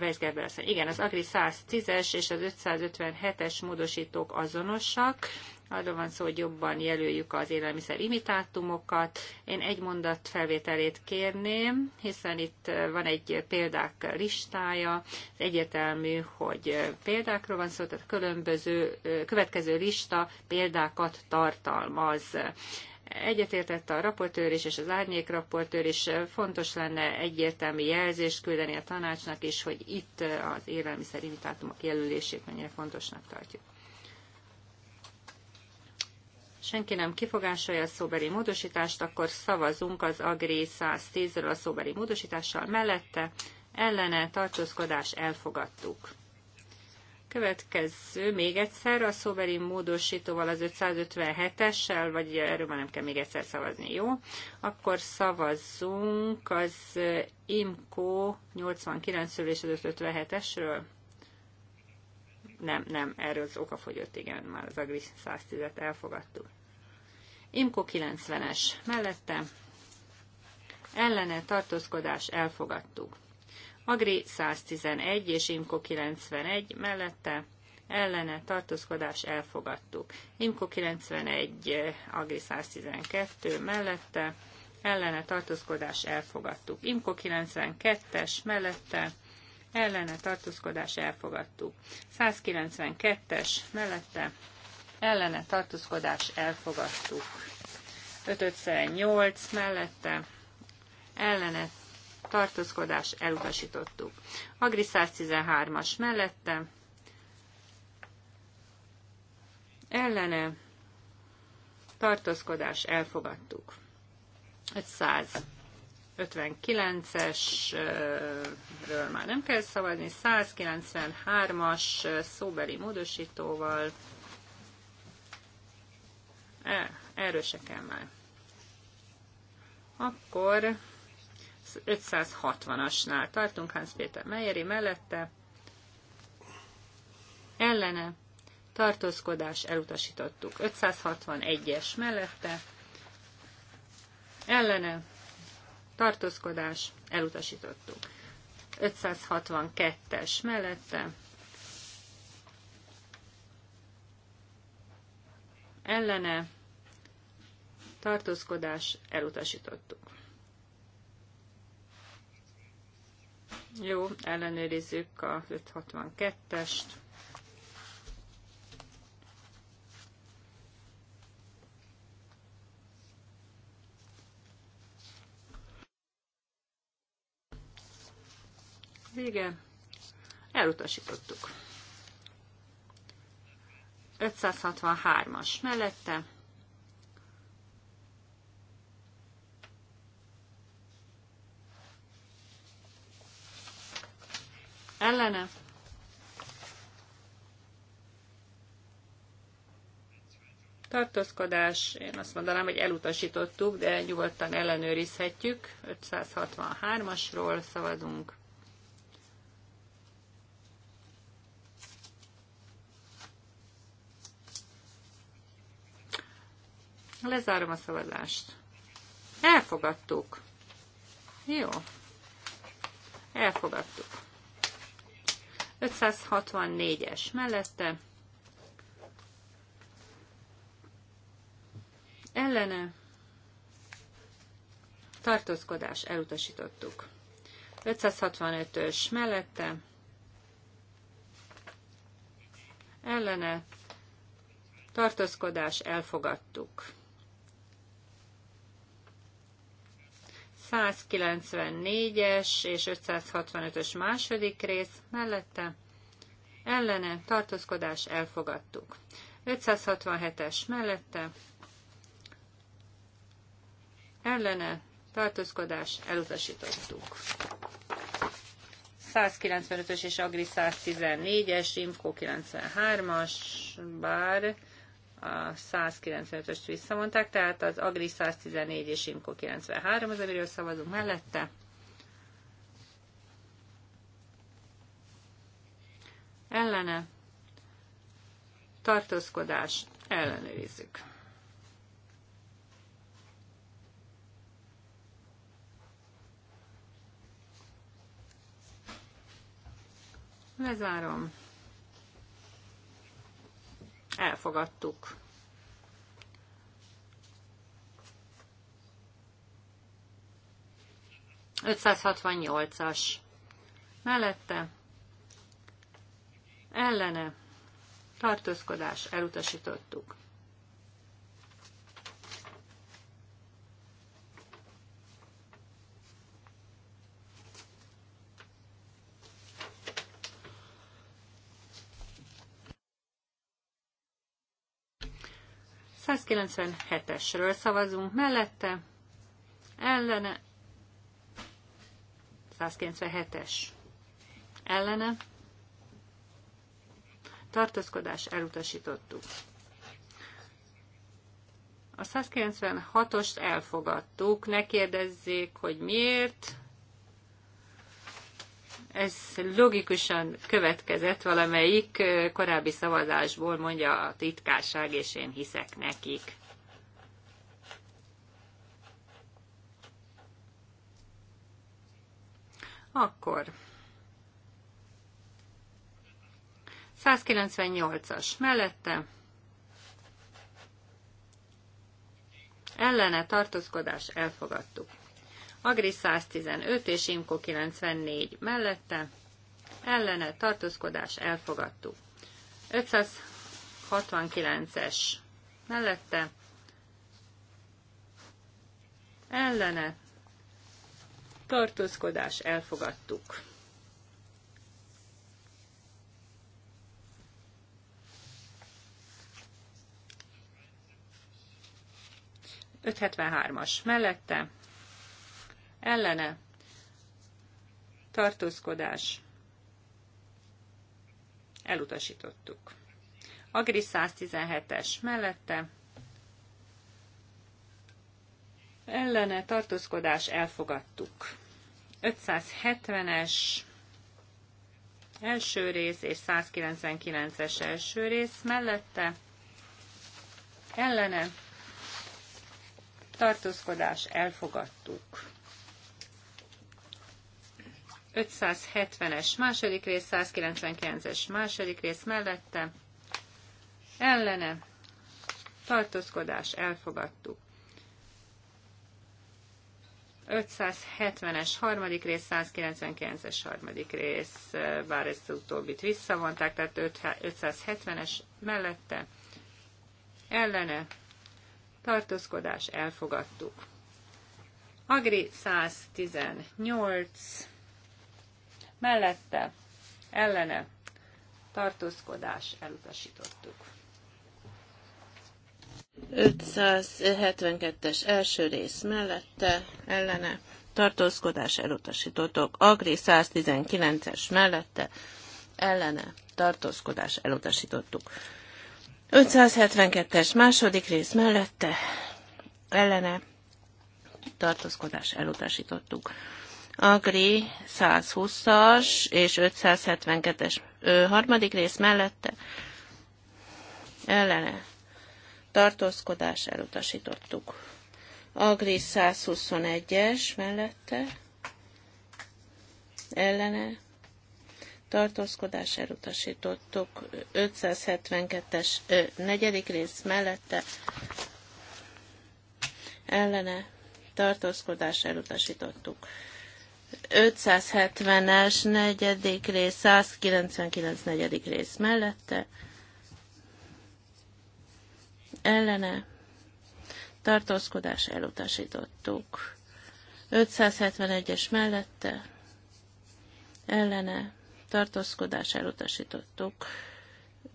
Weisgerber asszony. Igen, az Agri 110-es és az 557-es módosítók azonosak. Arról van szó, hogy jobban jelöljük az élelmiszer imitátumokat. Én egy mondat felvételét kérném, hiszen itt eh, van egy példák listája. Ez egyértelmű, hogy eh, példákról van szó, tehát különböző, eh, következő lista példákat tartalmaz Egyetértett a raportőr is, és az árnyék raportőr is. Fontos lenne egyértelmű jelzést küldeni a tanácsnak is, hogy itt az élelmiszer imitátumok jelölését mennyire fontosnak tartjuk. Senki nem kifogásolja a szóbeli módosítást, akkor szavazunk az Agri 110-ről a szóbeli módosítással mellette. Ellene tartózkodás elfogadtuk. Következő, még egyszer a szóbeli módosítóval az 557-essel, vagy erről már nem kell még egyszer szavazni, jó? Akkor szavazzunk az IMCO 89-ről és az 557-esről. Nem, nem, erről az okafogyott, igen, már az Agri 110-et elfogadtuk. IMCO 90-es mellette ellene tartózkodás elfogadtuk. Agri 111 és Imko 91 mellette ellene tartózkodás elfogadtuk. Imko 91, Agri 112 mellette ellene tartózkodás elfogadtuk. Imko 92-es mellette ellene tartózkodás elfogadtuk. 192-es mellette ellene tartózkodás elfogadtuk. 558 mellette ellene tartózkodás elutasítottuk. Agri 113-as mellette, ellene, tartózkodás elfogadtuk. 559-esről már nem kell szavazni, 193-as szóbeli módosítóval, e, erről se kell már. Akkor 560-asnál tartunk, Hans Péter Meyeri mellette, ellene, tartózkodás elutasítottuk. 561-es mellette, ellene, tartózkodás elutasítottuk. 562-es mellette, ellene, tartózkodás elutasítottuk. Jó, ellenőrizzük a 562-est. Vége. Elutasítottuk. 563-as mellette ellene. Tartózkodás, én azt mondanám, hogy elutasítottuk, de nyugodtan ellenőrizhetjük. 563-asról szavazunk. Lezárom a szavazást. Elfogadtuk. Jó. Elfogadtuk. 564-es mellette, ellene, tartózkodás elutasítottuk. 565-ös mellette, ellene, tartózkodás elfogadtuk. 194-es és 565-ös második rész mellette ellene tartózkodás elfogadtuk. 567-es mellette ellene tartózkodás elutasítottuk. 195-ös és Agri 114-es, Imco 93-as, bár a 195-öst visszamondták, tehát az Agri 114 és Imko 93 az, amiről szavazunk mellette. Ellene tartózkodás ellenőrizzük. Lezárom. Elfogadtuk. as mellette ellene tartózkodás elutasítottuk. 197-esről szavazunk mellette, ellene, 197-es ellene, tartózkodás elutasítottuk. A 196-ost elfogadtuk, ne kérdezzék, hogy miért, ez logikusan következett valamelyik korábbi szavazásból, mondja a titkárság, és én hiszek nekik. Akkor 198-as mellette ellene tartózkodás elfogadtuk. Agri 115 és Imko 94 mellette, ellene tartózkodás elfogadtuk. 569-es mellette, ellene tartózkodás elfogadtuk. Öthetvenhármas mellette, ellene tartózkodás elutasítottuk. Agri 117-es mellette ellene tartózkodás elfogadtuk. 570-es első rész és 199-es első rész mellette ellene tartózkodás elfogadtuk. 570-es második rész, 199-es második rész mellette, ellene, tartózkodás, elfogadtuk. 570-es harmadik rész, 199-es harmadik rész, eh, bár ezt utóbbit visszavonták, tehát 570-es mellette, ellene, tartózkodás, elfogadtuk. Agri 118, mellette, ellene, tartózkodás elutasítottuk.
572-es első rész mellette, ellene, tartózkodás elutasítottuk. Agri 119-es mellette, ellene, tartózkodás elutasítottuk. 572-es második rész mellette, ellene, tartózkodás elutasítottuk. Agri 120-as és 572-es harmadik rész mellette ellene tartózkodás elutasítottuk. Agri 121-es mellette ellene tartózkodás elutasítottuk. 572-es negyedik rész mellette ellene tartózkodás elutasítottuk. 570-es negyedik rész, 199 negyedik rész mellette, ellene tartózkodás elutasítottuk. 571-es mellette, ellene tartózkodás elutasítottuk.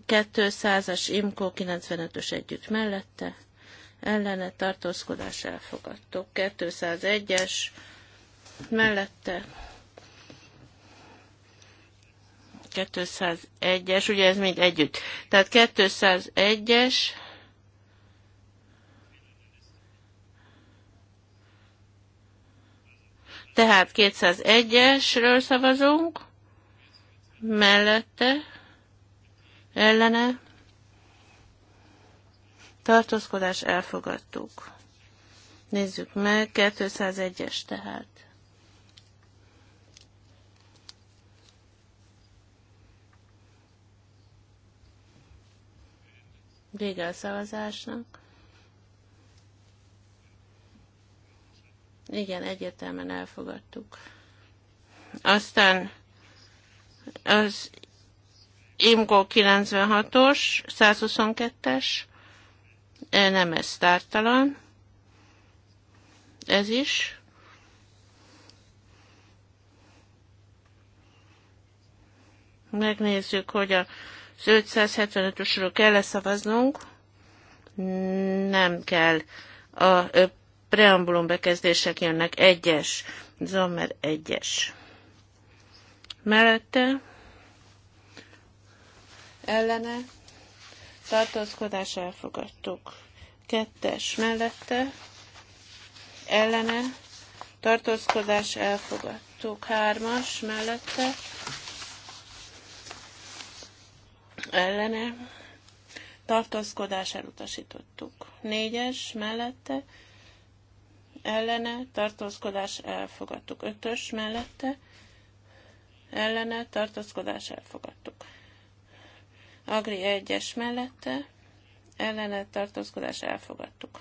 200-as IMKO 95-ös együtt mellette, ellene tartózkodás elfogadtuk. 201-es mellette 201-es, ugye ez mind együtt. Tehát 201-es, tehát 201-esről szavazunk, mellette, ellene, tartózkodás elfogadtuk. Nézzük meg, 201-es tehát. Vége a szavazásnak. Igen, egyértelműen elfogadtuk. Aztán az IMGO 96-os, 122-es, nem ez tártalan. Ez is. Megnézzük, hogy a az 575-ösről kell szavaznunk? Nem kell. A preambulum bekezdések jönnek. Egyes. Zomer egyes. Mellette ellene tartózkodás elfogadtuk. Kettes mellette ellene tartózkodás elfogadtuk. Hármas mellette ellene tartózkodás elutasítottuk. Négyes mellette ellene tartózkodás elfogadtuk. Ötös mellette ellene tartózkodás elfogadtuk. Agri egyes mellette ellene tartózkodás elfogadtuk.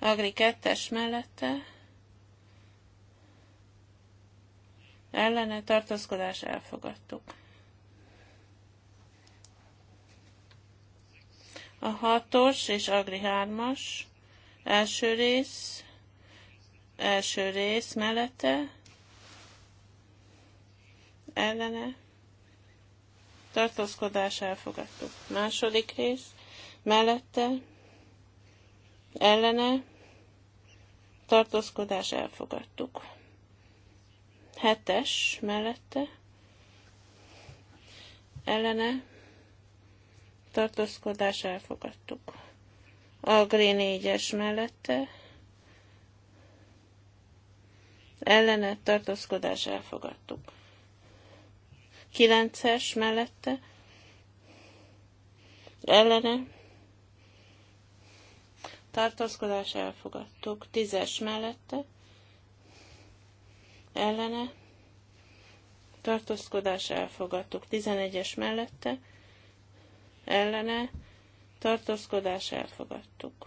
Agri kettes mellette ellene tartózkodás elfogadtuk. A hatos és Agri hármas első rész, első rész mellette, ellene, tartózkodás elfogadtuk. Második rész, mellette, ellene, tartózkodás elfogadtuk. Hetes mellette, ellene, tartózkodás elfogadtuk. A Agri 4-es mellette ellene tartózkodás elfogadtuk. 9-es mellette ellene tartózkodás elfogadtuk. 10-es mellette ellene tartózkodás elfogadtuk. 11-es mellette ellene tartózkodás elfogadtuk.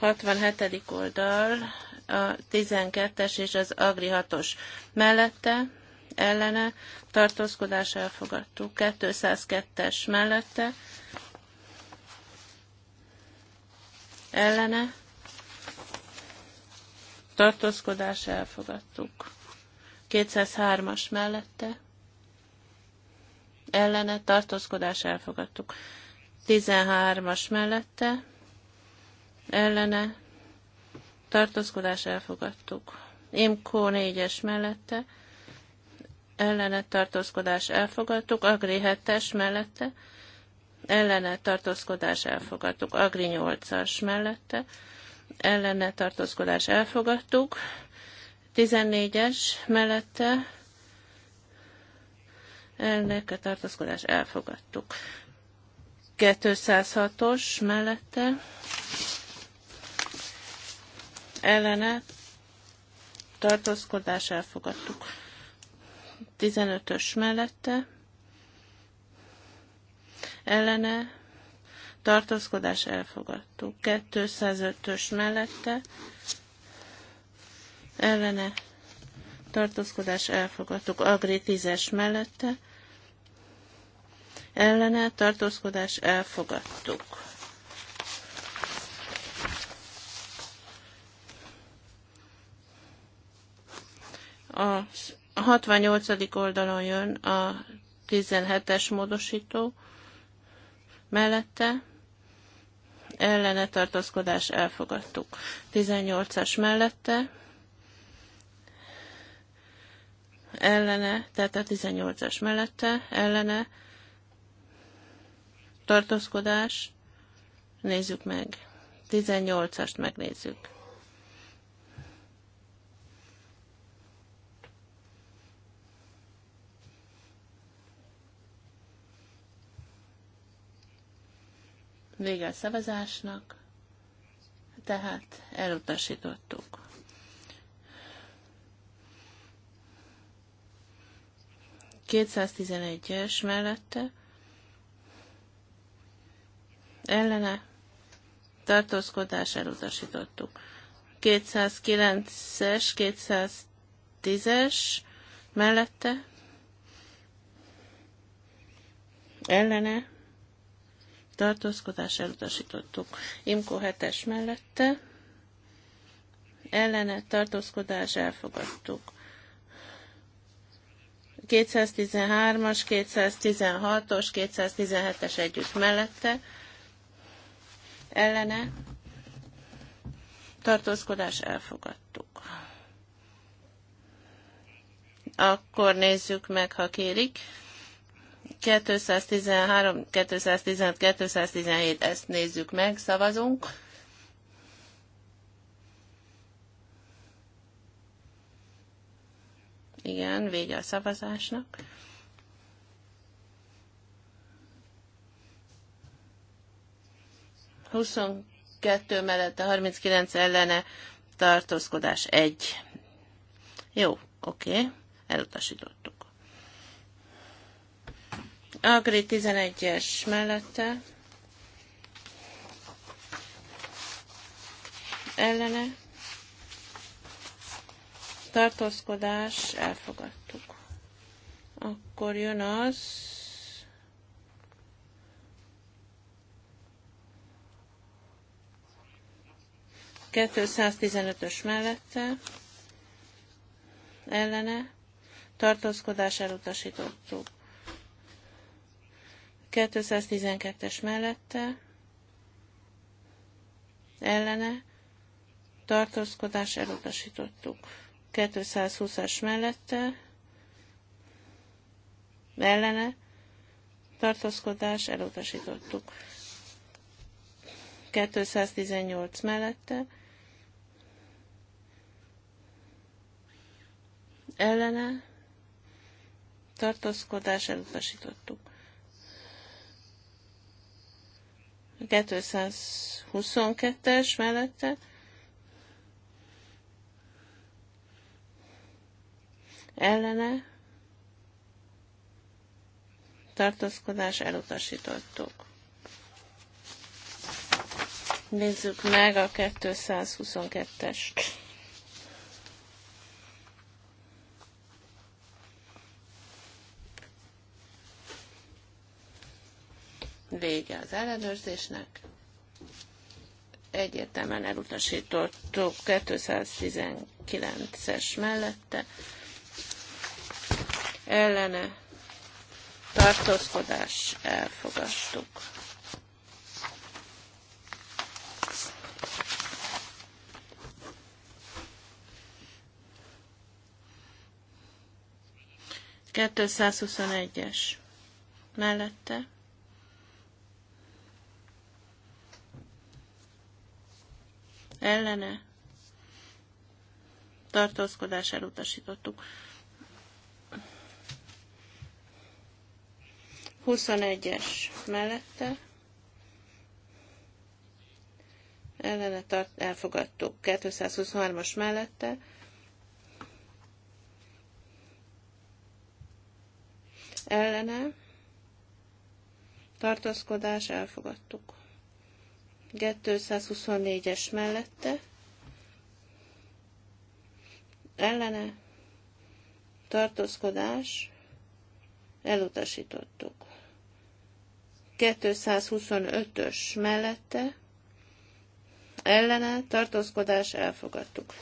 67. oldal, a 12-es és az Agri 6-os mellette, ellene tartózkodás elfogadtuk. 202-es mellette, ellene tartózkodás elfogadtuk. 203-as mellette, ellene tartózkodás elfogadtuk. 13-as mellette ellene tartózkodás elfogadtuk. Imkó 4-es mellette ellene tartózkodás elfogadtuk. Agri 7-es mellette ellene tartózkodás elfogadtuk. Agri 8-as mellette ellene tartózkodás elfogadtuk. 14-es mellette ennek tartózkodás elfogadtuk. 206-os mellette ellene tartózkodás elfogadtuk. 15-ös mellette ellene tartózkodás elfogadtuk. 205-ös mellette ellene tartózkodás elfogadtuk. Agri 10-es mellette ellene tartózkodás elfogadtuk. A 68. oldalon jön a 17-es módosító mellette ellene tartózkodás elfogadtuk. 18-as mellette ellene, tehát a 18-as mellette ellene tartózkodás, nézzük meg. 18-ast megnézzük. Vége a szavazásnak, tehát elutasítottuk. Kétszáztizenegyes mellette ellene tartózkodás elutasítottuk. 209-es, 210-es mellette ellene tartózkodás elutasítottuk. Imko 7-es mellette ellene tartózkodás elfogadtuk. 213-as, 216-os, 217-es együtt mellette ellene tartózkodás elfogadtuk. Akkor nézzük meg, ha kérik. 213, 215, 217, ezt nézzük meg, szavazunk. Igen, vége a szavazásnak. 22 mellette 39 ellene tartózkodás 1. Jó, oké, okay. elutasítottuk. Agri 11-es mellette ellene tartózkodás elfogadtuk. Akkor jön az 215-ös mellette ellene tartózkodás elutasítottuk. 212-es mellette ellene tartózkodás elutasítottuk. 220-as mellette ellene tartózkodás elutasítottuk. 218 mellette ellene tartózkodás elutasítottuk. 222-es mellette ellene tartózkodás elutasítottuk. Nézzük meg a 222-est. Vége az ellenőrzésnek. Egyértelműen elutasítottuk 219-es mellette. Ellene tartózkodás elfogadtuk. Kettőszázhuszonegyes mellette ellene tartózkodás elutasítottuk. 21-es mellette ellene tart, elfogadtuk. 223-as mellette ellene tartózkodás elfogadtuk. 224-es mellette, ellene tartózkodás elutasítottuk. 225-ös mellette ellene tartózkodás elfogadtuk.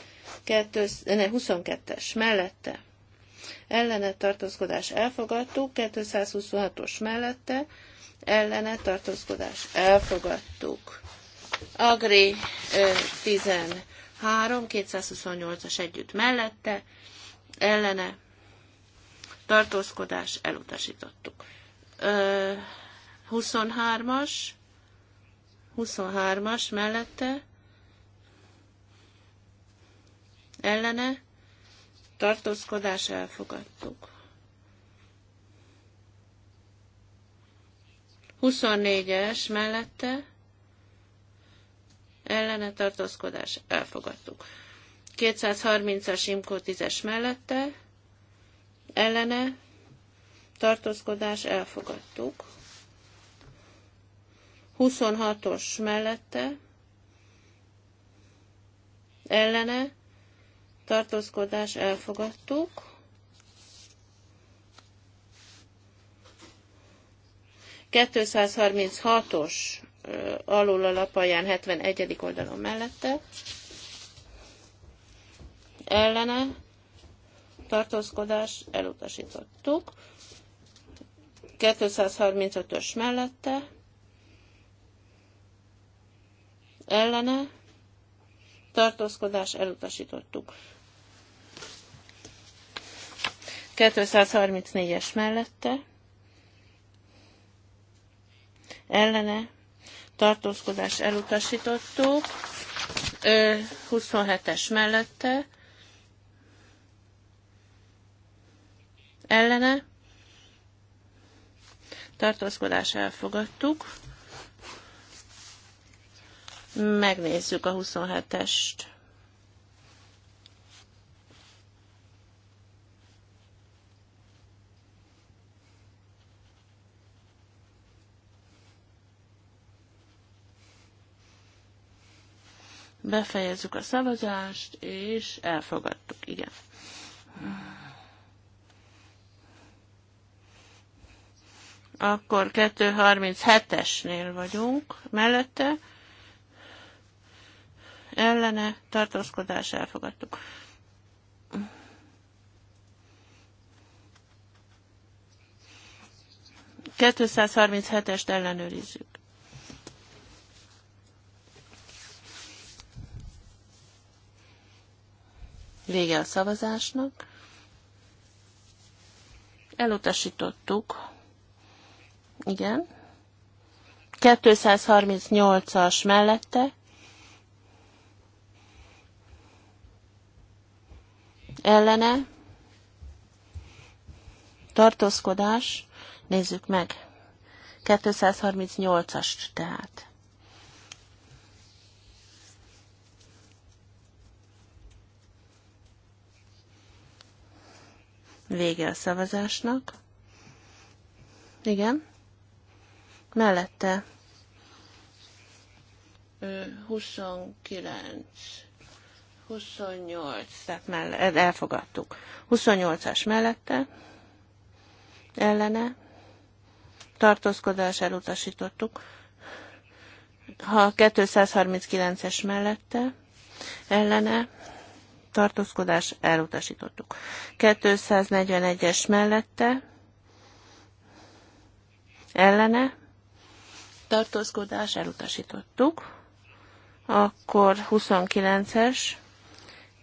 22-es mellette ellene tartózkodás elfogadtuk, 226-os mellette ellene tartózkodás elfogadtuk. Agri 13, 228-as együtt mellette, ellene, tartózkodás, elutasítottuk. 23-as, 23-as mellette, ellene, tartózkodás, elfogadtuk. 24-es mellette, ellene tartózkodás elfogadtuk. 230-as Imkó 10-es mellette ellene tartózkodás elfogadtuk. 26-os mellette ellene tartózkodás elfogadtuk. 236-os alul a lapalján 71. oldalon mellette, ellene tartózkodás elutasítottuk, 235-ös mellette, ellene tartózkodás elutasítottuk. 234-es mellette, ellene tartózkodás elutasítottuk, 27-es mellette, ellene, tartózkodás elfogadtuk, megnézzük a 27-est. Befejezzük a szavazást, és elfogadtuk, igen. Akkor 237-esnél vagyunk, mellette ellene tartózkodás elfogadtuk. Kettőszázharmincheten-est ellenőrizzük. Vége a szavazásnak. Elutasítottuk. Igen. 238-as mellette. Ellene. Tartózkodás. Nézzük meg. 238-as tehát. Vége a szavazásnak. Igen. Mellette 29, 28, tehát mellett, elfogadtuk. 28-as mellette, ellene, tartózkodás elutasítottuk. Ha 239-es mellette, ellene, tartózkodás elutasítottuk. 241-es mellette ellene tartózkodás elutasítottuk. Akkor 29-es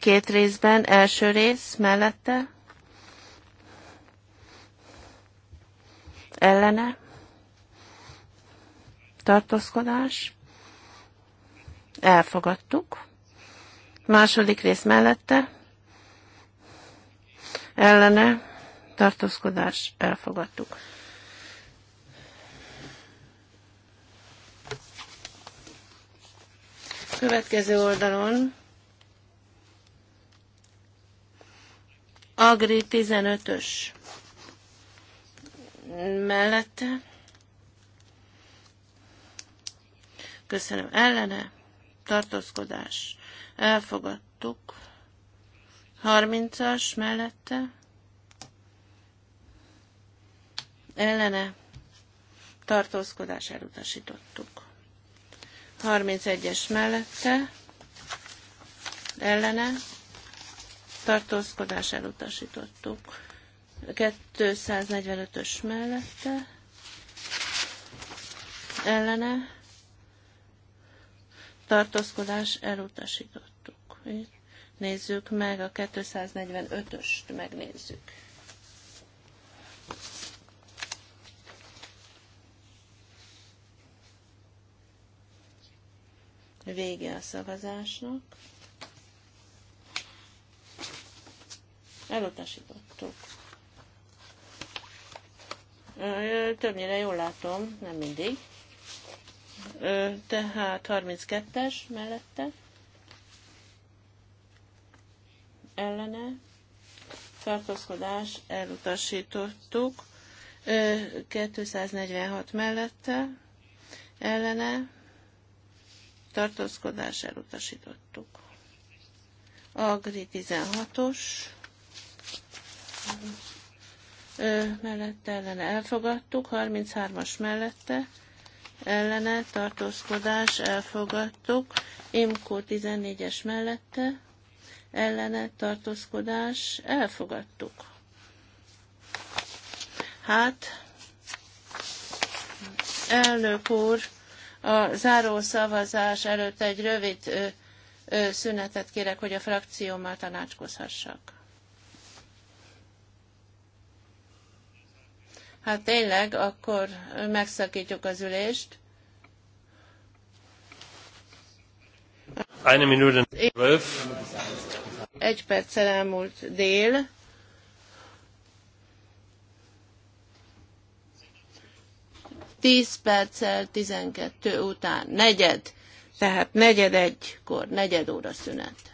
két részben első rész mellette ellene tartózkodás elfogadtuk. Második rész mellette. Ellene. Tartózkodás. Elfogadtuk. Következő oldalon Agri 15-ös mellette. Köszönöm. Ellene tartózkodás elfogadtuk. Harmincas mellette, ellene tartózkodás elutasítottuk. 31-es mellette, ellene tartózkodás elutasítottuk. 245-ös mellette, ellene tartózkodás elutasítottuk. Nézzük meg, a 245-öst megnézzük. Vége a szavazásnak. Elutasítottuk. Többnyire jól látom, nem mindig tehát 32-es mellette ellene tartózkodás elutasítottuk, 246 mellette ellene tartózkodás elutasítottuk. Agri 16-os mellette ellene elfogadtuk, 33-as mellette ellene tartózkodás elfogadtuk, Imkó 14-es mellette ellene tartózkodás elfogadtuk. Hát, elnök úr, a záró szavazás előtt egy rövid ö, ö, szünetet kérek, hogy a frakciómmal tanácskozhassak. Hát tényleg, akkor megszakítjuk az ülést.
Eine Minute zwölf.
Egy perccel elmúlt dél. Tíz perccel tizenkettő után, negyed, tehát negyed egykor, negyed óra szünet.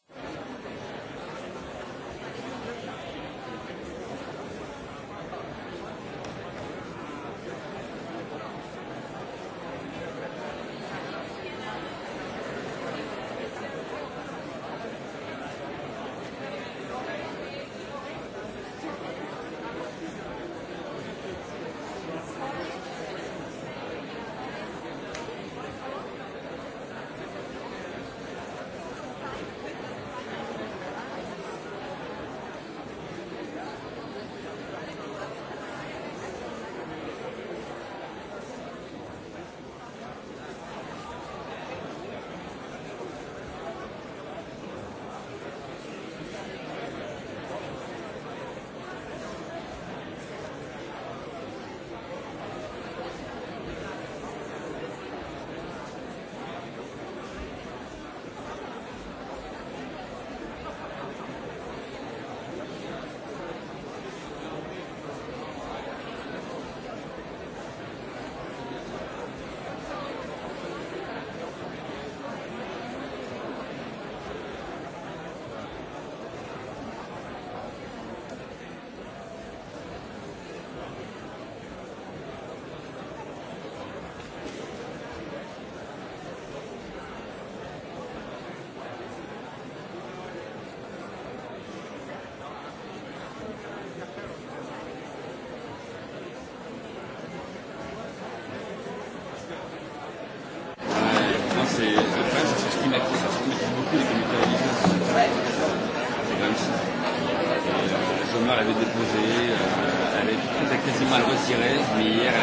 hier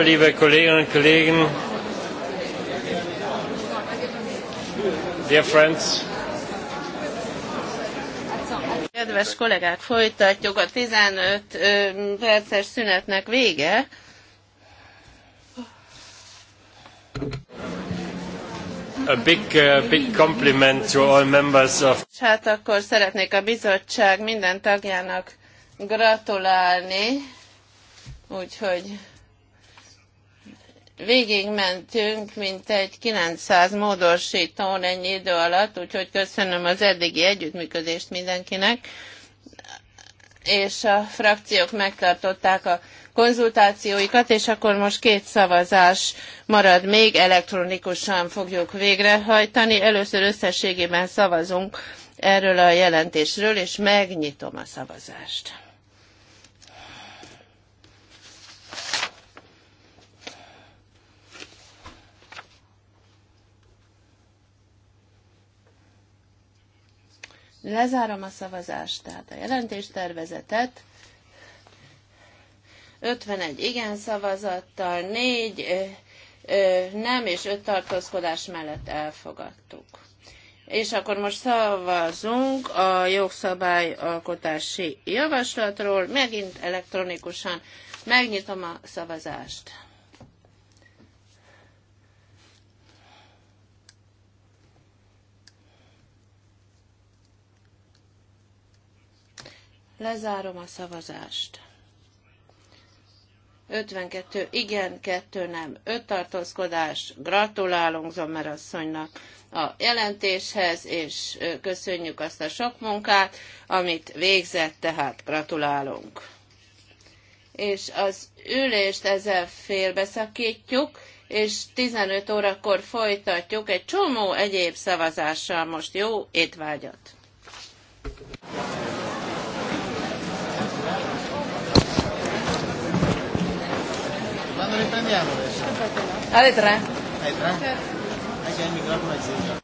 Frau, liebe Kolleginnen und Kollegen, dear friends.
Kedves kollégák, folytatjuk a 15 perces szünetnek vége.
A big, uh, big compliment to all members of...
Hát akkor szeretnék a bizottság minden tagjának gratulálni, úgyhogy végigmentünk, mint egy 900 módosítón ennyi idő alatt, úgyhogy köszönöm az eddigi együttműködést mindenkinek, és a frakciók megtartották a konzultációikat, és akkor most két szavazás marad még, elektronikusan fogjuk végrehajtani. Először összességében szavazunk erről a jelentésről, és megnyitom a szavazást. Lezárom a szavazást, tehát a jelentéstervezetet. 51 igen szavazattal, 4 ö, ö, nem és 5 tartózkodás mellett elfogadtuk. És akkor most szavazunk a jogszabályalkotási javaslatról. Megint elektronikusan megnyitom a szavazást. Lezárom a szavazást. 52 igen, 2 nem, 5 tartózkodás. Gratulálunk Zomer asszonynak a jelentéshez, és köszönjük azt a sok munkát, amit végzett, tehát gratulálunk. És az ülést ezzel félbeszakítjuk, és 15 órakor folytatjuk egy csomó egyéb szavazással. Most jó étvágyat!
riprendiamo adesso? Alle tre. Alle tre? Hai già il microfono acceso.